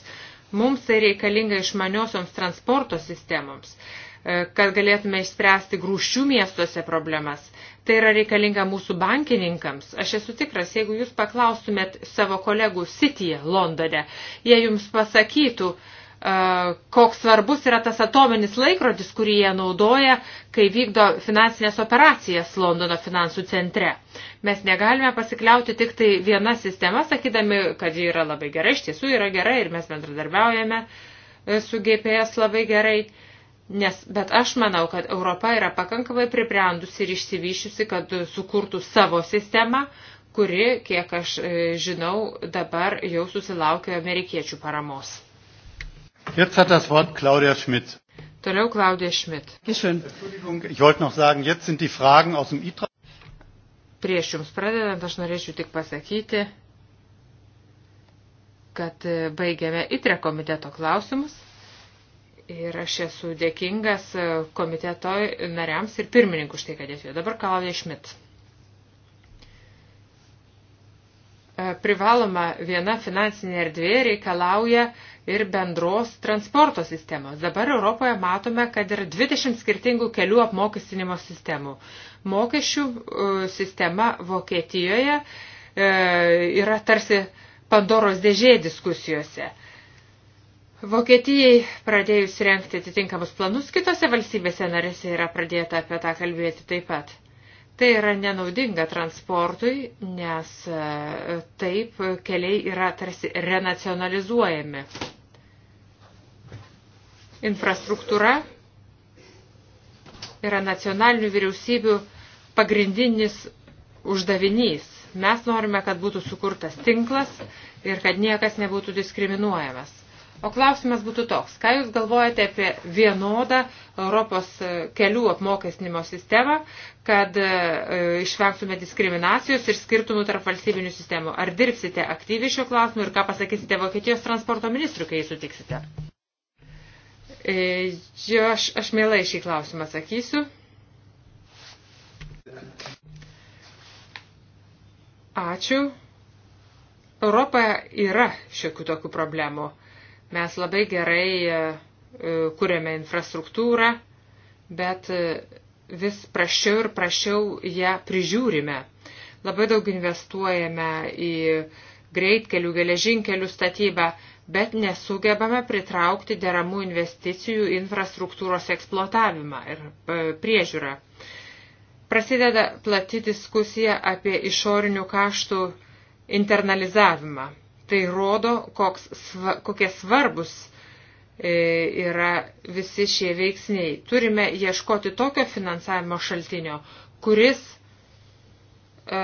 Speaker 4: mums tai reikalinga išmaniosioms transporto sistemoms, e, kad galėtume išspręsti grūščių miestuose problemas, tai yra reikalinga mūsų bankininkams. Aš esu tikras, jeigu jūs paklaustumėt savo kolegų Cityje, Londone, jie jums pasakytų, uh, koks svarbus yra tas atominis laikrodis, kurį jie naudoja, kai vykdo finansinės operacijas Londono finansų centre. Mes negalime pasikliauti tik tai viena sistema, sakydami, kad ji yra labai gerai, iš tiesų yra gerai ir mes bendradarbiaujame e, su GPS labai gerai. Nes, bet aš manau, kad Europa yra pakankamai pribrendusi ir išsivyšiusi, kad sukurtų savo sistemą, kuri, kiek aš e, žinau, dabar jau susilaukė amerikiečių paramos.
Speaker 1: Jetzt hat das Wort Claudia Schmidt.
Speaker 4: Toliau Klaudija Šmit. Prieš Jums pradedant, aš norėčiau tik pasakyti, kad e, baigėme ITRE komiteto klausimus ir aš esu dėkingas e, komiteto nariams ir pirmininkų štai, kad atėjo. Dabar Klaudija Šmit. E, privaloma viena finansinė erdvė reikalauja ir bendros transporto sistemos. Dabar Europoje matome, kad yra 20 skirtingų kelių apmokestinimo sistemų. Mokesčių e, sistema Vokietijoje e, yra tarsi Pandoros dėžė diskusijose. Vokietijai pradėjus renkti atitinkamus planus, kitose valstybėse narėse yra pradėta apie tą kalbėti taip pat. Tai yra nenaudinga transportui, nes e, taip keliai yra tarsi renacionalizuojami. Infrastruktūra yra nacionalinių vyriausybių pagrindinis uždavinys. Mes norime, kad būtų sukurtas tinklas ir kad niekas nebūtų diskriminuojamas. O klausimas būtų toks, ką Jūs galvojate apie vienodą Europos e, kelių apmokestinimo sistemą, kad e, e, išvengtume diskriminacijos ir skirtumų tarp valstybinių sistemų? Ar dirbsite aktyviai šiuo klausimu ir ką pasakysite Vokietijos transporto ministrui, kai jį sutiksite? Jo, aš, aš mielai šį klausimą sakysiu. Ačiū. Europoje yra šiokių tokių problemų Mes labai gerai e, e, kuriame infrastruktūrą, bet e, vis prašiau ir prašiau ją prižiūrime. Labai daug investuojame į greitkelių, geležinkelių statybą, bet nesugebame pritraukti deramų investicijų infrastruktūros eksploatavimą ir priežiūrą. Prasideda plati diskusija apie išorinių kaštų internalizavimą. Tai rodo, koks, kokie svarbus e, yra visi šie veiksniai. Turime ieškoti tokio finansavimo šaltinio, kuris e,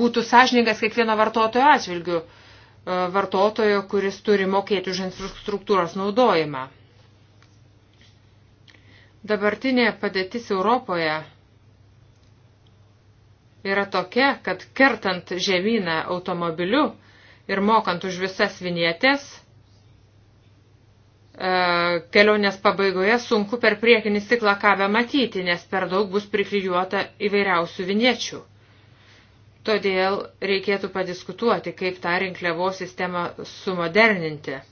Speaker 4: būtų sąžininkas kiekvieno vartotojo atžvilgiu, e, vartotojo, kuris turi mokėti už infrastruktūros naudojimą. Dabartinė padėtis Europoje yra tokia, kad kertant žemyną automobiliu ir mokant už visas vinietės, e, kelionės pabaigoje sunku per priekinį stiklą kavę matyti, nes per daug bus priklijuota įvairiausių viniečių. Todėl reikėtų padiskutuoti, kaip tą rinkliavos sistemą sumoderninti.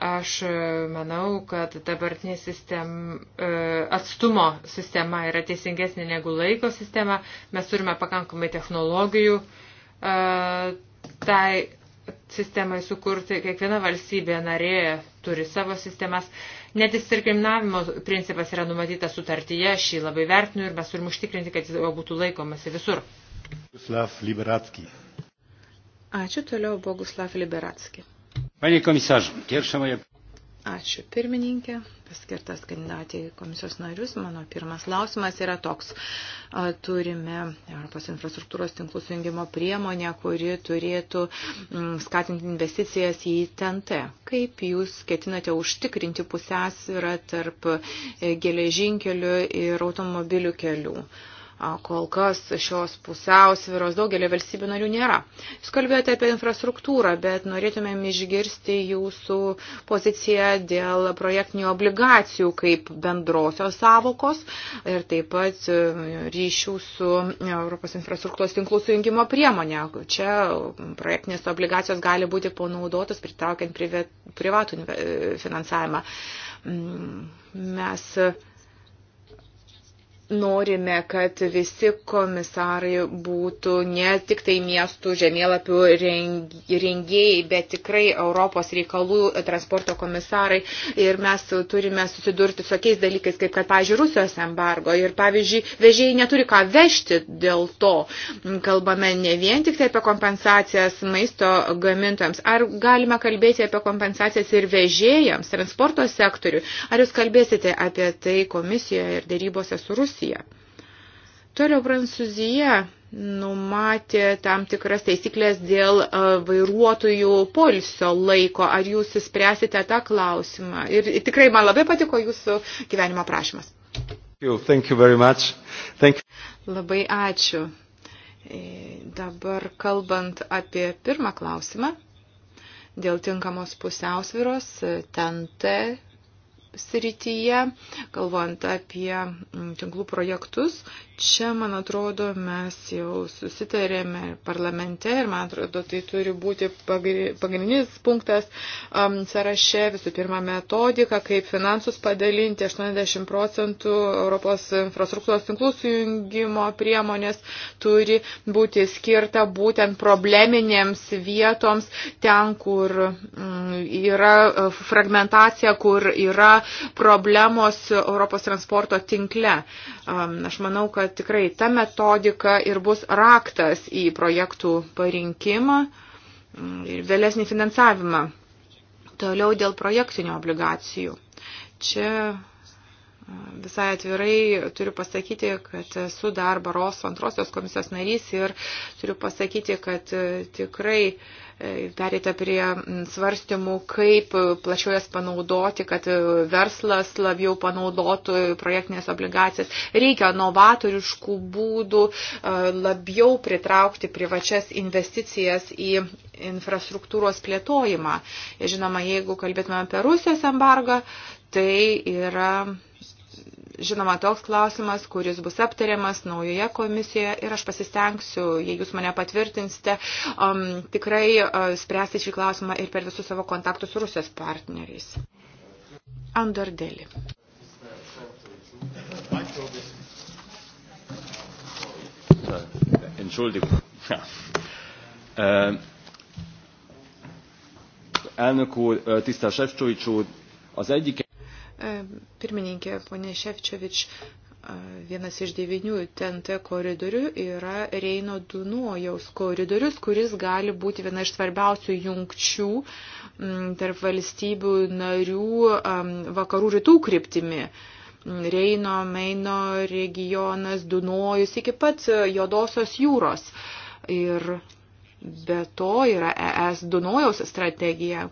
Speaker 4: Aš e, manau, kad dabartinė sistem, e, atstumo sistema yra teisingesnė negu laiko sistema. Mes turime pakankamai technologijų e, tai sistemai sukurti. Kiekviena valstybė narė turi savo sistemas. Net diskriminavimo principas yra numatytas sutartyje, šį labai vertinu ir mes turim užtikrinti, kad jis būtų laikomasi visur. Ačiū toliau Boguslav
Speaker 3: Liberatski.
Speaker 1: Panie komisarzu, pierwsza moja. Ačiū
Speaker 3: pirmininkė, paskirtas kandidatė į komisijos narius. Mano pirmas klausimas yra toks. Turime Europos infrastruktūros tinklų sujungimo priemonę, kuri turėtų mm, skatinti investicijas į TNT. Kaip jūs ketinate užtikrinti pusęsvyrą tarp e, geležinkelių ir automobilių kelių? kol kas šios pusiausviros daugelio valstybių narių nėra. Jūs kalbėjote apie infrastruktūrą, bet norėtumėm išgirsti jūsų poziciją dėl projektinių obligacijų kaip bendrosios savokos ir taip pat e, ryšių su Europos infrastruktūros tinklų sujungimo priemonė. Čia projektinės obligacijos gali būti panaudotos pritraukiant privatų finansavimą. Mm, mes norime, kad visi komisarai būtų ne tik tai miestų žemėlapių rengėjai, bet tikrai Europos reikalų transporto komisarai. Ir mes turime susidurti su tokiais dalykais, kaip kad, pavyzdžiui, Rusijos embargo. Ir, pavyzdžiui, vežėjai neturi ką vežti dėl to. Kalbame ne vien tik tai apie kompensacijas maisto gamintojams. Ar galime kalbėti apie kompensacijas ir vežėjams, transporto sektoriui? Ar jūs kalbėsite apie tai komisijoje ir dėrybose su Rusija? Franciją. Toliau Prancūzija numatė tam tikras taisyklės dėl e, vairuotojų polsio laiko. Ar jūs įspręsite tą klausimą? Ir tikrai man labai patiko jūsų gyvenimo prašymas.
Speaker 1: Thank you very much. Thank you.
Speaker 3: Labai ačiū. E, dabar kalbant apie pirmą klausimą dėl tinkamos pusiausviros, e, ten T srityje, galvojant apie mm, tinklų projektus, čia, man atrodo, mes jau susitarėme parlamente ir, man atrodo, tai turi būti pagrindinis punktas um, sąraše. Visų pirma, metodika, kaip finansus padalinti 80 procentų Europos infrastruktūros tinklų sujungimo priemonės turi būti skirta būtent probleminėms vietoms, ten, kur mm, yra e, fragmentacija, kur yra problemos Europos transporto tinkle. Uh, Aš manau, kad tikrai ta metodika ir bus raktas į projektų parinkimą mm, ir vėlesnį finansavimą. Toliau dėl projektinių obligacijų. Čia visai atvirai turiu pasakyti, kad esu dar Baroso antrosios komisijos narys ir turiu pasakyti, kad e, tikrai uh, Perėta prie mm, svarstymų, kaip plačiau jas panaudoti, kad e, verslas labiau panaudotų projektinės obligacijas. Reikia novatoriškų būdų e, labiau pritraukti privačias investicijas į infrastruktūros plėtojimą. Žinoma, jeigu kalbėtume apie Rusijos embargą, tai yra žinoma, toks klausimas, kuris bus aptariamas naujoje komisijoje ir aš pasistengsiu, jei jūs mane patvirtinsite, um, tikrai uh, spręsti šį klausimą ir per visus savo kontaktus su Rusijos partneriais. Andor Deli.
Speaker 1: Entschuldigung. Ja. Äh, elnök úr, tisztelt Sefcsovics úr, az egyik
Speaker 3: E, pirmininkė, ponė Ševčiovič, e, vienas iš devinių TNT koridorių yra Reino Dunojaus koridorius, kuris gali būti viena iš svarbiausių jungčių tarp valstybių narių vakarų rytų kryptimi. Reino, Meino regionas, Dunojus iki pat Jodosios jūros. Ir Be to yra ES Dunojaus strategija,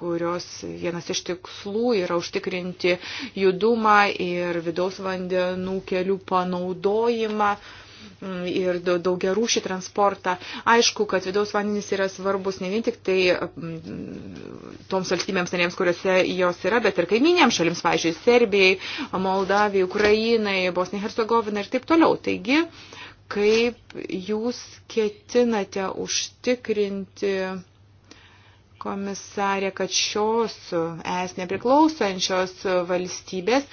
Speaker 3: kurios vienas iš tikslų yra užtikrinti judumą ir vidaus vandenų kelių panaudojimą mm, ir daugia rūšį transportą. Aišku, kad vidaus vandenys yra svarbus ne vien tik tai mm, toms valstybėms narėms, kuriuose jos yra, bet ir kaiminėms šalims, pavyzdžiui, Serbijai, Moldavijai, Ukrainai, Bosnijai, Hercegovinai ir taip toliau. Taigi, kaip jūs ketinate užtikrinti komisarė, kad šios es nepriklausančios valstybės,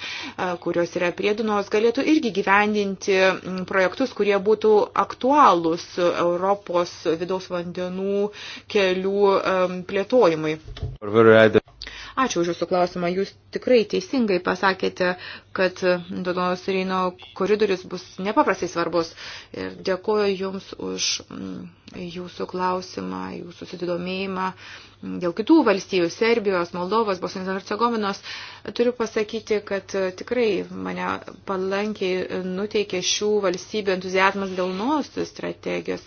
Speaker 3: kurios yra priedunos, galėtų irgi gyvendinti projektus, kurie būtų aktualūs Europos vidaus vandenų kelių plėtojimui. Ačiū už Jūsų klausimą. Jūs tikrai teisingai pasakėte, kad Dodonos Reino koridorius bus nepaprastai svarbus. Ir dėkuoju Jums už jūsų klausimą, jūsų susidomėjimą dėl kitų valstybių - Serbijos, Moldovos, Bosnijos ir Hercegovinos. Turiu pasakyti, kad e, tikrai mane palankiai nuteikė šių valstybių entuzijazmas dėl nuos strategijos.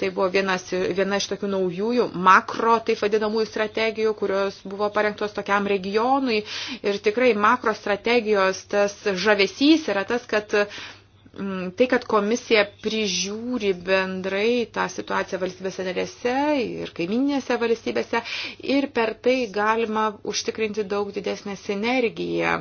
Speaker 3: Tai buvo vienas, viena iš tokių naujųjų makro, taip vadinamųjų strategijų, kurios buvo parengtos tokiam regionui. Ir tikrai makro strategijos tas žavesys yra tas, kad uh, Mm, tai, kad komisija prižiūri bendrai tą situaciją valstybėse narėse ir kaiminėse valstybėse ir per tai galima užtikrinti daug didesnę sinergiją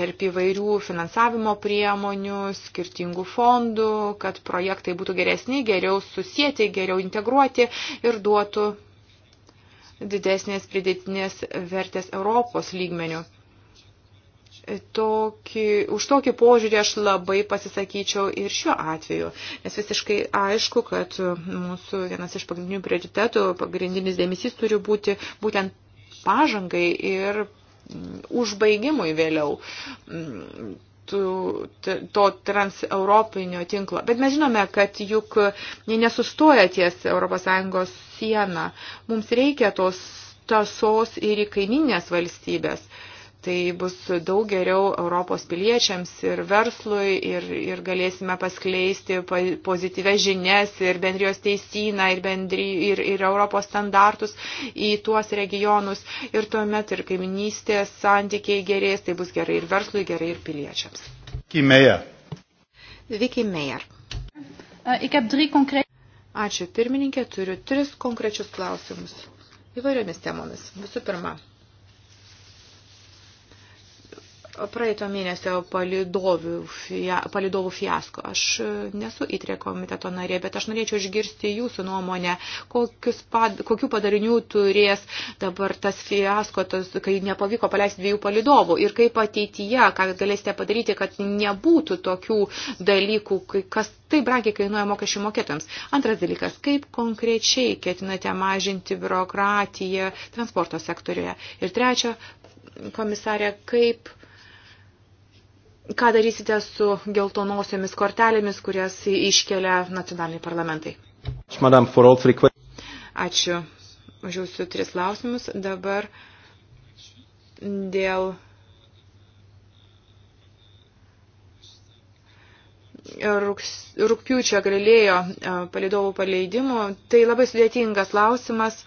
Speaker 3: tarp įvairių finansavimo priemonių, skirtingų fondų, kad projektai būtų geresni, geriau susijęti, geriau integruoti ir duotų didesnės pridėtinės vertės Europos lygmenių tokį, už tokį požiūrį aš labai pasisakyčiau ir šiuo atveju, nes visiškai aišku, kad mūsų vienas iš pagrindinių prioritetų, pagrindinis dėmesys turi būti būtent pažangai ir užbaigimui vėliau mm, tų, to transeuropinio tinklo. Bet mes žinome, kad juk nesustoja ties ES siena. Mums reikia tos tasos ir į kaiminės valstybės. Uh, tai bus daug geriau Europos piliečiams ir verslui ir, ir galėsime paskleisti pozityves žinias ir bendrijos teisyną ir, bendry, ir, ir Europos standartus į tuos regionus ir tuomet ir kaiminystės santykiai gerės, tai bus gerai ir verslui, gerai ir piliečiams. Kimėja. Vicky Meyer. Uh, Ačiū pirmininkė, turiu tris konkrečius klausimus įvairiomis temomis. Visų pirma, praeito mėnesio palidovų fiasko. Aš e, nesu įtrė e komiteto narė, bet aš norėčiau išgirsti jūsų nuomonę, kokius pad, kokių padarinių turės dabar tas fiasko, tas, kai nepavyko paleisti dviejų palidovų ir kaip ateityje, ką galėsite padaryti, kad nebūtų tokių dalykų, kas tai brangiai kainuoja mokesčių mokėtojams. Antras dalykas, kaip konkrečiai ketinate mažinti biurokratiją transporto sektoriuje. Ir trečia, komisarė, kaip ką darysite su geltonosiomis kortelėmis, kurias iškelia nacionaliniai parlamentai? Ačiū už jūsų tris klausimus. Dabar dėl rūpiučio galilėjo palidovų paleidimų. Tai labai sudėtingas klausimas.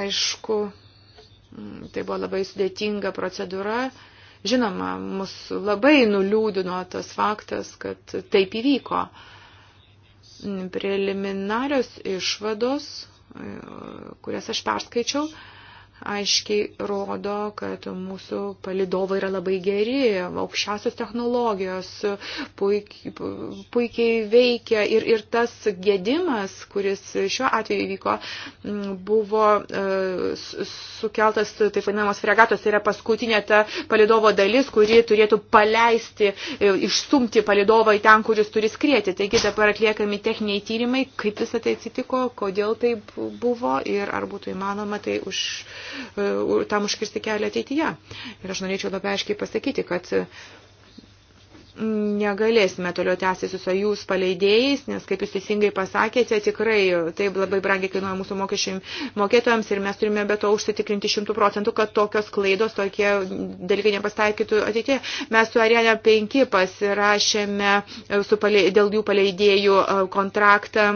Speaker 3: Aišku, tai buvo labai sudėtinga procedūra. Žinoma, mus labai nuliūdino tas faktas, kad taip įvyko. Preliminarios išvados, kurias aš perskaičiau, aiškiai rodo, kad mūsų palidovai yra labai geri, aukščiausios technologijos puikiai, puikiai veikia ir, ir tas gedimas, kuris šiuo atveju įvyko, buvo e, sukeltas taip vadinamos fregatos, tai yra paskutinė ta palidovo dalis, kuri turėtų paleisti, e, išstumti palidovą į ten, kuris turi skrieti. Taigi dabar atliekami techniniai tyrimai, kaip visą tai atsitiko, kodėl taip buvo ir ar būtų įmanoma tai už E, tam užkirsti kelią ateityje. Ir aš norėčiau labai aiškiai pasakyti, kad e, negalėsime toliau tęsti su sojus paleidėjais, nes, kaip jūs teisingai pasakėte, tikrai taip labai brangiai kainuoja mūsų mokesčių mokėtojams ir mes turime be to užsitikrinti šimtų procentų, kad tokios klaidos, tokie dalykai nepastaikytų ateitie. Mes su Ariane 5 pasirašėme su palei, dėl jų paleidėjų e, kontraktą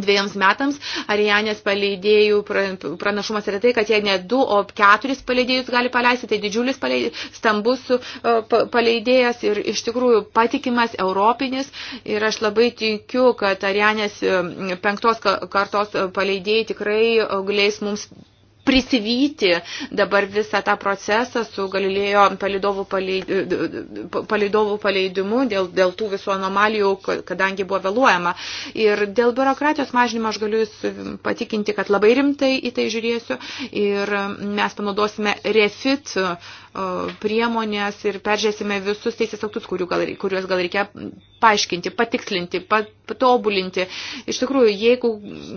Speaker 3: dviejams metams. Arijanės paleidėjų pranašumas yra tai, kad jie ne du, o keturis paleidėjus gali paleisti. Tai didžiulis paleidėjas, stambus e, paleidėjas ir iš tikrųjų patikimas europinis. Ir aš labai tikiu, kad Arijanės e, penktos kartos e, paleidėjai tikrai galės mums prisivyti dabar visą tą procesą su Galilėjo palidovų, palidovų paleidimu dėl, dėl tų visų anomalijų, kadangi buvo vėluojama. Ir dėl biurokratijos mažinimo aš galiu Jūs patikinti, kad labai rimtai į tai žiūrėsiu ir mes panaudosime refit priemonės ir peržiūrėsime visus teisės aktus, gal, kuriuos gal reikia paaiškinti, patikslinti, patobulinti. Iš tikrųjų, jeigu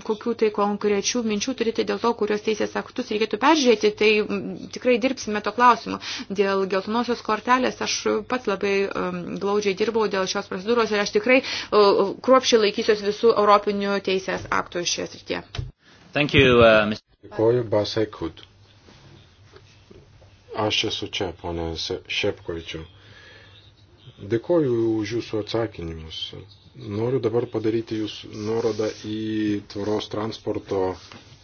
Speaker 3: kokių tai konkrečių minčių turite dėl to, kuriuos teisės aktus reikėtų peržiūrėti, tai tikrai dirbsime to klausimu. Dėl geltonosios kortelės aš pats labai glaudžiai dirbau dėl šios procedūros ir aš tikrai kruopšiai laikysiuos visų europinių teisės aktų šioje srityje.
Speaker 1: Thank you, uh,
Speaker 2: Mr. Dėkoju, Basai Kut. Aš esu čia, ponas Šepkovičiu. Dėkoju už jūsų atsakinimus. Noriu dabar padaryti jūs nuorodą į tvaros transporto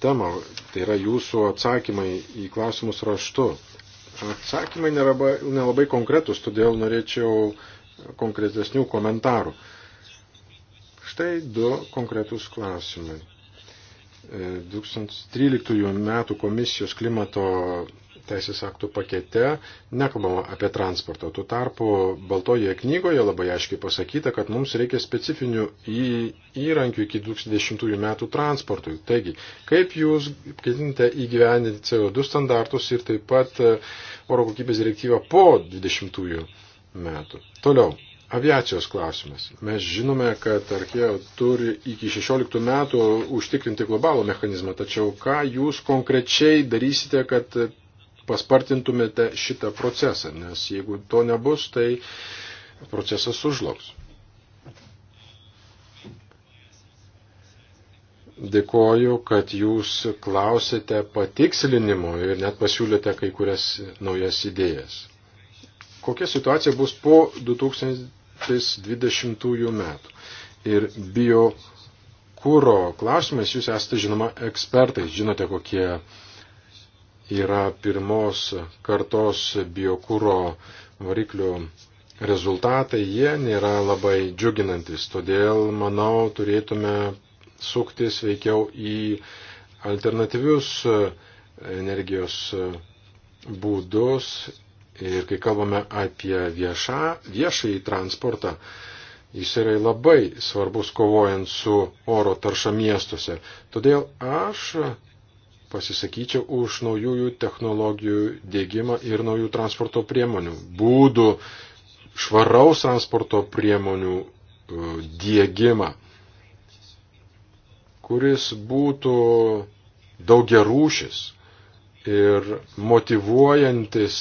Speaker 2: temą. Tai yra jūsų atsakymai į klausimus raštu. Atsakymai nelabai, nelabai konkretus, todėl norėčiau konkretesnių komentarų. Štai du konkretus klausimai. 2013 e, metų komisijos klimato teisės aktų pakete nekalbama apie transportą. Tuo tarpu Baltojoje knygoje labai aiškiai pasakyta, kad mums reikia specifinių į, įrankių iki 2010 metų transportui. Taigi, kaip jūs ketinite įgyvendinti CO2 standartus ir taip pat e, oro kokybės direktyvą po 20 metų. Toliau. Aviacijos klausimas. Mes žinome, kad Arkėjo turi iki 16 metų užtikrinti globalų mechanizmą, tačiau ką jūs konkrečiai darysite, kad paspartintumėte šitą procesą, nes jeigu to nebus, tai procesas sužloks. Dėkoju, kad jūs klausėte patikslinimo ir net pasiūlėte kai kurias naujas idėjas. Kokia situacija bus po 2020 metų? Ir bio kūro klausimais jūs esate žinoma ekspertai, žinote, kokie yra pirmos kartos biokūro variklių rezultatai, jie nėra labai džiuginantis. Todėl, manau, turėtume suktis veikiau į alternatyvius energijos būdus. Ir kai kalbame apie viešą, viešąjį transportą, jis yra labai svarbus kovojant su oro tarša miestuose. Todėl aš pasisakyčiau už naujųjų technologijų dėgymą ir naujų transporto priemonių, būdų švaraus transporto priemonių e, dėgymą, kuris būtų daugiarūšis ir motivuojantis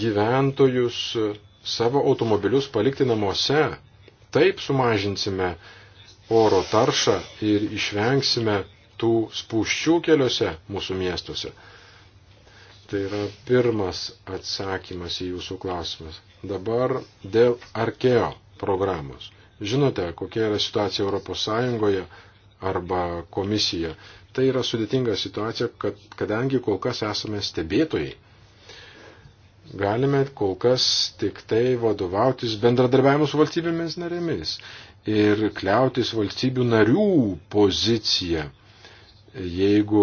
Speaker 2: gyventojus savo automobilius palikti namuose. Taip sumažinsime oro taršą ir išvengsime tų spūščių keliuose mūsų miestuose. Tai yra pirmas atsakymas į jūsų klausimas. Dabar dėl Arkeo programos. Žinote, kokia yra situacija Europos Sąjungoje arba komisija. Tai yra sudėtinga situacija, kad, kadangi kol kas esame stebėtojai. Galime kol kas tik tai vadovautis bendradarbiavimu su valstybėmis narėmis ir kliautis valstybių narių poziciją jeigu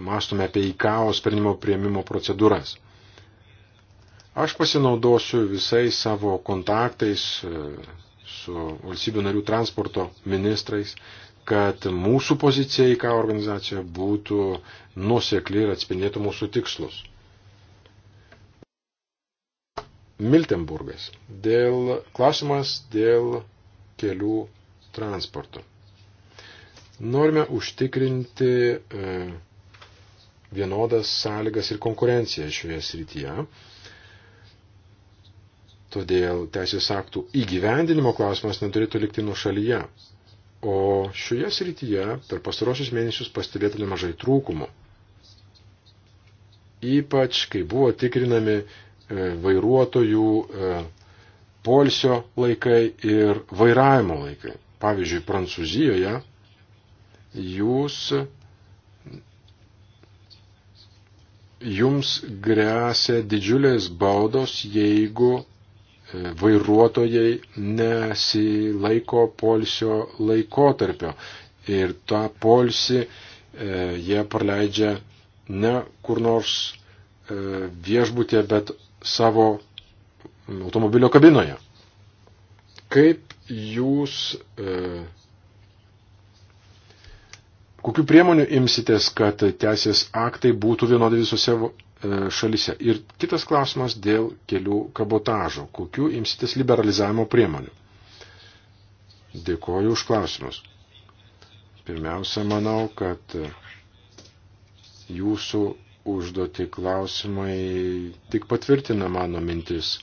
Speaker 2: mąstome apie įkao sprendimo prieimimo procedūras. Aš pasinaudosiu visais savo kontaktais e, su valstybių narių transporto ministrais, kad mūsų pozicija į ką organizaciją būtų nusekli ir atspindėtų mūsų tikslus. Miltenburgas. Dėl, klausimas dėl kelių transporto. Norime užtikrinti e, vienodas sąlygas ir konkurenciją šioje srityje. Todėl teisės aktų įgyvendinimo klausimas neturėtų likti nuo šalyje. O šioje srityje per pastarosius mėnesius pastebėta nemažai trūkumų. Ypač, kai buvo tikrinami e, vairuotojų e, polsio laikai ir vairavimo laikai. Pavyzdžiui, Prancūzijoje jūs, jums grėsia didžiulės baudos, jeigu e, vairuotojai nesilaiko polsio laikotarpio ir tą polsį e, jie praleidžia ne kur nors e, viešbutė, bet savo automobilio kabinoje. Kaip jūs e, Kokiu priemoniu imsitės, kad teisės aktai būtų vienodai visose e, šalise? Ir kitas klausimas dėl kelių kabotažo. Kokiu imsitės liberalizavimo priemonių? Dėkoju už klausimus. Pirmiausia, manau, kad e, jūsų užduoti klausimai tik patvirtina mano mintis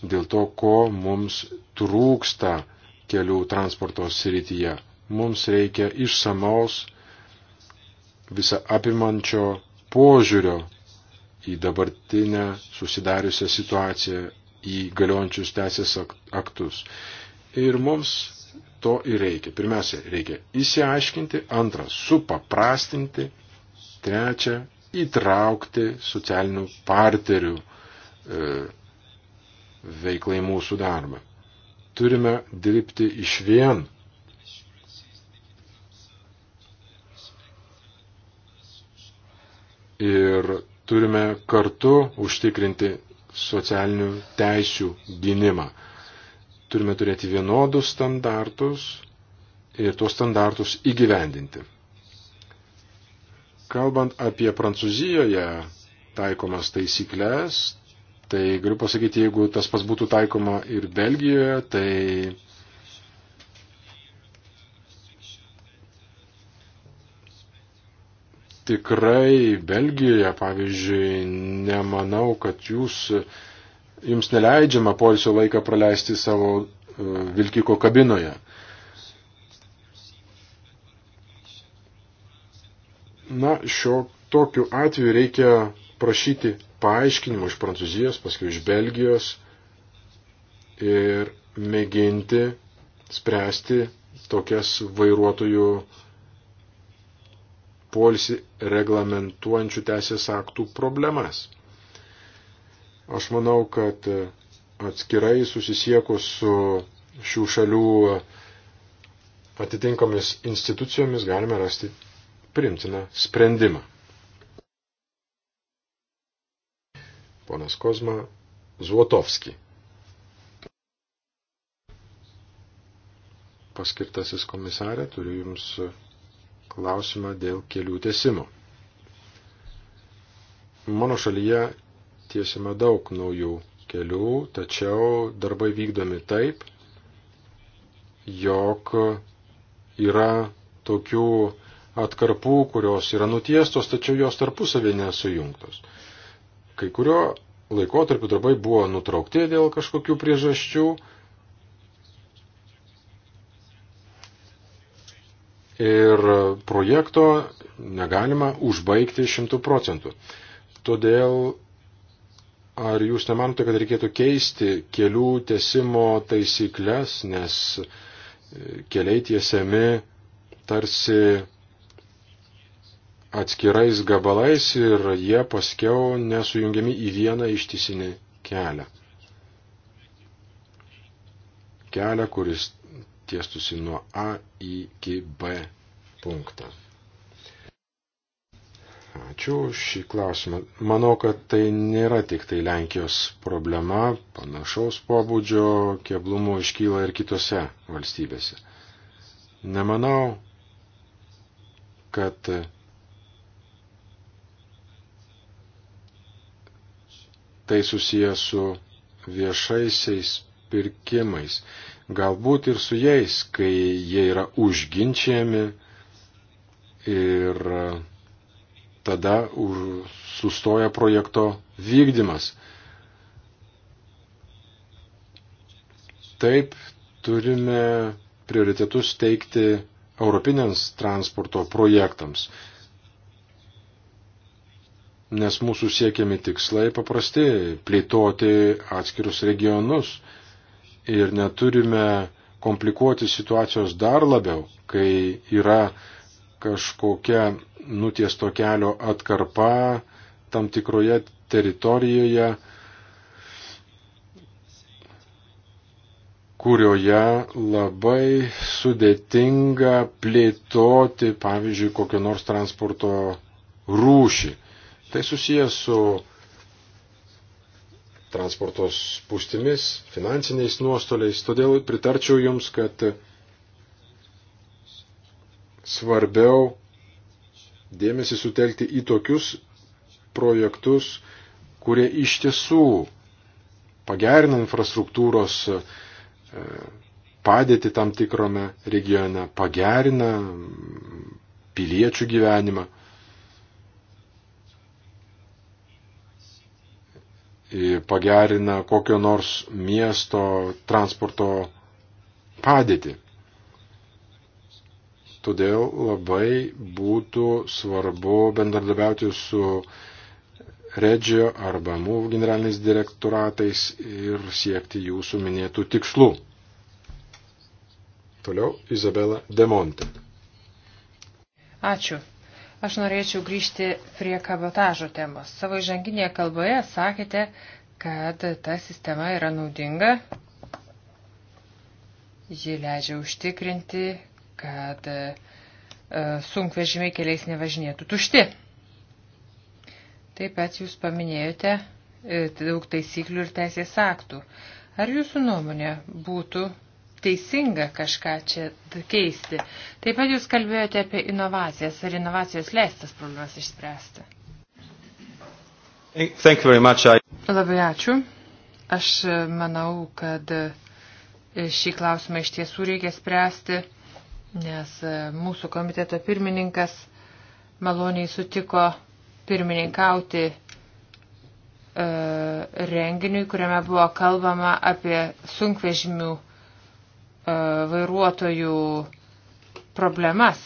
Speaker 2: dėl to, ko mums trūksta kelių transporto srityje mums reikia išsamaus, visą apimančio požiūrio į dabartinę susidariusią situaciją, į galiojančius teisės aktus. Ir mums to ir reikia. Pirmiausia, reikia įsiaiškinti, antra, supaprastinti, trečia, įtraukti socialinių partnerių e, veiklai mūsų darbą. Turime dirbti iš vien ir turime kartu užtikrinti socialinių teisių gynimą. Turime turėti vienodus standartus ir tuos standartus įgyvendinti. Kalbant apie Prancūzijoje taikomas taisyklės, tai galiu pasakyti, jeigu tas pas būtų taikoma ir Belgijoje, tai tikrai Belgijoje, pavyzdžiui, nemanau, kad jūs, jums neleidžiama poilsio laiką praleisti savo e, vilkiko kabinoje. Na, šio tokiu atveju reikia prašyti paaiškinimų iš Prancūzijos, paskui iš Belgijos ir mėginti spręsti tokias vairuotojų polsi reglamentuojančių teisės aktų problemas. Aš manau, kad e, atskirai susisiekus su šių šalių e, atitinkomis institucijomis galime rasti primtiną sprendimą. Ponas Kozma Zuotovski. Paskirtasis komisarė, turiu Jums klausimą dėl kelių tiesimų. Mano šalyje tiesime daug naujų kelių, tačiau darbai vykdomi taip, jog yra tokių atkarpų, kurios yra nutiestos, tačiau jos tarpusavė nesujungtos. Kai kurio laikotarpiu darbai buvo nutraukti dėl kažkokių priežasčių, ir projekto negalima užbaigti šimtų procentų. Todėl ar jūs nemanote, kad reikėtų keisti kelių tiesimo taisyklės, nes e, keliai tiesiami tarsi atskirais gabalais ir jie paskiau nesujungiami į vieną ištisinį kelią. Kelią, kuris tiestusi nuo A iki B punktą. Ačiū šį klausimą. Manau, kad tai nėra tik tai Lenkijos problema, panašaus pobūdžio keblumų iškyla ir kitose valstybėse. Nemanau, kad tai susijęs su viešaisiais pirkimais. Galbūt ir su jais, kai jie yra užginčiami ir tada už, sustoja projekto vykdymas. Taip turime prioritetus teikti europinėms transporto projektams, nes mūsų siekiami tikslai paprasti - plėtoti atskirus regionus, ir neturime komplikuoti situacijos dar labiau, kai yra kažkokia nutiesto kelio atkarpa tam tikroje teritorijoje, kurioje labai sudėtinga plėtoti, pavyzdžiui, kokią nors transporto rūšį. Tai susijęs su transportos spūstimis, finansiniais nuostoliais. Todėl pritarčiau Jums, kad svarbiau dėmesį sutelkti į tokius projektus, kurie iš tiesų pagerina infrastruktūros e, padėti tam tikrome regione, pagerina piliečių gyvenimą. pagerina kokio nors miesto transporto padėtį. Todėl labai būtų svarbu bendradarbiauti su Regio arba MUV generaliniais direktoratais ir siekti jūsų minėtų tikslų. Toliau Izabela Demonte.
Speaker 4: Ačiū. Aš norėčiau grįžti prie kabotažo temos. Savo žanginėje kalboje sakėte, kad ta sistema yra naudinga. Ji leidžia užtikrinti, kad e, sunkvežimiai keliais nevažinėtų tušti. Taip pat jūs paminėjote e, daug taisyklių ir teisės aktų. Ar jūsų nuomonė būtų teisinga kažką čia keisti. Taip pat jūs kalbėjote apie inovacijas. Ar inovacijos leistas problemas išspręsti?
Speaker 1: Thank you very much. I...
Speaker 4: Labai ačiū. Aš manau, kad šį klausimą iš tiesų reikia spręsti, nes mūsų komiteto pirmininkas maloniai sutiko pirmininkauti e, renginiui, kuriame buvo kalbama apie sunkvežimių E, vairuotojų problemas,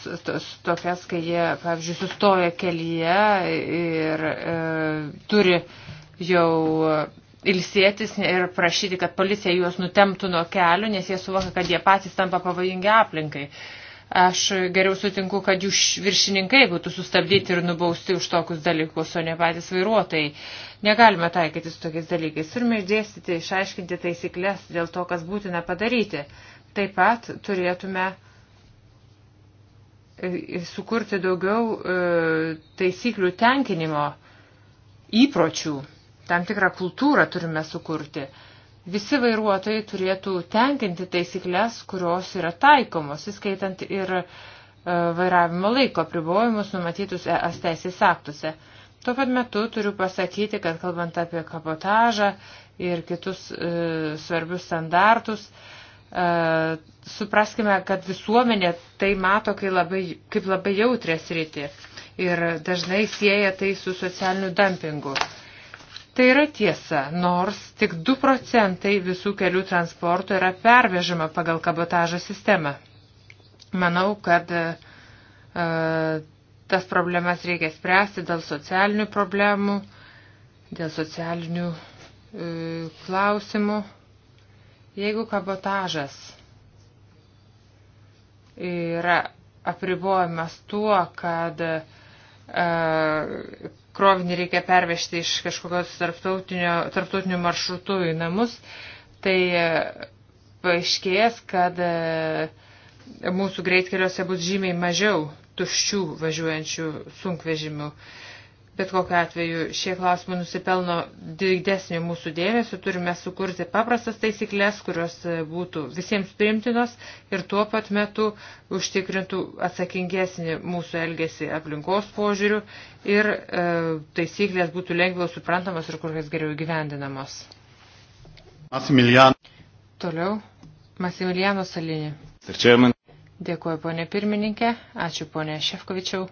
Speaker 4: tokias, kai jie, pavyzdžiui, sustoja kelyje ir e, turi jau ilsėtis ir prašyti, kad policija juos nutemtų nuo kelių, nes jie suvokia, kad jie patys tampa pavojingi aplinkai. Aš geriau sutinku, kad jų viršininkai būtų sustabdyti ir nubausti už tokius dalykus, o ne patys vairuotojai. Negalime taikyti su tokiais dalykais. Turime išdėstyti, išaiškinti taisyklės dėl to, kas būtina padaryti. Taip pat turėtume e, sukurti daugiau e, taisyklių tenkinimo įpročių, tam tikrą kultūrą turime sukurti. Visi vairuotojai turėtų tenkinti taisyklės, kurios yra taikomos, įskaitant ir e, vairavimo laiko pribojimus numatytus ES teisės aktuose. Tuo pat metu turiu pasakyti, kad kalbant apie kapotažą ir kitus e, svarbius standartus, e, E, supraskime, kad visuomenė tai mato kaip labai, kaip labai jautrės rytį ir dažnai sieja tai su socialiniu dumpingu. Tai yra tiesa, nors tik 2 procentai visų kelių transporto yra pervežama pagal kabotažo sistemą. Manau, kad e, tas problemas reikia spręsti dėl socialinių problemų, dėl socialinių e, klausimų. Jeigu kabotažas yra apribojimas tuo, kad e, krovinį reikia pervežti iš kažkokios tarptautinių maršrutų į namus, tai e, paaiškės, kad e, mūsų greitkeliuose bus žymiai mažiau tuščių važiuojančių sunkvežimių. E, Bet kokiu atveju šie klausimai nusipelno didesnio mūsų dėmesio, turime sukurti paprastas taisyklės, kurios e, būtų visiems priimtinos ir tuo pat metu užtikrintų atsakingesnį mūsų elgesį aplinkos požiūrių ir e, taisyklės būtų lengviau suprantamos ir kur kas geriau įgyvendinamos.
Speaker 1: Masimilian.
Speaker 4: Toliau Masimiliano Salinį. Dėkuoju, ponė pirmininkė, ačiū ponė Šefkovičiau.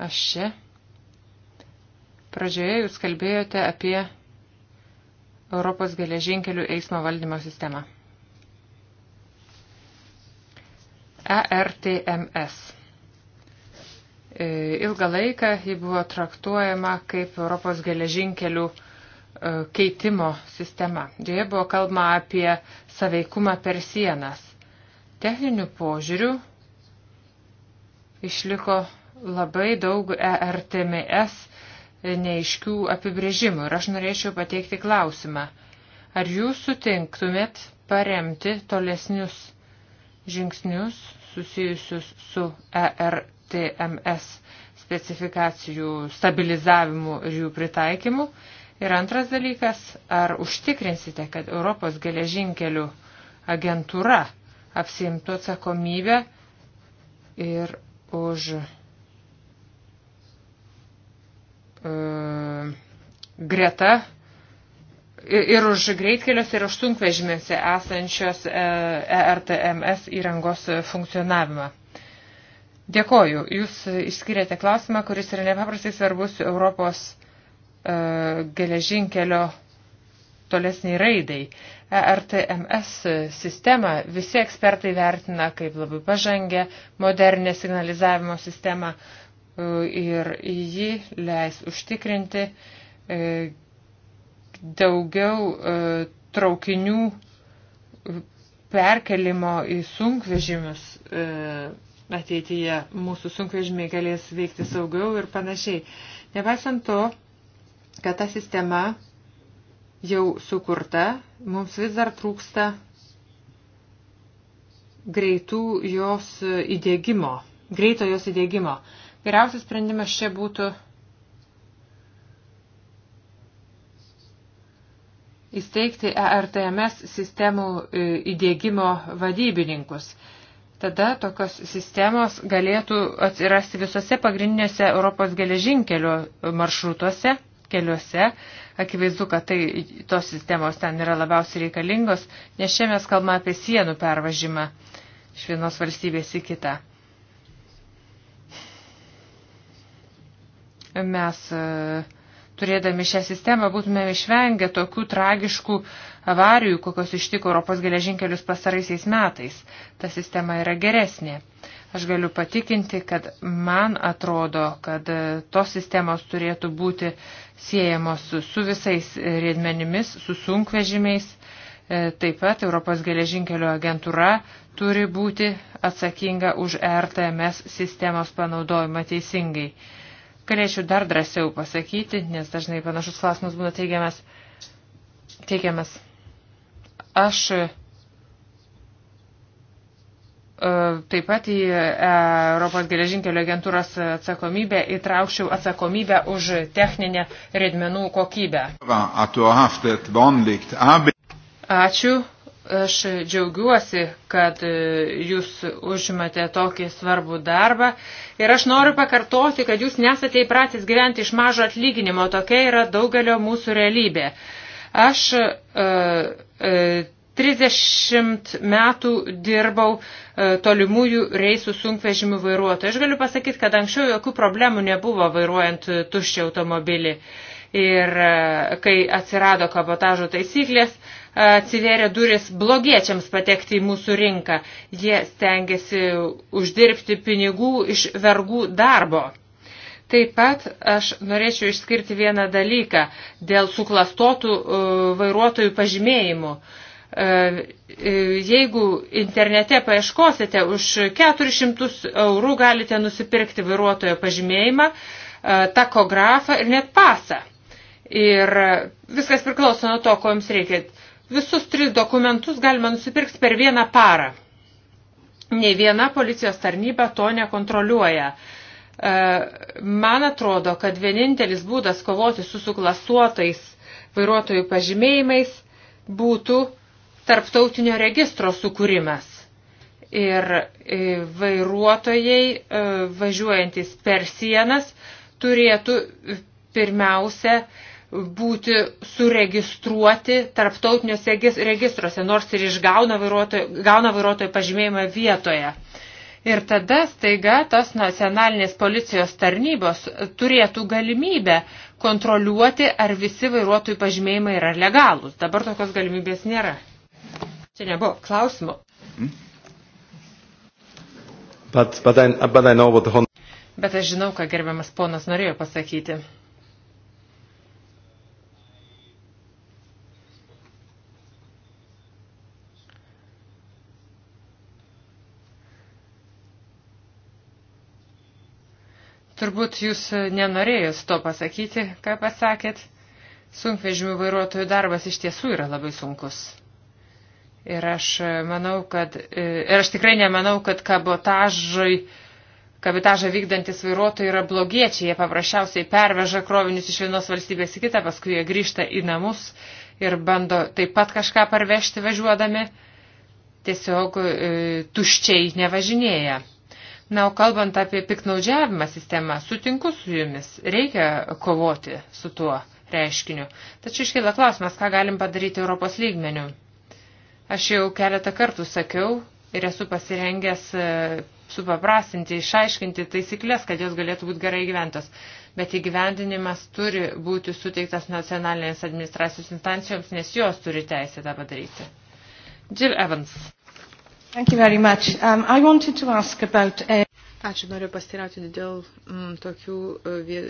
Speaker 4: Aš čia. Pradžioje jūs kalbėjote apie Europos geležinkelių eismo valdymo sistemą. ERTMS. E, ilgą laiką ji buvo traktuojama kaip Europos geležinkelių e, keitimo sistema. Joje buvo kalbama apie saveikumą per sienas. Techninių požiūrių išliko labai daug ERTMS neiškių apibrėžimų ir aš norėčiau pateikti klausimą. Ar jūs sutinktumėt paremti tolesnius žingsnius susijusius su ERTMS specifikacijų stabilizavimu ir jų pritaikymu? Ir antras dalykas, ar užtikrinsite, kad Europos geležinkelių agentūra apsimtų atsakomybę ir už E, greta ir už greitkelius, ir už sunkvežimėse esančios ERTMS e įrangos funkcionavimą. Dėkoju. Jūs išskiriate klausimą, kuris yra nepaprastai svarbus Europos e, geležinkelio tolesniai raidai. ERTMS sistemą visi ekspertai vertina kaip labai pažangę modernę signalizavimo sistemą. Uh, ir ji leis užtikrinti e, daugiau e, traukinių e, perkelimo į sunkvežimius ateityje. Mūsų sunkvežimiai galės veikti saugiau ir panašiai. Nepaisant to, kad ta sistema jau sukurta, mums vis dar trūksta greitų jos įdėgymo, greito jos įdėgymo. Geriausias sprendimas čia būtų įsteigti ERTMS sistemų e, įdėgymo vadybininkus. Tada tokios sistemos galėtų atsirasti visose pagrindinėse Europos geležinkelio maršrutuose, keliuose. Akivaizdu, kad tai, tos sistemos ten yra labiausiai reikalingos, nes čia mes kalbame apie sienų pervažimą iš vienos valstybės į kitą. mes e, turėdami šią sistemą būtume išvengę tokių tragiškų avarijų, kokios ištiko Europos geležinkelius pasaraisiais metais. Ta sistema yra geresnė. Aš galiu patikinti, kad man atrodo, kad e, tos sistemos turėtų būti siejamos su visais riedmenimis, su sunkvežimiais. E, taip pat Europos geležinkelio agentūra turi būti atsakinga už RTMS sistemos panaudojimą teisingai. Galėčiau dar drąsiau pasakyti, nes dažnai panašus klausimas būna teigiamas. teigiamas. Aš e, taip pat į e, Europos geležinkelio agentūros atsakomybę įtraukčiau atsakomybę už techninę redmenų kokybę. Ačiū Aš džiaugiuosi, kad e, jūs užimate tokį svarbų darbą ir aš noriu pakartoti, kad jūs nesate įpratęs gyventi iš mažo atlyginimo, tokia yra daugelio mūsų realybė. Aš e, e, 30 metų dirbau e, tolimųjų reisų sunkvežimių vairuotojų. Aš galiu pasakyti, kad anksčiau jokių problemų nebuvo vairuojant tuščią automobilį. E, ir kai atsirado kabotažo taisyklės, atsiveria duris blogiečiams patekti į mūsų rinką. Jie stengiasi uždirbti pinigų iš vergų darbo. Taip pat aš norėčiau išskirti vieną dalyką dėl suklastotų e, vairuotojų pažymėjimų. E, e, jeigu internete paieškosite, už 400 eurų galite nusipirkti vairuotojo pažymėjimą, takografą ir net pasą. Ir viskas priklauso nuo to, ko jums reikia. Visus tris dokumentus galima nusipirkti per vieną parą. Nei viena policijos tarnyba to nekontroliuoja. E, man atrodo, kad vienintelis būdas kovoti su suklasuotais vairuotojų pažymėjimais būtų tarptautinio registro sukūrimas. Ir e, vairuotojai e, važiuojantis per sienas turėtų pirmiausia būti suregistruoti tarptautiniuose registruose, nors ir išgauna vairuotojo, gauna vairuotojo pažymėjimą vietoje. Ir tada staiga tas nacionalinės policijos tarnybos turėtų galimybę kontroliuoti, ar visi vairuotojų pažymėjimai yra legalūs. Dabar tokios galimybės nėra. Čia nebuvo klausimo.
Speaker 1: But, but I, but I know what the...
Speaker 4: Bet aš žinau, ką gerbiamas ponas norėjo pasakyti. Turbūt jūs e, nenorėjus to pasakyti, ką pasakėt. Sunkvežimių vairuotojų darbas iš tiesų yra labai sunkus. Ir aš e, manau, kad, e, ir aš tikrai nemanau, kad kabotažai, kabitažą vykdantis vairuotojai yra blogiečiai, jie paprasčiausiai perveža krovinius iš vienos valstybės į kitą, paskui jie grįžta į namus ir bando taip pat kažką parvežti važiuodami, tiesiog e, tuščiai nevažinėja. Na, o kalbant apie piknaudžiavimą sistemą, sutinku su jumis, reikia kovoti su tuo reiškiniu. Tačiau iškyla klausimas, ką galim padaryti Europos lygmeniu. Aš jau keletą kartų sakiau ir esu pasirengęs e, supaprastinti, išaiškinti taisyklės, kad jos galėtų būti gerai gyventos. Bet įgyvendinimas turi būti suteiktas nacionalinės administracijos instancijoms, nes jos turi teisę tą padaryti. Jill Evans. Thank you very much.
Speaker 3: Um, I wanted to ask about... A... Ačiū, noriu pasirauti dėl m, mm, tokių e,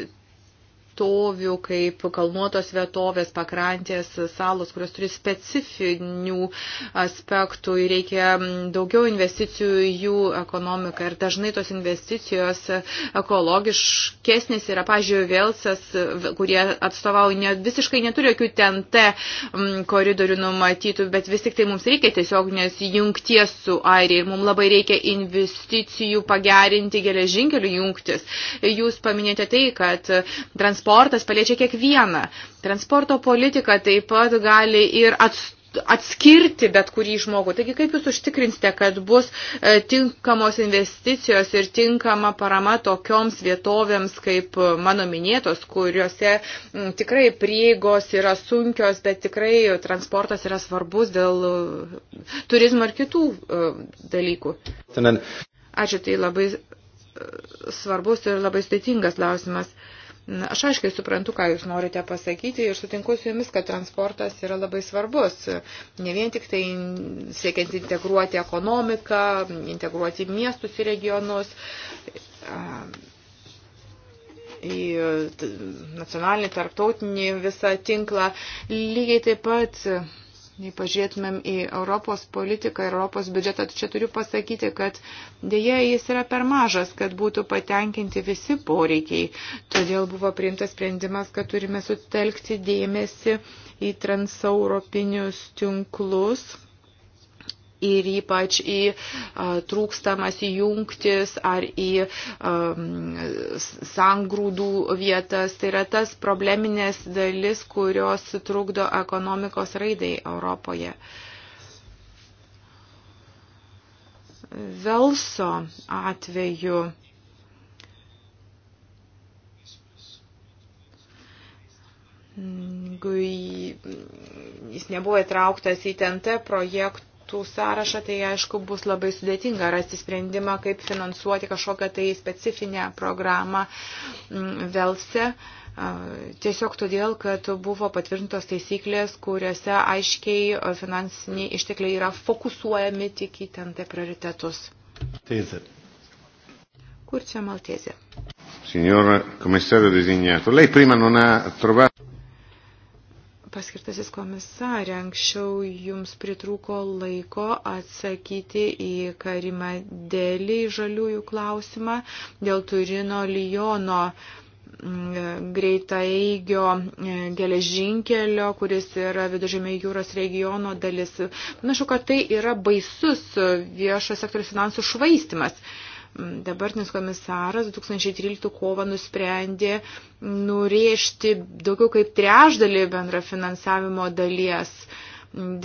Speaker 3: vietovių, kaip kalnuotos vietovės, pakrantės, salos, kurios turi specifinių aspektų ir reikia daugiau investicijų į jų ekonomiką. Ir dažnai tos investicijos ekologiškesnės yra, pažiūrėjau, Velsas, kurie atstovauja ne, visiškai neturi jokių TNT koridorių numatytų, bet vis tik tai mums reikia tiesioginės jungties su Airija ir mums labai reikia investicijų pagerinti geležinkelių jungtis. Jūs paminėjote tai, kad transporto transportas paliečia kiekvieną. Transporto politika taip pat gali ir atstovauti atskirti bet kurį žmogų. Taigi kaip jūs užtikrinsite, kad bus e, tinkamos investicijos ir tinkama parama tokioms vietovėms, kaip mano minėtos, kuriuose tikrai prieigos yra sunkios, bet tikrai transportas yra svarbus dėl e, turizmo ir kitų e, dalykų. Ačiū, tai labai svarbus ir labai sudėtingas klausimas. Uh, Aš aiškiai suprantu, ką Jūs norite pasakyti ir sutinku su Jumis, kad transportas yra labai svarbus. Ne vien tik tai siekiant integruoti ekonomiką, integruoti miestus ir regionus į nacionalinį, tarptautinį visą tinklą. Lygiai taip pat jei pažiūrėtumėm į Europos politiką ir Europos biudžetą, tai čia turiu pasakyti, kad dėja jis yra per mažas, kad būtų patenkinti visi poreikiai. Todėl buvo priimtas sprendimas, kad turime sutelkti dėmesį į transeuropinius tinklus ir ypač į trūkstamas įjungtis ar į um, sangrūdų vietas. Tai yra tas probleminės dalis, kurios trukdo ekonomikos raidai Europoje. Velso atveju jis nebuvo įtrauktas į TNT projektų projektų sąrašą, tai aišku bus labai sudėtinga rasti sprendimą, kaip finansuoti kažkokią tai specifinę programą mm, Velse. Tiesiog todėl, kad buvo patvirtintos taisyklės, kuriuose aiškiai finansiniai ištekliai yra fokusuojami tik į ten tai prioritetus. Tezė. Kur čia Maltezė?
Speaker 1: Signor commissario designato, lei prima non ha trovato
Speaker 3: paskirtasis komisarė, anksčiau jums pritrūko laiko atsakyti į Karimą Dėlį žaliųjų klausimą dėl Turino Lijono mm, greitaeigio e, geležinkelio, kuris yra viduržėmė jūros regiono dalis. Panašu, kad tai yra baisus viešo sektoriaus finansų švaistimas. Uh, Dabartinis komisaras 2013 kovą nusprendė nurėžti daugiau kaip trešdalį bendra finansavimo dalies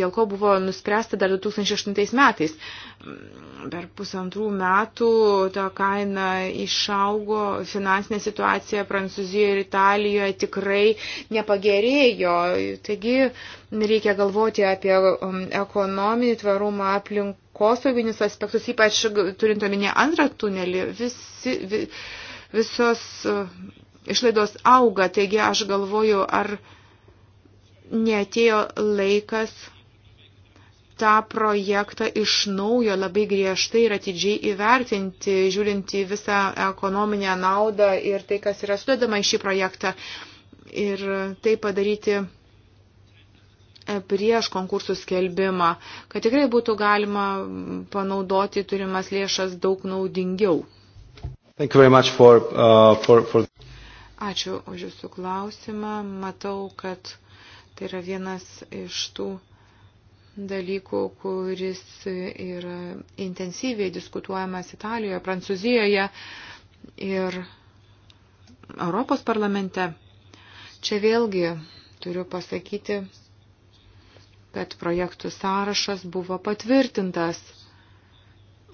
Speaker 3: dėl ko buvo nuspręsta dar 2008 metais. Per pusantrų metų ta kaina išaugo, finansinė situacija Prancūzijoje ir Italijoje tikrai nepagerėjo. Taigi reikia galvoti apie um, ekonominį tvarumą, aplink, aplinkosauginius aspektus, ypač turint omenyje antrą tunelį, visi, vi, visos e, išlaidos auga. Taigi aš galvoju, ar netėjo laikas tą projektą iš naujo labai griežtai ir atidžiai įvertinti, žiūrint į visą ekonominę naudą ir tai, kas yra sudedama į šį projektą. Ir tai padaryti prieš konkursų skelbimą, kad tikrai būtų galima panaudoti turimas lėšas daug naudingiau.
Speaker 1: For, uh, for, for...
Speaker 3: Ačiū už Jūsų klausimą. Matau, kad tai yra vienas iš tų dalykų, kuris yra intensyviai diskutuojamas Italijoje, Prancūzijoje ir Europos parlamente. Čia vėlgi turiu pasakyti, kad projektų sąrašas buvo patvirtintas.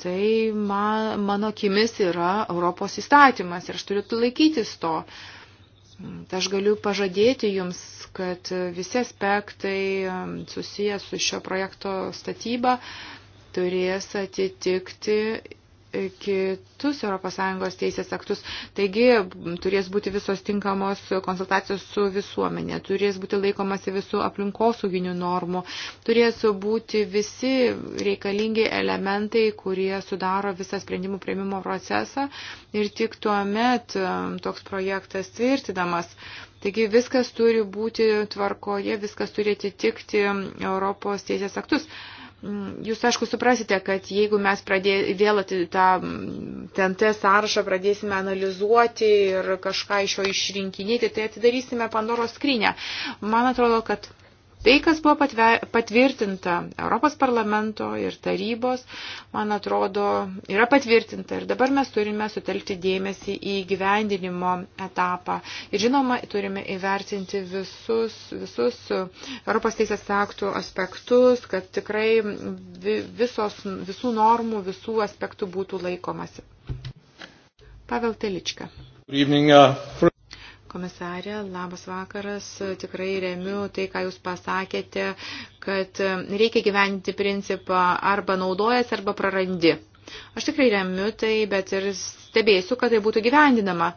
Speaker 3: Tai man, mano akimis yra Europos įstatymas ir aš turiu laikytis to. Tai aš galiu pažadėti Jums, kad visi aspektai um, susijęs su šio projekto statyba turės atitikti kitus ES teisės aktus. Taigi turės būti visos tinkamos konsultacijos su visuomenė, turės būti laikomasi visų aplinkosauginių normų, turės būti visi reikalingi elementai, kurie sudaro visą sprendimų prieimimo procesą ir tik tuo met um, toks projektas tvirtinamas. Taigi viskas turi būti tvarkoje, viskas turi atitikti Europos teisės aktus. Mm, jūs, aišku, suprasite, kad jeigu mes pradė, vėl tą TNT mm, sąrašą pradėsime analizuoti ir kažką iš jo išrinkinėti, tai atidarysime Pandoros skrinę. Man atrodo, kad Tai, kas buvo patvirtinta Europos parlamento ir tarybos, man atrodo, yra patvirtinta ir dabar mes turime sutelkti dėmesį į gyvendinimo etapą. Ir žinoma, turime įvertinti visus, visus Europos teisės aktų aspektus, kad tikrai visos, visų normų, visų aspektų būtų laikomasi. Pavel Telička. Good evening, uh, Komisarė, labas vakaras. Tikrai remiu tai, ką Jūs pasakėte, kad reikia gyventi principą arba naudojas, arba prarandi. Aš tikrai remiu tai, bet ir stebėsiu, kad tai būtų gyvendinama.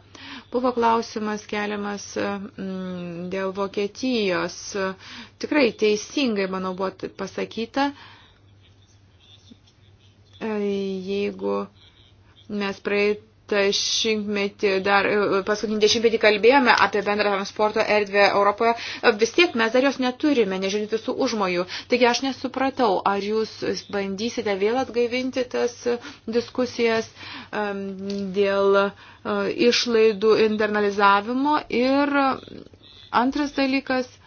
Speaker 3: Buvo klausimas keliamas mm, dėl Vokietijos. Tikrai teisingai, manau, buvo pasakyta, e, jeigu mes praeit dešimtmetį, dar e, paskutinį dešimtmetį kalbėjome apie bendrą transporto erdvę Europoje, e, vis tiek mes dar jos neturime, nežiūrint visų užmojų. Taigi aš nesupratau, ar jūs bandysite vėl atgaivinti tas e, diskusijas dėl išlaidų internalizavimo ir antras dalykas –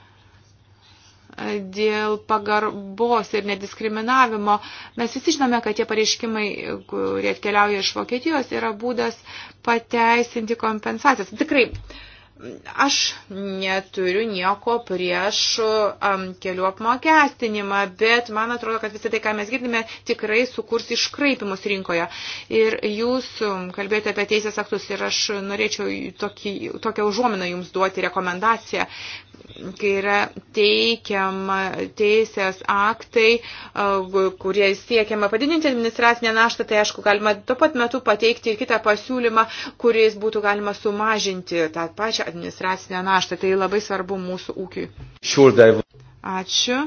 Speaker 3: dėl pagarbos ir nediskriminavimo. Mes visi žinome, kad tie pareiškimai, kurie atkeliauja iš Vokietijos, yra būdas pateisinti kompensacijas. Tikrai, aš neturiu nieko prieš um, kelių apmokestinimą, bet man atrodo, kad visą tai, ką mes girdime, tikrai sukurs iškraipimus rinkoje. Ir jūs um, kalbėjote apie teisės aktus ir aš norėčiau tokį, tokią užuominą jums duoti rekomendaciją, kai yra teikiama teisės aktai, kurie siekiama padidinti administracinę naštą, tai aišku, galima tuo pat metu pateikti ir kitą pasiūlymą, kuriais būtų galima sumažinti tą pačią administracinę naštą. Tai labai svarbu mūsų ūkiui. Ačiū.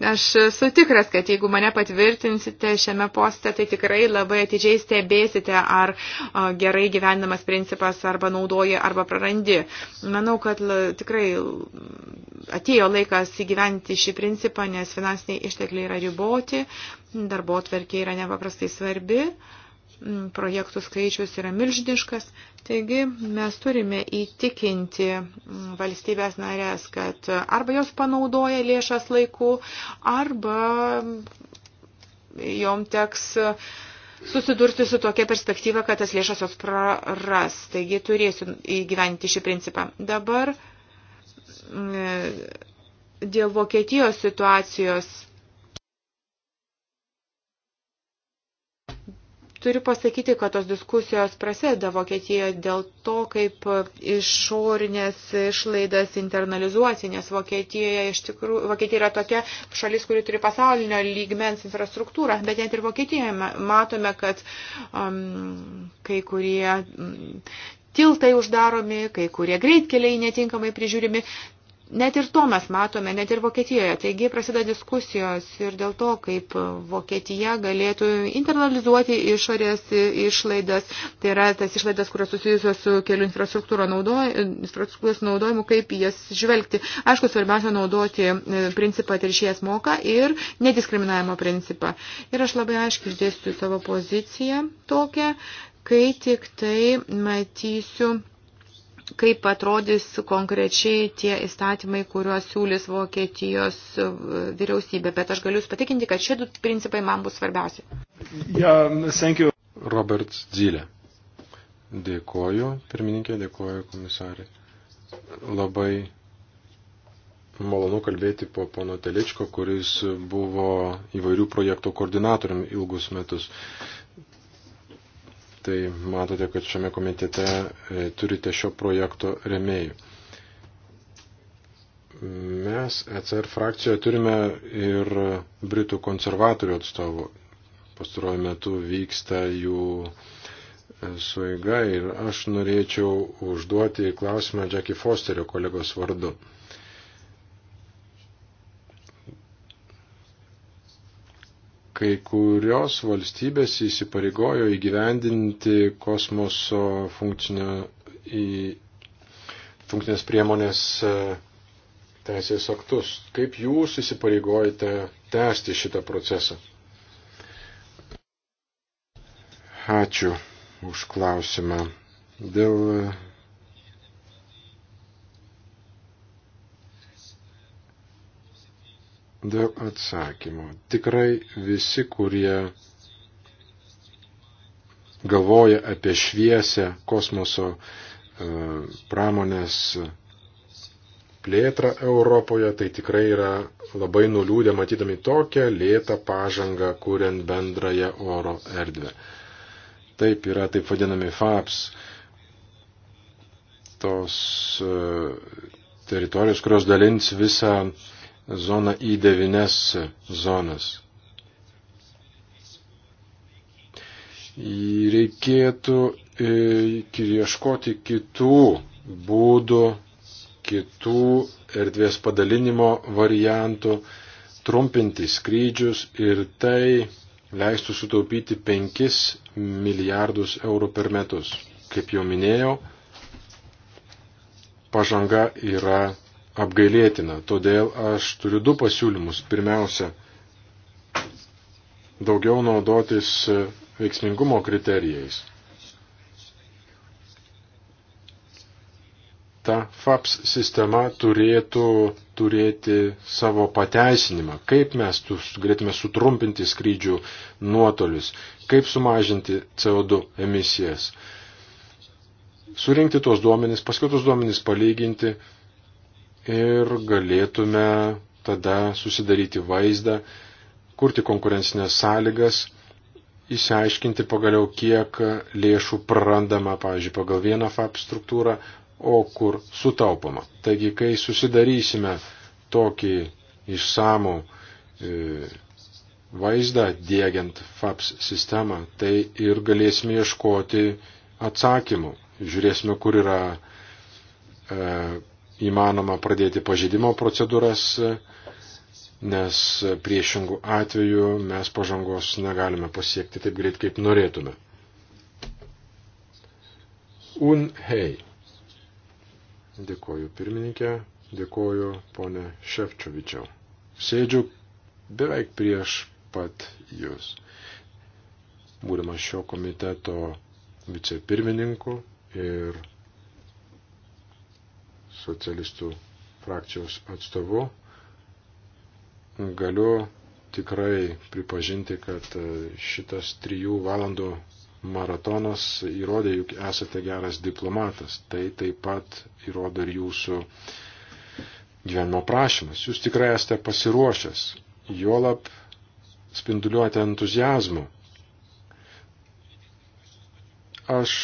Speaker 3: Aš sutikras, kad jeigu mane patvirtinsite šiame poste, tai tikrai labai atidžiai stebėsite, ar gerai gyvenimas principas arba naudoji, arba prarandi. Manau, kad tikrai atėjo laikas įgyventi šį principą, nes finansiniai ištekliai yra riboti, darbo tvarkė yra nepaprastai svarbi. Uh, projektų skaičius yra milžiniškas. Taigi mes turime įtikinti valstybės narės, kad arba jos panaudoja lėšas laiku, arba jom teks susidurti su tokia perspektyva, kad tas lėšas jos praras. Taigi turėsiu įgyventi šį principą. Dabar dėl Vokietijos situacijos Turiu pasakyti, kad tos diskusijos prasideda Vokietijoje dėl to, kaip išorinės išlaidas internalizuoti, nes Vokietijoje iš tikrųjų, Vokietija yra tokia šalis, kuri turi pasaulinio lygmens infrastruktūrą, bet net ir Vokietijoje matome, kad um, kai kurie um, tiltai uždaromi, kai kurie greitkeliai netinkamai prižiūrimi. Net ir to mes matome, net ir Vokietijoje. Taigi prasideda diskusijos ir dėl to, kaip Vokietija galėtų internalizuoti išorės išlaidas, tai yra tas išlaidas, kurios susijusios su kelių infrastruktūros naudoj, naudojimu, kaip jas žvelgti. Aišku, svarbiausia naudoti e, principą teršėjas moka ir nediskriminavimo principą. Ir aš labai aiškiai išdėsiu savo poziciją tokią, kai tik tai matysiu kaip atrodys konkrečiai tie įstatymai, kuriuos siūlys Vokietijos e, vyriausybė. Bet aš galiu jūs patikinti, kad šie du principai man bus svarbiausi.
Speaker 2: Ja, Robert Zylė. Dėkoju, pirmininkė, dėkoju, komisarė. Labai malonu kalbėti po pono Teličko, kuris buvo įvairių projektų koordinatorium ilgus metus. Tai matote, kad šiame komitete e, turite šio projekto remėjų. Mes ECR frakcijoje turime ir Britų konservatorių atstovų. Pastaruoju metu vyksta jų e, suiga ir aš norėčiau užduoti klausimą Jackie Fosterio kolegos vardu. kai kurios valstybės įsipareigojo įgyvendinti kosmoso funkcinio, į, funkcinės priemonės e, teisės aktus. Kaip jūs įsipareigojate tęsti šitą procesą? Ačiū už klausimą. Dėl dėl atsakymo. Tikrai visi, kurie galvoja apie šviesę kosmoso e, pramonės plėtrą Europoje, tai tikrai yra labai nuliūdę matydami tokią lėtą pažangą, kuriant bendrąją oro erdvę. Taip yra taip vadinami FAPS, tos e, teritorijos, kurios dalins visą uh, zoną į devynes zonas. Reikėtų e, ieškoti kitų būdų, kitų erdvės padalinimo variantų, trumpinti skrydžius ir tai leistų sutaupyti 5 milijardus eurų per metus. Kaip jau minėjau, pažanga yra apgailėtina. Todėl aš turiu du pasiūlymus. Pirmiausia, daugiau naudotis e, veiksmingumo kriterijais. Ta FAPS sistema turėtų turėti savo pateisinimą, kaip mes galėtume sutrumpinti skrydžių nuotolius, kaip sumažinti CO2 emisijas, surinkti tuos duomenys, paskui tuos duomenys palyginti ir galėtume tada susidaryti vaizdą, kurti konkurencinės sąlygas, įsiaiškinti pagaliau, kiek lėšų prarandama, pavyzdžiui, pagal vieną FAP struktūrą, o kur sutaupama. Taigi, kai susidarysime tokį išsamų e, vaizdą dėgiant FAPS sistemą, tai ir galėsime ieškoti atsakymų. Žiūrėsime, kur yra e, įmanoma pradėti pažeidimo procedūras, nes priešingų atveju mes pažangos negalime pasiekti taip greit, kaip norėtume. Unhei. Dėkoju pirmininkė, dėkoju ponė Ševčiovičiau. Sėdžiu beveik prieš pat jūs. Būdamas šio komiteto vicepirmininku ir socialistų frakcijos atstovu, galiu tikrai pripažinti, kad e, šitas trijų valandų maratonas įrodė, juk esate geras diplomatas. Tai taip pat įrodo ir jūsų gyvenimo prašymas. Jūs tikrai esate pasiruošęs, juolap spinduliuojate entuzijazmu. Aš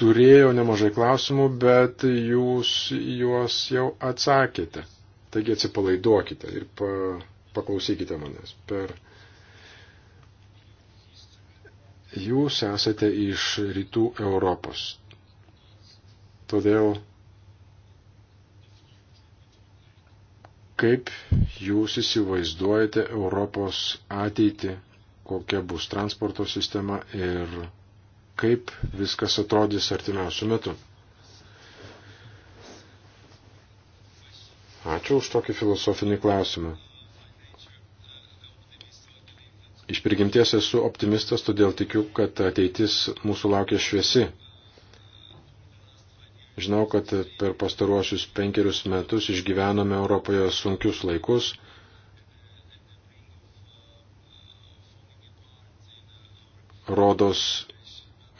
Speaker 2: turėjau nemažai klausimų, bet jūs juos jau atsakėte. Taigi atsipalaiduokite ir pa, paklausykite manęs. Per... Jūs esate iš rytų Europos. Todėl kaip jūs įsivaizduojate Europos ateitį, kokia bus transporto sistema ir kaip viskas atrodys artimiausių metų. Ačiū už tokį filosofinį klausimą. Iš prigimties esu optimistas, todėl tikiu, kad ateitis mūsų laukia šviesi. Žinau, kad per pastaruosius penkerius metus išgyvenome Europoje sunkius laikus. Rodos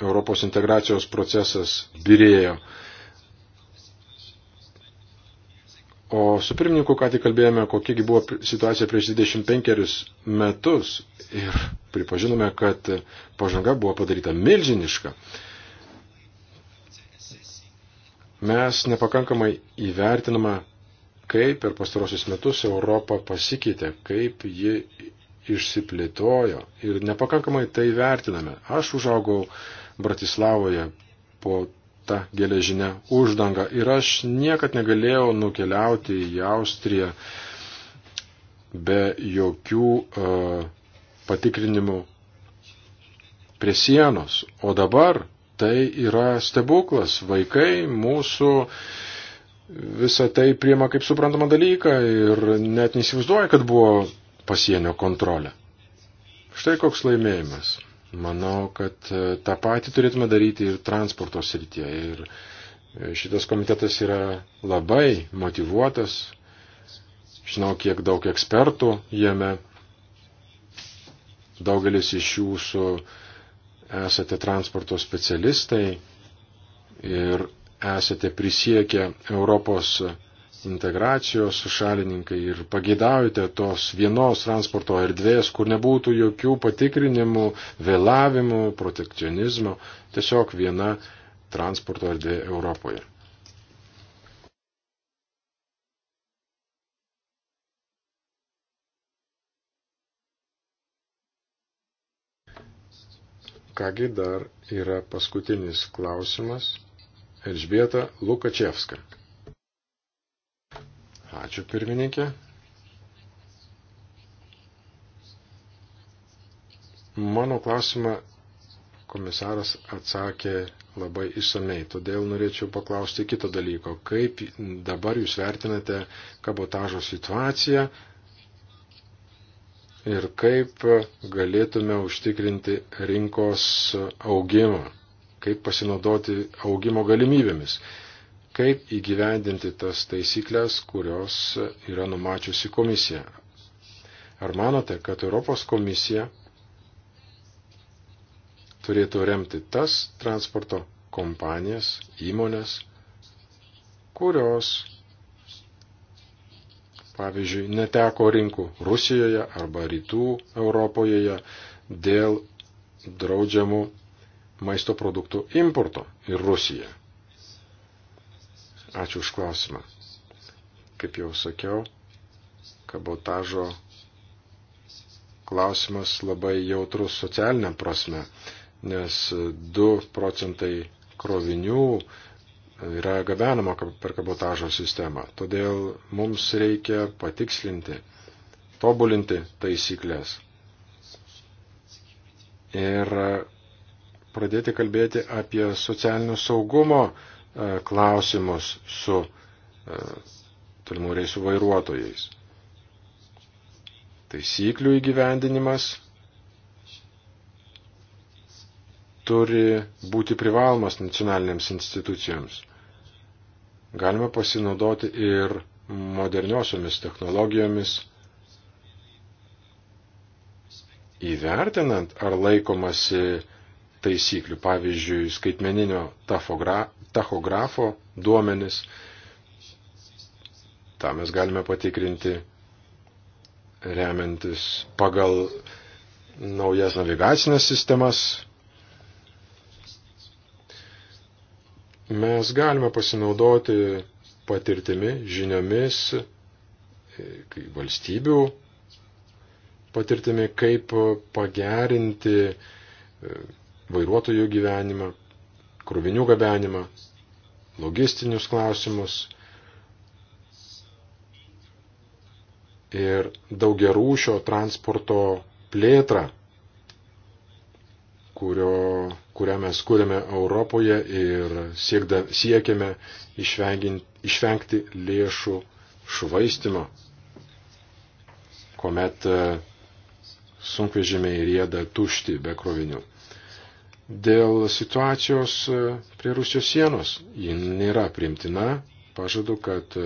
Speaker 2: Europos integracijos procesas birėjo. O su pirmininku ką tik kalbėjome, kokiegi buvo situacija prieš 25 metus ir pripažinome, kad pažanga buvo padaryta milžiniška. Mes nepakankamai įvertinama, kaip per pastarosius metus Europa pasikeitė, kaip ji išsiplėtojo ir nepakankamai tai vertiname. Aš užaugau Bratislavoje po tą geležinę uždangą. Ir aš niekad negalėjau nukeliauti į Austriją be jokių uh, patikrinimų prie sienos. O dabar tai yra stebuklas. Vaikai mūsų visą tai priema kaip suprantama dalyką ir net neįsivaizduoja, kad buvo pasienio kontrolė. Štai koks laimėjimas. Manau, kad e, tą patį turėtume daryti ir transporto srityje. Ir e, šitas komitetas yra labai motivuotas. Žinau, kiek daug ekspertų jame. Daugelis iš jūsų esate transporto specialistai ir esate prisiekę Europos integracijos šalininkai ir pageidaujate tos vienos transporto erdvės, kur nebūtų jokių patikrinimų, vėlavimų, protekcionizmo, tiesiog viena transporto erdvė Europoje. Kągi dar yra paskutinis klausimas. Elžbieta Lukačevska. Ačiū pirmininkė. Mano klausimą komisaras atsakė labai išsamei, todėl norėčiau paklausti kito dalyko. Kaip dabar jūs vertinate kabotažo situaciją ir kaip galėtume užtikrinti rinkos augimą, kaip pasinaudoti augimo galimybėmis kaip įgyvendinti tas taisyklės, kurios yra numačiusi komisija. Ar manote, kad Europos komisija turėtų remti tas transporto kompanijas, įmonės, kurios, pavyzdžiui, neteko rinkų Rusijoje arba rytų Europoje dėl draudžiamų maisto produktų importo į Rusiją. Ačiū už klausimą. Kaip jau sakiau, kabotažo klausimas labai jautrus socialiniam prasme, nes 2 procentai krovinių yra gabenama per kabotažo sistemą. Todėl mums reikia patikslinti, tobulinti taisyklės ir pradėti kalbėti apie socialinio saugumo E, klausimus su e, tolimų reisų vairuotojais. Taisyklių įgyvendinimas turi būti privalomas nacionalinėms institucijoms. Galima pasinaudoti ir moderniosiomis technologijomis, įvertinant, ar laikomasi taisyklių, pavyzdžiui, skaitmeninio tachografo duomenis. Ta mes galime patikrinti remiantis pagal naujas navigacinės sistemas. Mes galime pasinaudoti patirtimi, žiniomis, kaip valstybių patirtimi, kaip pagerinti vairuotojų gyvenimą, krovinių gabenimą, logistinius klausimus ir daugiarūšio transporto plėtrą, kurio, kurią mes kūrėme Europoje ir siekda, siekiame išvengti lėšų švaistimo, kuomet e, sunkvežimiai rieda tušti be krovinių dėl situacijos e, prie Rusijos sienos. Ji nėra primtina. Pažadu, kad e,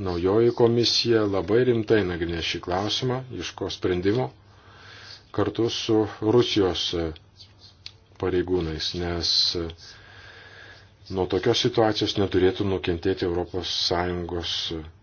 Speaker 2: naujoji komisija labai rimtai nagrinės šį klausimą, iško sprendimo kartu su Rusijos e, pareigūnais, nes nuo tokios situacijos neturėtų nukentėti ES